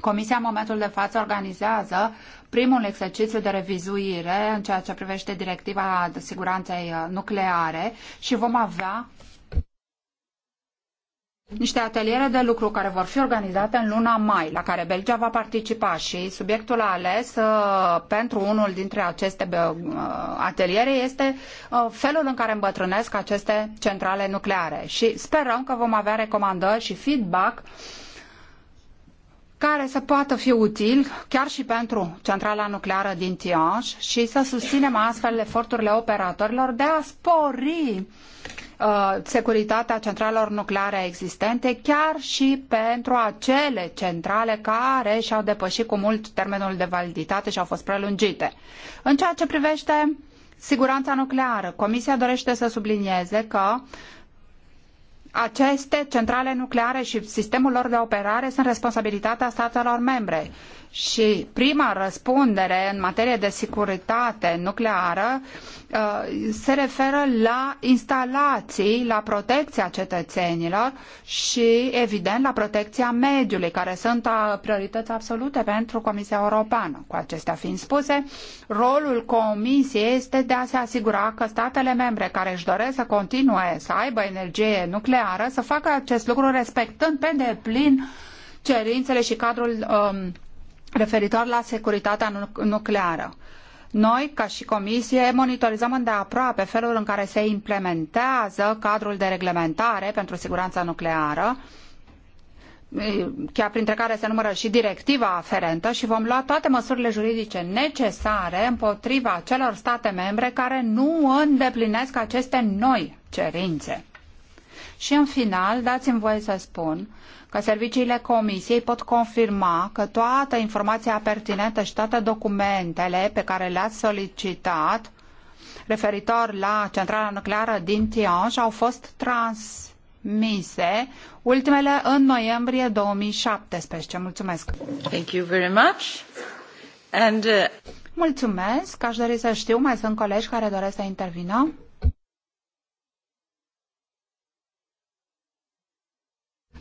[SPEAKER 2] Comisia în momentul de față organizează primul exercițiu de revizuire în ceea ce privește directiva siguranței uh, nucleare și vom avea niște ateliere de lucru care vor fi organizate în luna mai, la care Belgia va participa și subiectul ales uh, pentru unul dintre aceste uh, ateliere este uh, felul în care îmbătrânesc aceste centrale nucleare. Și sperăm că vom avea recomandări și feedback care să poată fi util chiar și pentru centrala nucleară din Tianj și să susținem astfel eforturile operatorilor de a spori Uh, securitatea centralelor nucleare existente, chiar și pentru acele centrale care și-au depășit cu mult termenul de validitate și au fost prelungite. În ceea ce privește siguranța nucleară, Comisia dorește să sublinieze că aceste centrale nucleare și sistemul lor de operare sunt responsabilitatea statelor membre și prima răspundere în materie de securitate nucleară uh, se referă la instalații, la protecția cetățenilor și, evident, la protecția mediului, care sunt uh, priorități absolute pentru Comisia Europeană. Cu acestea fiind spuse, rolul Comisiei este de a se asigura că statele membre care își doresc să continue să aibă energie nucleară să facă acest lucru respectând pe deplin cerințele și cadrul um, referitor la securitatea nucleară. Noi, ca și Comisie, monitorizăm îndeaproape felul în care se implementează cadrul de reglementare pentru siguranța nucleară, chiar printre care se numără și directiva aferentă și vom lua toate măsurile juridice necesare împotriva celor state membre care nu îndeplinesc aceste noi cerințe. Și în final, dați-mi voie să spun că serviciile comisiei pot confirma că toată informația pertinentă și toate documentele pe care le-ați solicitat referitor la centrala nucleară din Tianj au fost transmise ultimele în noiembrie 2017. Mulțumesc! Thank you very much. And, uh... Mulțumesc! Aș dori să știu, mai sunt colegi care doresc să intervină?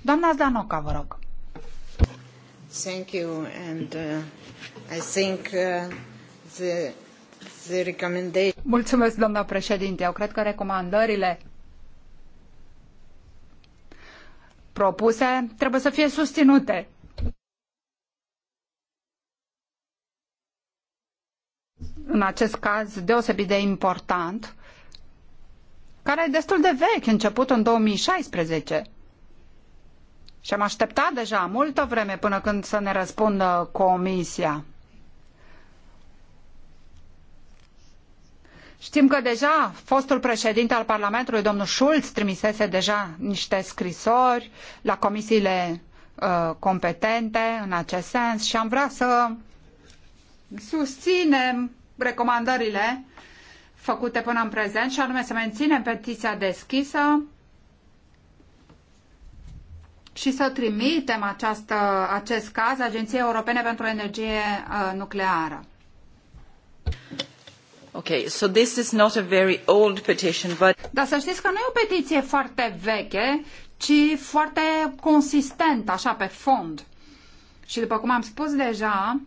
[SPEAKER 2] Doamna Zdanoca, vă rog. Thank you and uh, I think uh, the, the recommendation... Mulțumesc, doamna președinte. Eu cred că recomandările propuse trebuie să fie susținute. În acest caz deosebit de important, care e destul de vechi, început în 2016. Și am așteptat deja multă vreme până când să ne răspundă comisia. Știm că deja fostul președinte al Parlamentului, domnul Schulz, trimisese deja niște scrisori la comisiile uh, competente în acest sens și am vrea să susținem recomandările făcute până în prezent și anume să menținem petiția deschisă și să trimitem această, acest caz Agenției Europene pentru Energie uh, Nucleară. Okay, so this is not a very old petition, but... Dar să știți că nu e o petiție foarte veche, ci foarte consistentă, așa, pe fond. Și după cum am spus deja,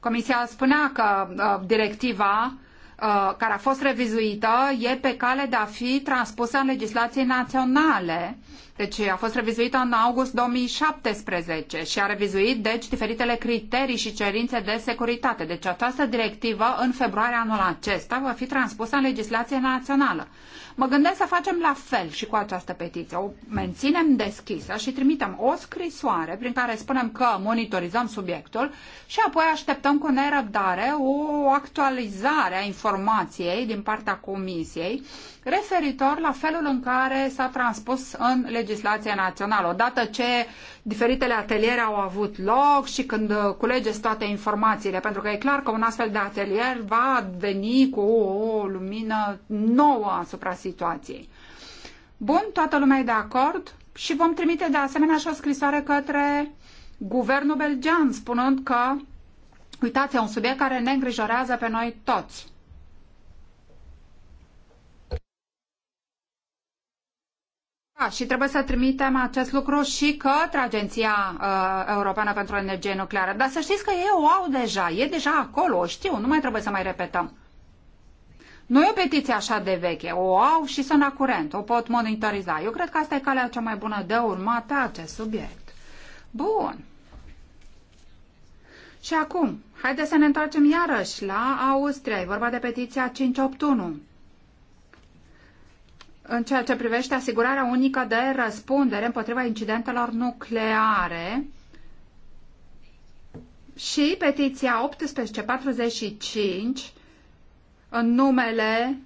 [SPEAKER 2] Comisia spunea că uh, directiva Uh, care a fost revizuită e pe cale de a fi transpusă în legislații naționale deci a fost revizuită în august 2017 și a revizuit, deci, diferitele criterii și cerințe de securitate. Deci această directivă, în februarie anul acesta, va fi transpusă în legislație națională. Mă gândesc să facem la fel și cu această petiție. O menținem deschisă și trimitem o scrisoare prin care spunem că monitorizăm subiectul și apoi așteptăm cu nerăbdare o actualizare a informației din partea Comisiei referitor la felul în care s-a transpus în legislația națională. Odată ce diferitele ateliere au avut loc și când culegeți toate informațiile, pentru că e clar că un astfel de atelier va veni cu o lumină nouă asupra situației. Bun, toată lumea e de acord și vom trimite de asemenea și o scrisoare către guvernul belgean, spunând că, uitați, e un subiect care ne îngrijorează pe noi toți. Da, și trebuie să trimitem acest lucru și către Agenția uh, Europeană pentru Energie Nucleară. Dar să știți că ei o au deja, e deja acolo, o știu, nu mai trebuie să mai repetăm. Nu e o petiție așa de veche, o au și sunt la curent, o pot monitoriza. Eu cred că asta e calea cea mai bună de urmat pe acest subiect. Bun. Și acum, haideți să ne întoarcem iarăși la Austria. E vorba de petiția 581 în ceea ce privește asigurarea unică de răspundere împotriva incidentelor nucleare și petiția 1845 în numele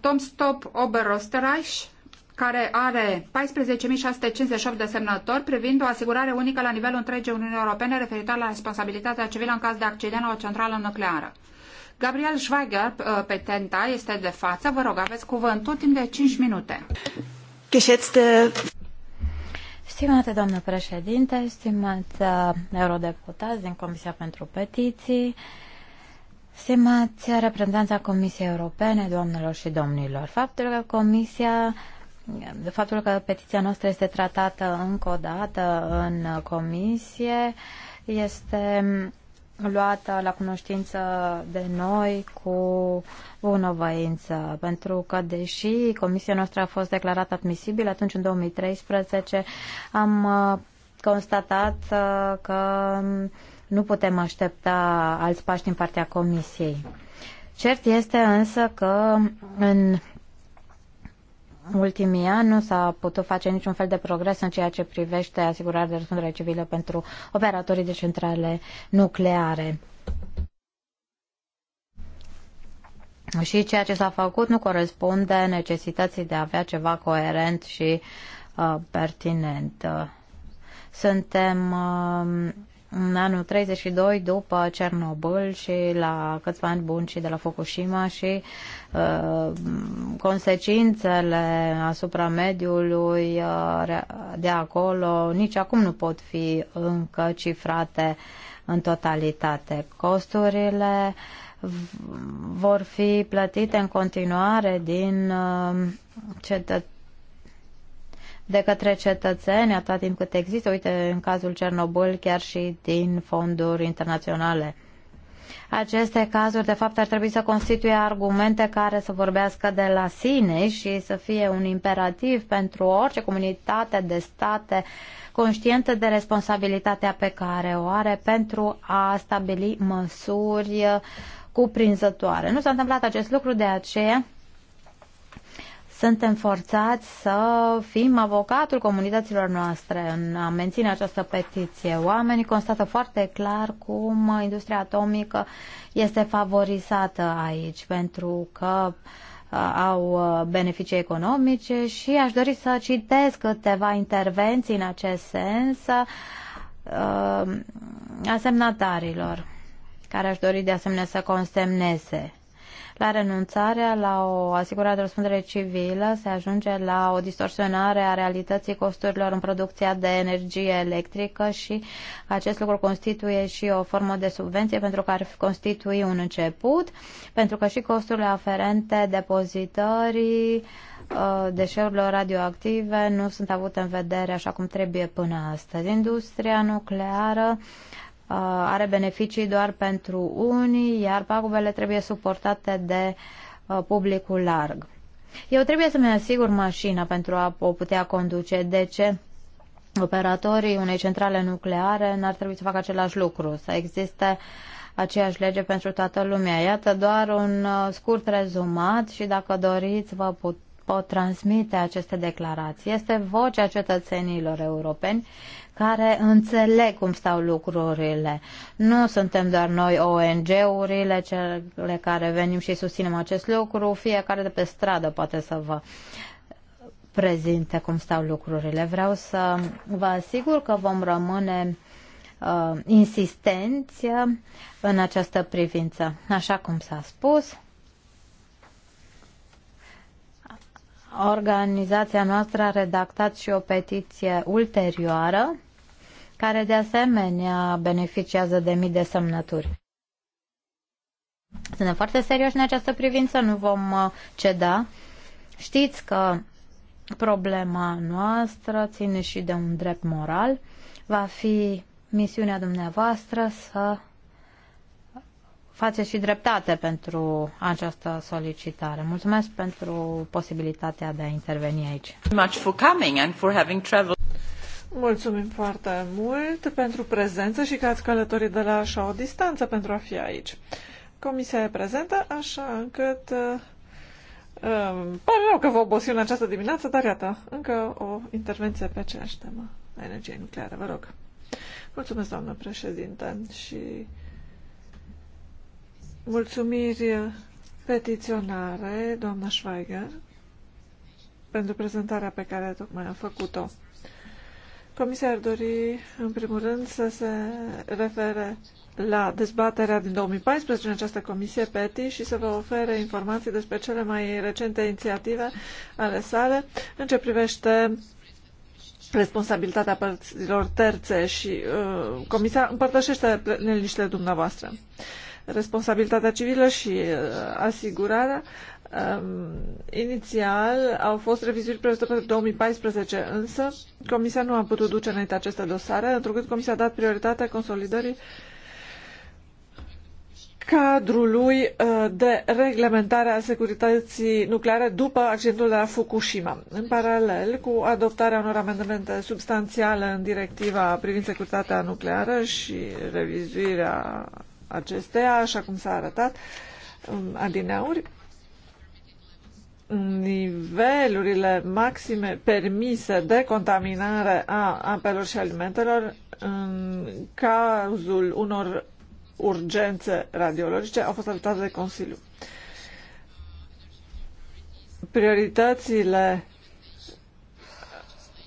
[SPEAKER 2] Tom Stop Oberösterreich, care are 14.658 de semnători privind o asigurare unică la nivelul întregii Uniunii Europene referitoare la responsabilitatea civilă în caz de accident la o centrală nucleară. Gabriel Schweiger, uh, Tenta, este de față. Vă rog, aveți cuvântul timp de 5 minute.
[SPEAKER 3] Geschätzte Stimate doamnă președinte, stimați uh, eurodeputați din Comisia pentru Petiții, stimați reprezentanța Comisiei Europene, doamnelor și domnilor, faptul că Comisia de faptul că petiția noastră este tratată încă o dată în comisie este luată la cunoștință de noi cu bunăvoință, pentru că deși comisia noastră a fost declarată admisibilă atunci în 2013, am uh, constatat uh, că nu putem aștepta alți pași din partea comisiei. Cert este însă că în ultimii ani nu s-a putut face niciun fel de progres în ceea ce privește asigurarea de răspundere civilă pentru operatorii de centrale nucleare. Și ceea ce s-a făcut nu corespunde necesității de a avea ceva coerent și uh, pertinent. Suntem uh, în anul 32 după Cernobâl și la câțiva ani buni și de la Fukushima și uh, consecințele asupra mediului uh, de acolo nici acum nu pot fi încă cifrate în totalitate. Costurile vor fi plătite în continuare din uh, cetățenii de către cetățeni atât timp cât există, uite, în cazul Cernobâl, chiar și din fonduri internaționale. Aceste cazuri, de fapt, ar trebui să constituie argumente care să vorbească de la sine și să fie un imperativ pentru orice comunitate de state conștientă de responsabilitatea pe care o are pentru a stabili măsuri cuprinzătoare. Nu s-a întâmplat acest lucru, de aceea suntem forțați să fim avocatul comunităților noastre în a menține această petiție. Oamenii constată foarte clar cum industria atomică este favorizată aici, pentru că au beneficii economice și aș dori să citesc câteva intervenții în acest sens asemnatarilor care aș dori de asemenea să consemneze la renunțarea la o asigurare de răspundere civilă se ajunge la o distorsionare a realității costurilor în producția de energie electrică și acest lucru constituie și o formă de subvenție pentru că ar constitui un început, pentru că și costurile aferente depozitării uh, deșeurilor radioactive nu sunt avute în vedere așa cum trebuie până astăzi. Industria nucleară Uh, are beneficii doar pentru unii, iar pagubele trebuie suportate de uh, publicul larg. Eu trebuie să-mi asigur mașina pentru a o putea conduce. De ce? Operatorii unei centrale nucleare n-ar trebui să facă același lucru, să existe aceeași lege pentru toată lumea. Iată doar un uh, scurt rezumat și dacă doriți vă pot, pot transmite aceste declarații. Este vocea cetățenilor europeni care înțeleg cum stau lucrurile. Nu suntem doar noi ONG-urile, cele care venim și susținem acest lucru, fiecare de pe stradă poate să vă prezinte cum stau lucrurile. Vreau să vă asigur că vom rămâne uh, insistenți uh, în această privință. Așa cum s-a spus, organizația noastră a redactat și o petiție ulterioară care de asemenea beneficiază de mii de semnături. Suntem foarte serioși în această privință, nu vom uh, ceda. Știți că problema noastră ține și de un drept moral. Va fi misiunea dumneavoastră să faceți și dreptate pentru această solicitare. Mulțumesc pentru posibilitatea de a interveni aici.
[SPEAKER 1] Much for coming and for having traveled. Mulțumim foarte mult pentru prezență și că ați călătorit de la așa o distanță pentru a fi aici. Comisia e prezentă, așa încât uh, um, pare rău că vă obosim în această dimineață, dar iată, încă o intervenție pe aceeași temă a energiei nucleare, vă rog. Mulțumesc, doamnă președinte, și mulțumiri petiționare, doamna Schweiger, pentru prezentarea pe care tocmai a făcut-o. Comisia ar dori, în primul rând, să se refere la dezbaterea din 2014 în această comisie PETI și să vă ofere informații despre cele mai recente inițiative ale sale în ce privește responsabilitatea părților terțe și uh, Comisia împărtășește neliniștile dumneavoastră. Responsabilitatea civilă și uh, asigurarea Um, inițial au fost revizuiri prevăzute pentru 2014, însă Comisia nu a putut duce înainte aceste dosare, întrucât Comisia a dat prioritatea consolidării cadrului uh, de reglementare a securității nucleare după accidentul de la Fukushima. În paralel cu adoptarea unor amendamente substanțiale în directiva privind securitatea nucleară și revizuirea acesteia, așa cum s-a arătat um, adineauri, nivelurile maxime permise de contaminare a apelor și alimentelor în cazul unor urgențe radiologice au fost adoptate de Consiliu. Prioritățile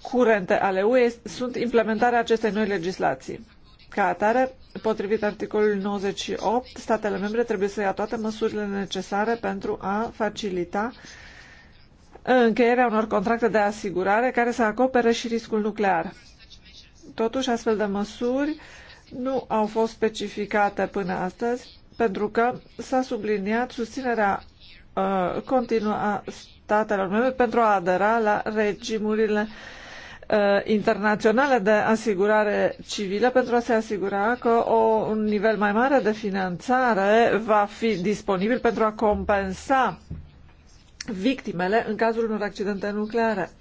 [SPEAKER 1] curente ale UE sunt implementarea acestei noi legislații. Ca atare, potrivit articolului 98, statele membre trebuie să ia toate măsurile necesare pentru a facilita uh, încheierea unor contracte de asigurare care să acopere și riscul nuclear. Totuși, astfel de măsuri nu au fost specificate până astăzi, pentru că s-a subliniat susținerea uh, continuă a statelor membre pentru a adera la regimurile uh, internaționale de asigurare civilă pentru a se asigura că o, un nivel mai mare de finanțare va fi disponibil pentru a compensa victimele în cazul unor accidente nucleare.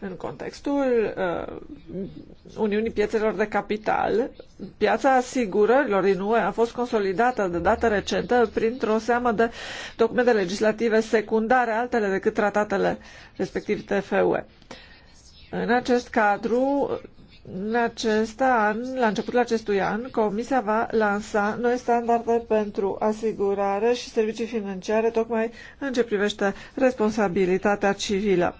[SPEAKER 1] În contextul uh, Uniunii Piețelor de Capital, piața asigurărilor din UE a fost consolidată de dată recentă printr-o seamă de documente legislative secundare, altele decât tratatele respectiv TFUE. În acest cadru, în acest an, la începutul acestui an, Comisia va lansa noi standarde pentru asigurare și servicii financiare, tocmai în ce privește responsabilitatea civilă.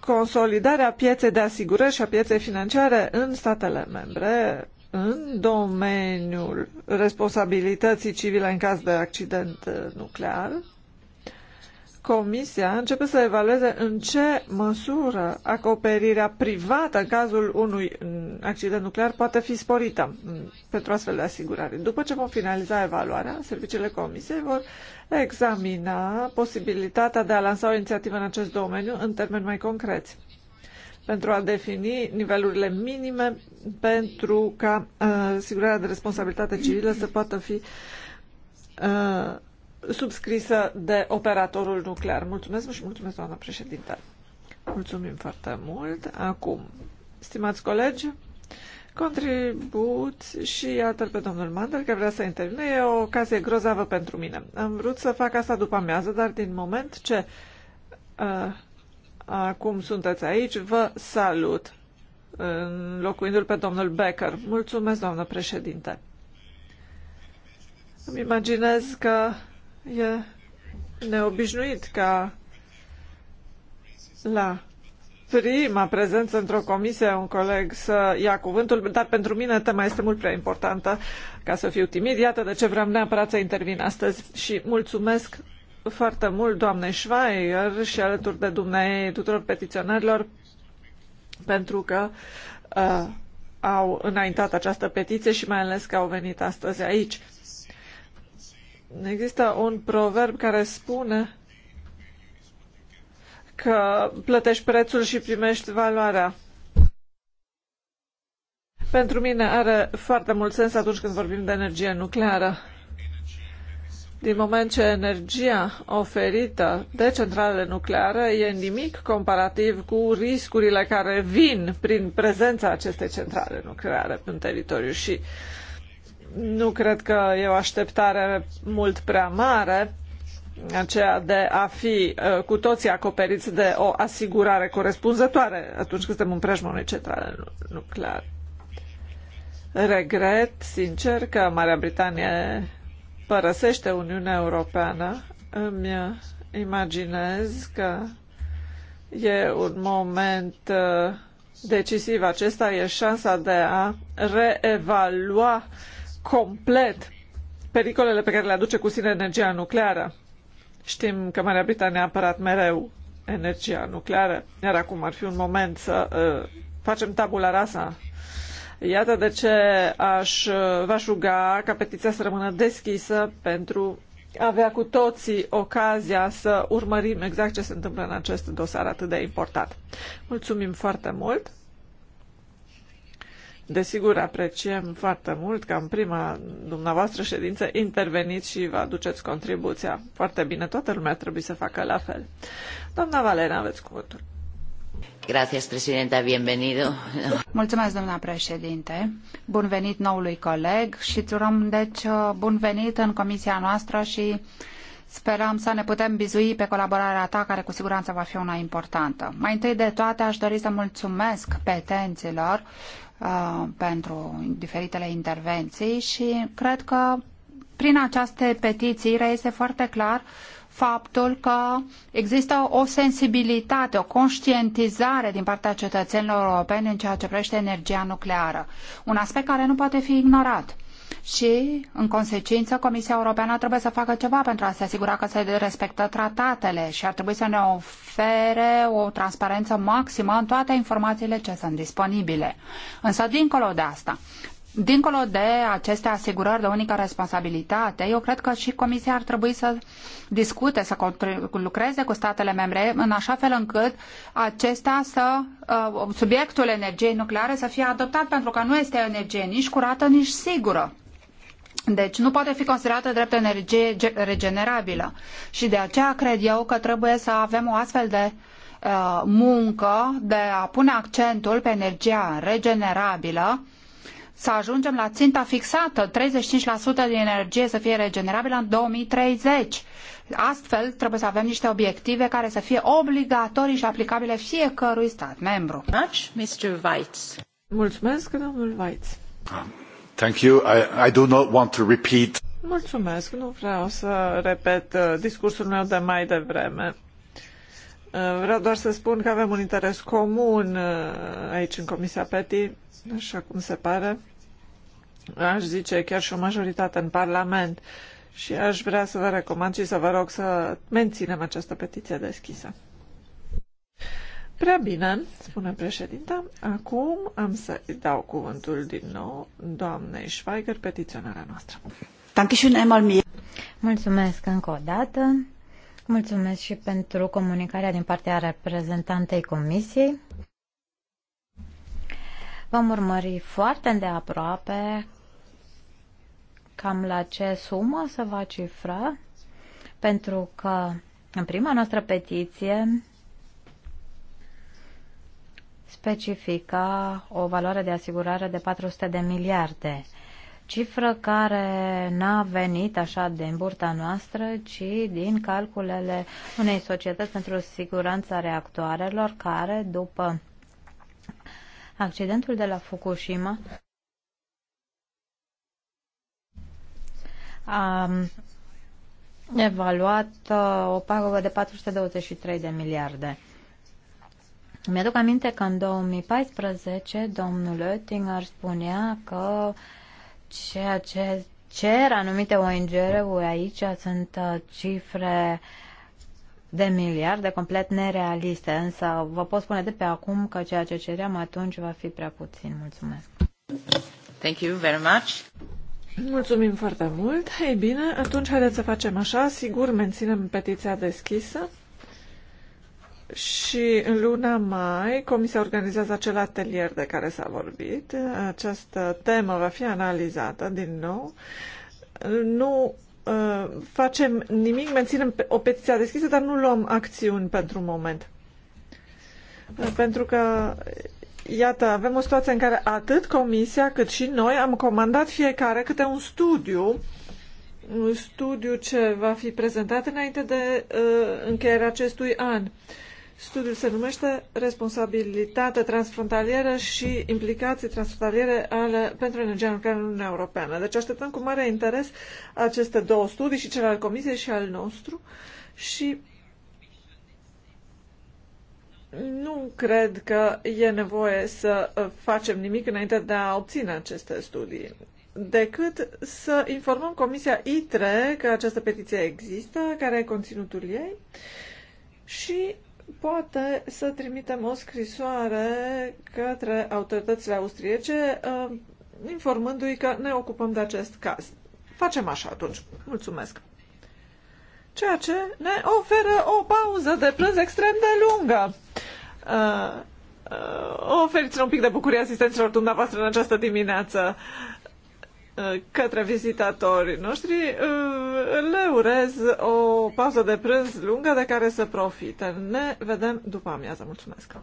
[SPEAKER 1] Consolidarea pieței de asigurări și a pieței financiare în statele membre în domeniul responsabilității civile în caz de accident nuclear Comisia începe să evalueze în ce măsură acoperirea privată în cazul unui accident nuclear poate fi sporită pentru astfel de asigurare. După ce vom finaliza evaluarea, serviciile Comisiei vor examina posibilitatea de a lansa o inițiativă în acest domeniu în termeni mai concreți pentru a defini nivelurile minime pentru ca uh, asigurarea de responsabilitate civilă să poată fi uh, subscrisă de operatorul nuclear. Mulțumesc și mulțumesc, doamna președinte. Mulțumim foarte mult. Acum, stimați colegi, contribuți și iată pe domnul Mandel, că vrea să intervine. E o ocazie grozavă pentru mine. Am vrut să fac asta după amiază, dar din moment ce uh, acum sunteți aici, vă salut înlocuindu-l pe domnul Becker. Mulțumesc, doamnă președinte. Îmi imaginez că E neobișnuit ca la prima prezență într-o comisie un coleg să ia cuvântul, dar pentru mine tema este mult prea importantă ca să fiu timid. Iată de ce vreau neapărat să intervin astăzi și mulțumesc foarte mult doamnei Schweier și alături de dumneei tuturor petiționarilor pentru că uh, au înaintat această petiție și mai ales că au venit astăzi aici. Există un proverb care spune că plătești prețul și primești valoarea. Pentru mine are foarte mult sens atunci când vorbim de energie nucleară. Din moment ce energia oferită de centralele nucleare e nimic comparativ cu riscurile care vin prin prezența acestei centrale nucleare un teritoriu și uh, nu cred că e o așteptare mult prea mare aceea de a fi uh, cu toții acoperiți de o asigurare corespunzătoare atunci când suntem în preajma unei centrale nucleare. Regret, sincer, că Marea Britanie părăsește Uniunea Europeană. Îmi uh, imaginez că e un moment uh, decisiv. Acesta e șansa de a reevalua uh, complet pericolele pe care le aduce cu sine energia nucleară. Știm că Marea Britanie a apărat mereu energia nucleară, iar acum ar fi un moment să uh, facem tabula rasa. Iată de ce aș, uh, vă ruga ca petiția să rămână deschisă pentru a avea cu toții ocazia să urmărim exact ce se întâmplă în acest dosar atât de important. Mulțumim foarte mult! Desigur, apreciem foarte mult că în prima dumneavoastră ședință interveniți și vă aduceți contribuția. Foarte bine, toată lumea trebuie să facă la fel. Doamna Valena, aveți cuvântul. Gracias, presidenta. Bienvenido.
[SPEAKER 2] Mulțumesc, doamna președinte. Bun venit noului coleg și îți urăm, deci, bun venit în comisia noastră și Sperăm să ne putem bizui pe colaborarea ta, care cu siguranță va fi una importantă. Mai întâi de toate, aș dori să mulțumesc petenților Uh, pentru diferitele intervenții și cred că prin aceste petiții reiese foarte clar faptul că există o sensibilitate, o conștientizare din partea cetățenilor europeni în ceea ce privește energia nucleară. Un aspect care nu poate fi ignorat și, în consecință, Comisia Europeană trebuie să facă ceva pentru a se asigura că se respectă tratatele și ar trebui să ne ofere o transparență maximă în toate informațiile ce sunt disponibile. Însă, dincolo de asta, Dincolo de aceste asigurări de unică responsabilitate, eu cred că și Comisia ar trebui să discute, să lucreze cu statele membre în așa fel încât acesta să, uh, subiectul energiei nucleare să fie adoptat pentru că nu este energie nici curată, nici sigură. Deci nu poate fi considerată drept energie regenerabilă. Și de aceea cred eu că trebuie să avem o astfel de uh, muncă de a pune accentul pe energia regenerabilă să ajungem la ținta fixată, 35% din energie să fie regenerabilă în 2030. Astfel, trebuie să avem niște obiective care să fie obligatorii și aplicabile fiecărui stat membru. Much, Mr. Weitz. Mulțumesc, domnul Weitz.
[SPEAKER 1] Ah, thank you. I, I do not want to repeat. Mulțumesc, nu vreau să repet uh, discursul meu de mai devreme. Eh, vreau doar să spun că avem un interes comun eh, aici în Comisia PETI, așa cum se pare. Aș zice chiar și o majoritate în Parlament și aș vrea să vă recomand și să vă rog să menținem această petiție deschisă. Prea bine, spune președinta. Acum am să dau cuvântul din nou doamnei Schweiger, petiționarea noastră.
[SPEAKER 3] Mulțumesc încă o dată. Mulțumesc și pentru comunicarea din partea reprezentantei Comisiei. Vom urmări foarte îndeaproape cam la ce sumă se va cifra, pentru că în prima noastră petiție specifica o valoare de asigurare de 400 de miliarde cifră care n-a venit așa din burta noastră, ci din calculele unei societăți pentru siguranța reactoarelor, care după accidentul de la Fukushima a evaluat uh, o pagubă de 423 de miliarde. Mi-aduc aminte că în 2014 domnul Oettinger spunea că uh, Ceea ce cer anumite ONG-uri aici sunt uh, cifre de miliarde complet nerealiste, însă vă pot spune de pe acum că ceea ce ceream atunci va fi prea puțin. Mulțumesc!
[SPEAKER 2] Thank you very much!
[SPEAKER 3] Mulțumim foarte mult! Ei bine, atunci haideți să
[SPEAKER 1] facem așa. Sigur, menținem petiția deschisă și în luna mai, Comisia organizează acel atelier de care s-a vorbit. Această temă va fi analizată din nou. Nu uh, facem nimic, menținem o petiție deschisă, dar nu luăm acțiuni pentru moment. Uh, pentru că, iată, avem o situație în care atât Comisia cât și noi am comandat fiecare câte un studiu un studiu ce va fi prezentat înainte de uh, încheierea acestui an. Uh, Studiul se numește Responsabilitate transfrontalieră și implicații transfrontaliere ale, pentru energia nucleară în Uniunea Europeană. Deci așteptăm cu mare interes aceste două studii și cel al Comisiei și al nostru și nu cred că e nevoie să facem nimic înainte de a obține aceste studii decât să informăm Comisia ITRE că această petiție există, care e conținutul ei și poate să trimitem o scrisoare către autoritățile austriece uh, informându-i că ne ocupăm de acest caz. Facem așa atunci. Mulțumesc. Ceea ce ne oferă o pauză de prânz extrem de lungă. Uh, uh, oferiți un pic de bucurie asistenților dumneavoastră în această dimineață. Uh, Uh, către vizitatorii noștri, uh, le urez o pauză de prânz lungă de care să profite. Ne vedem după amiază. Mulțumesc!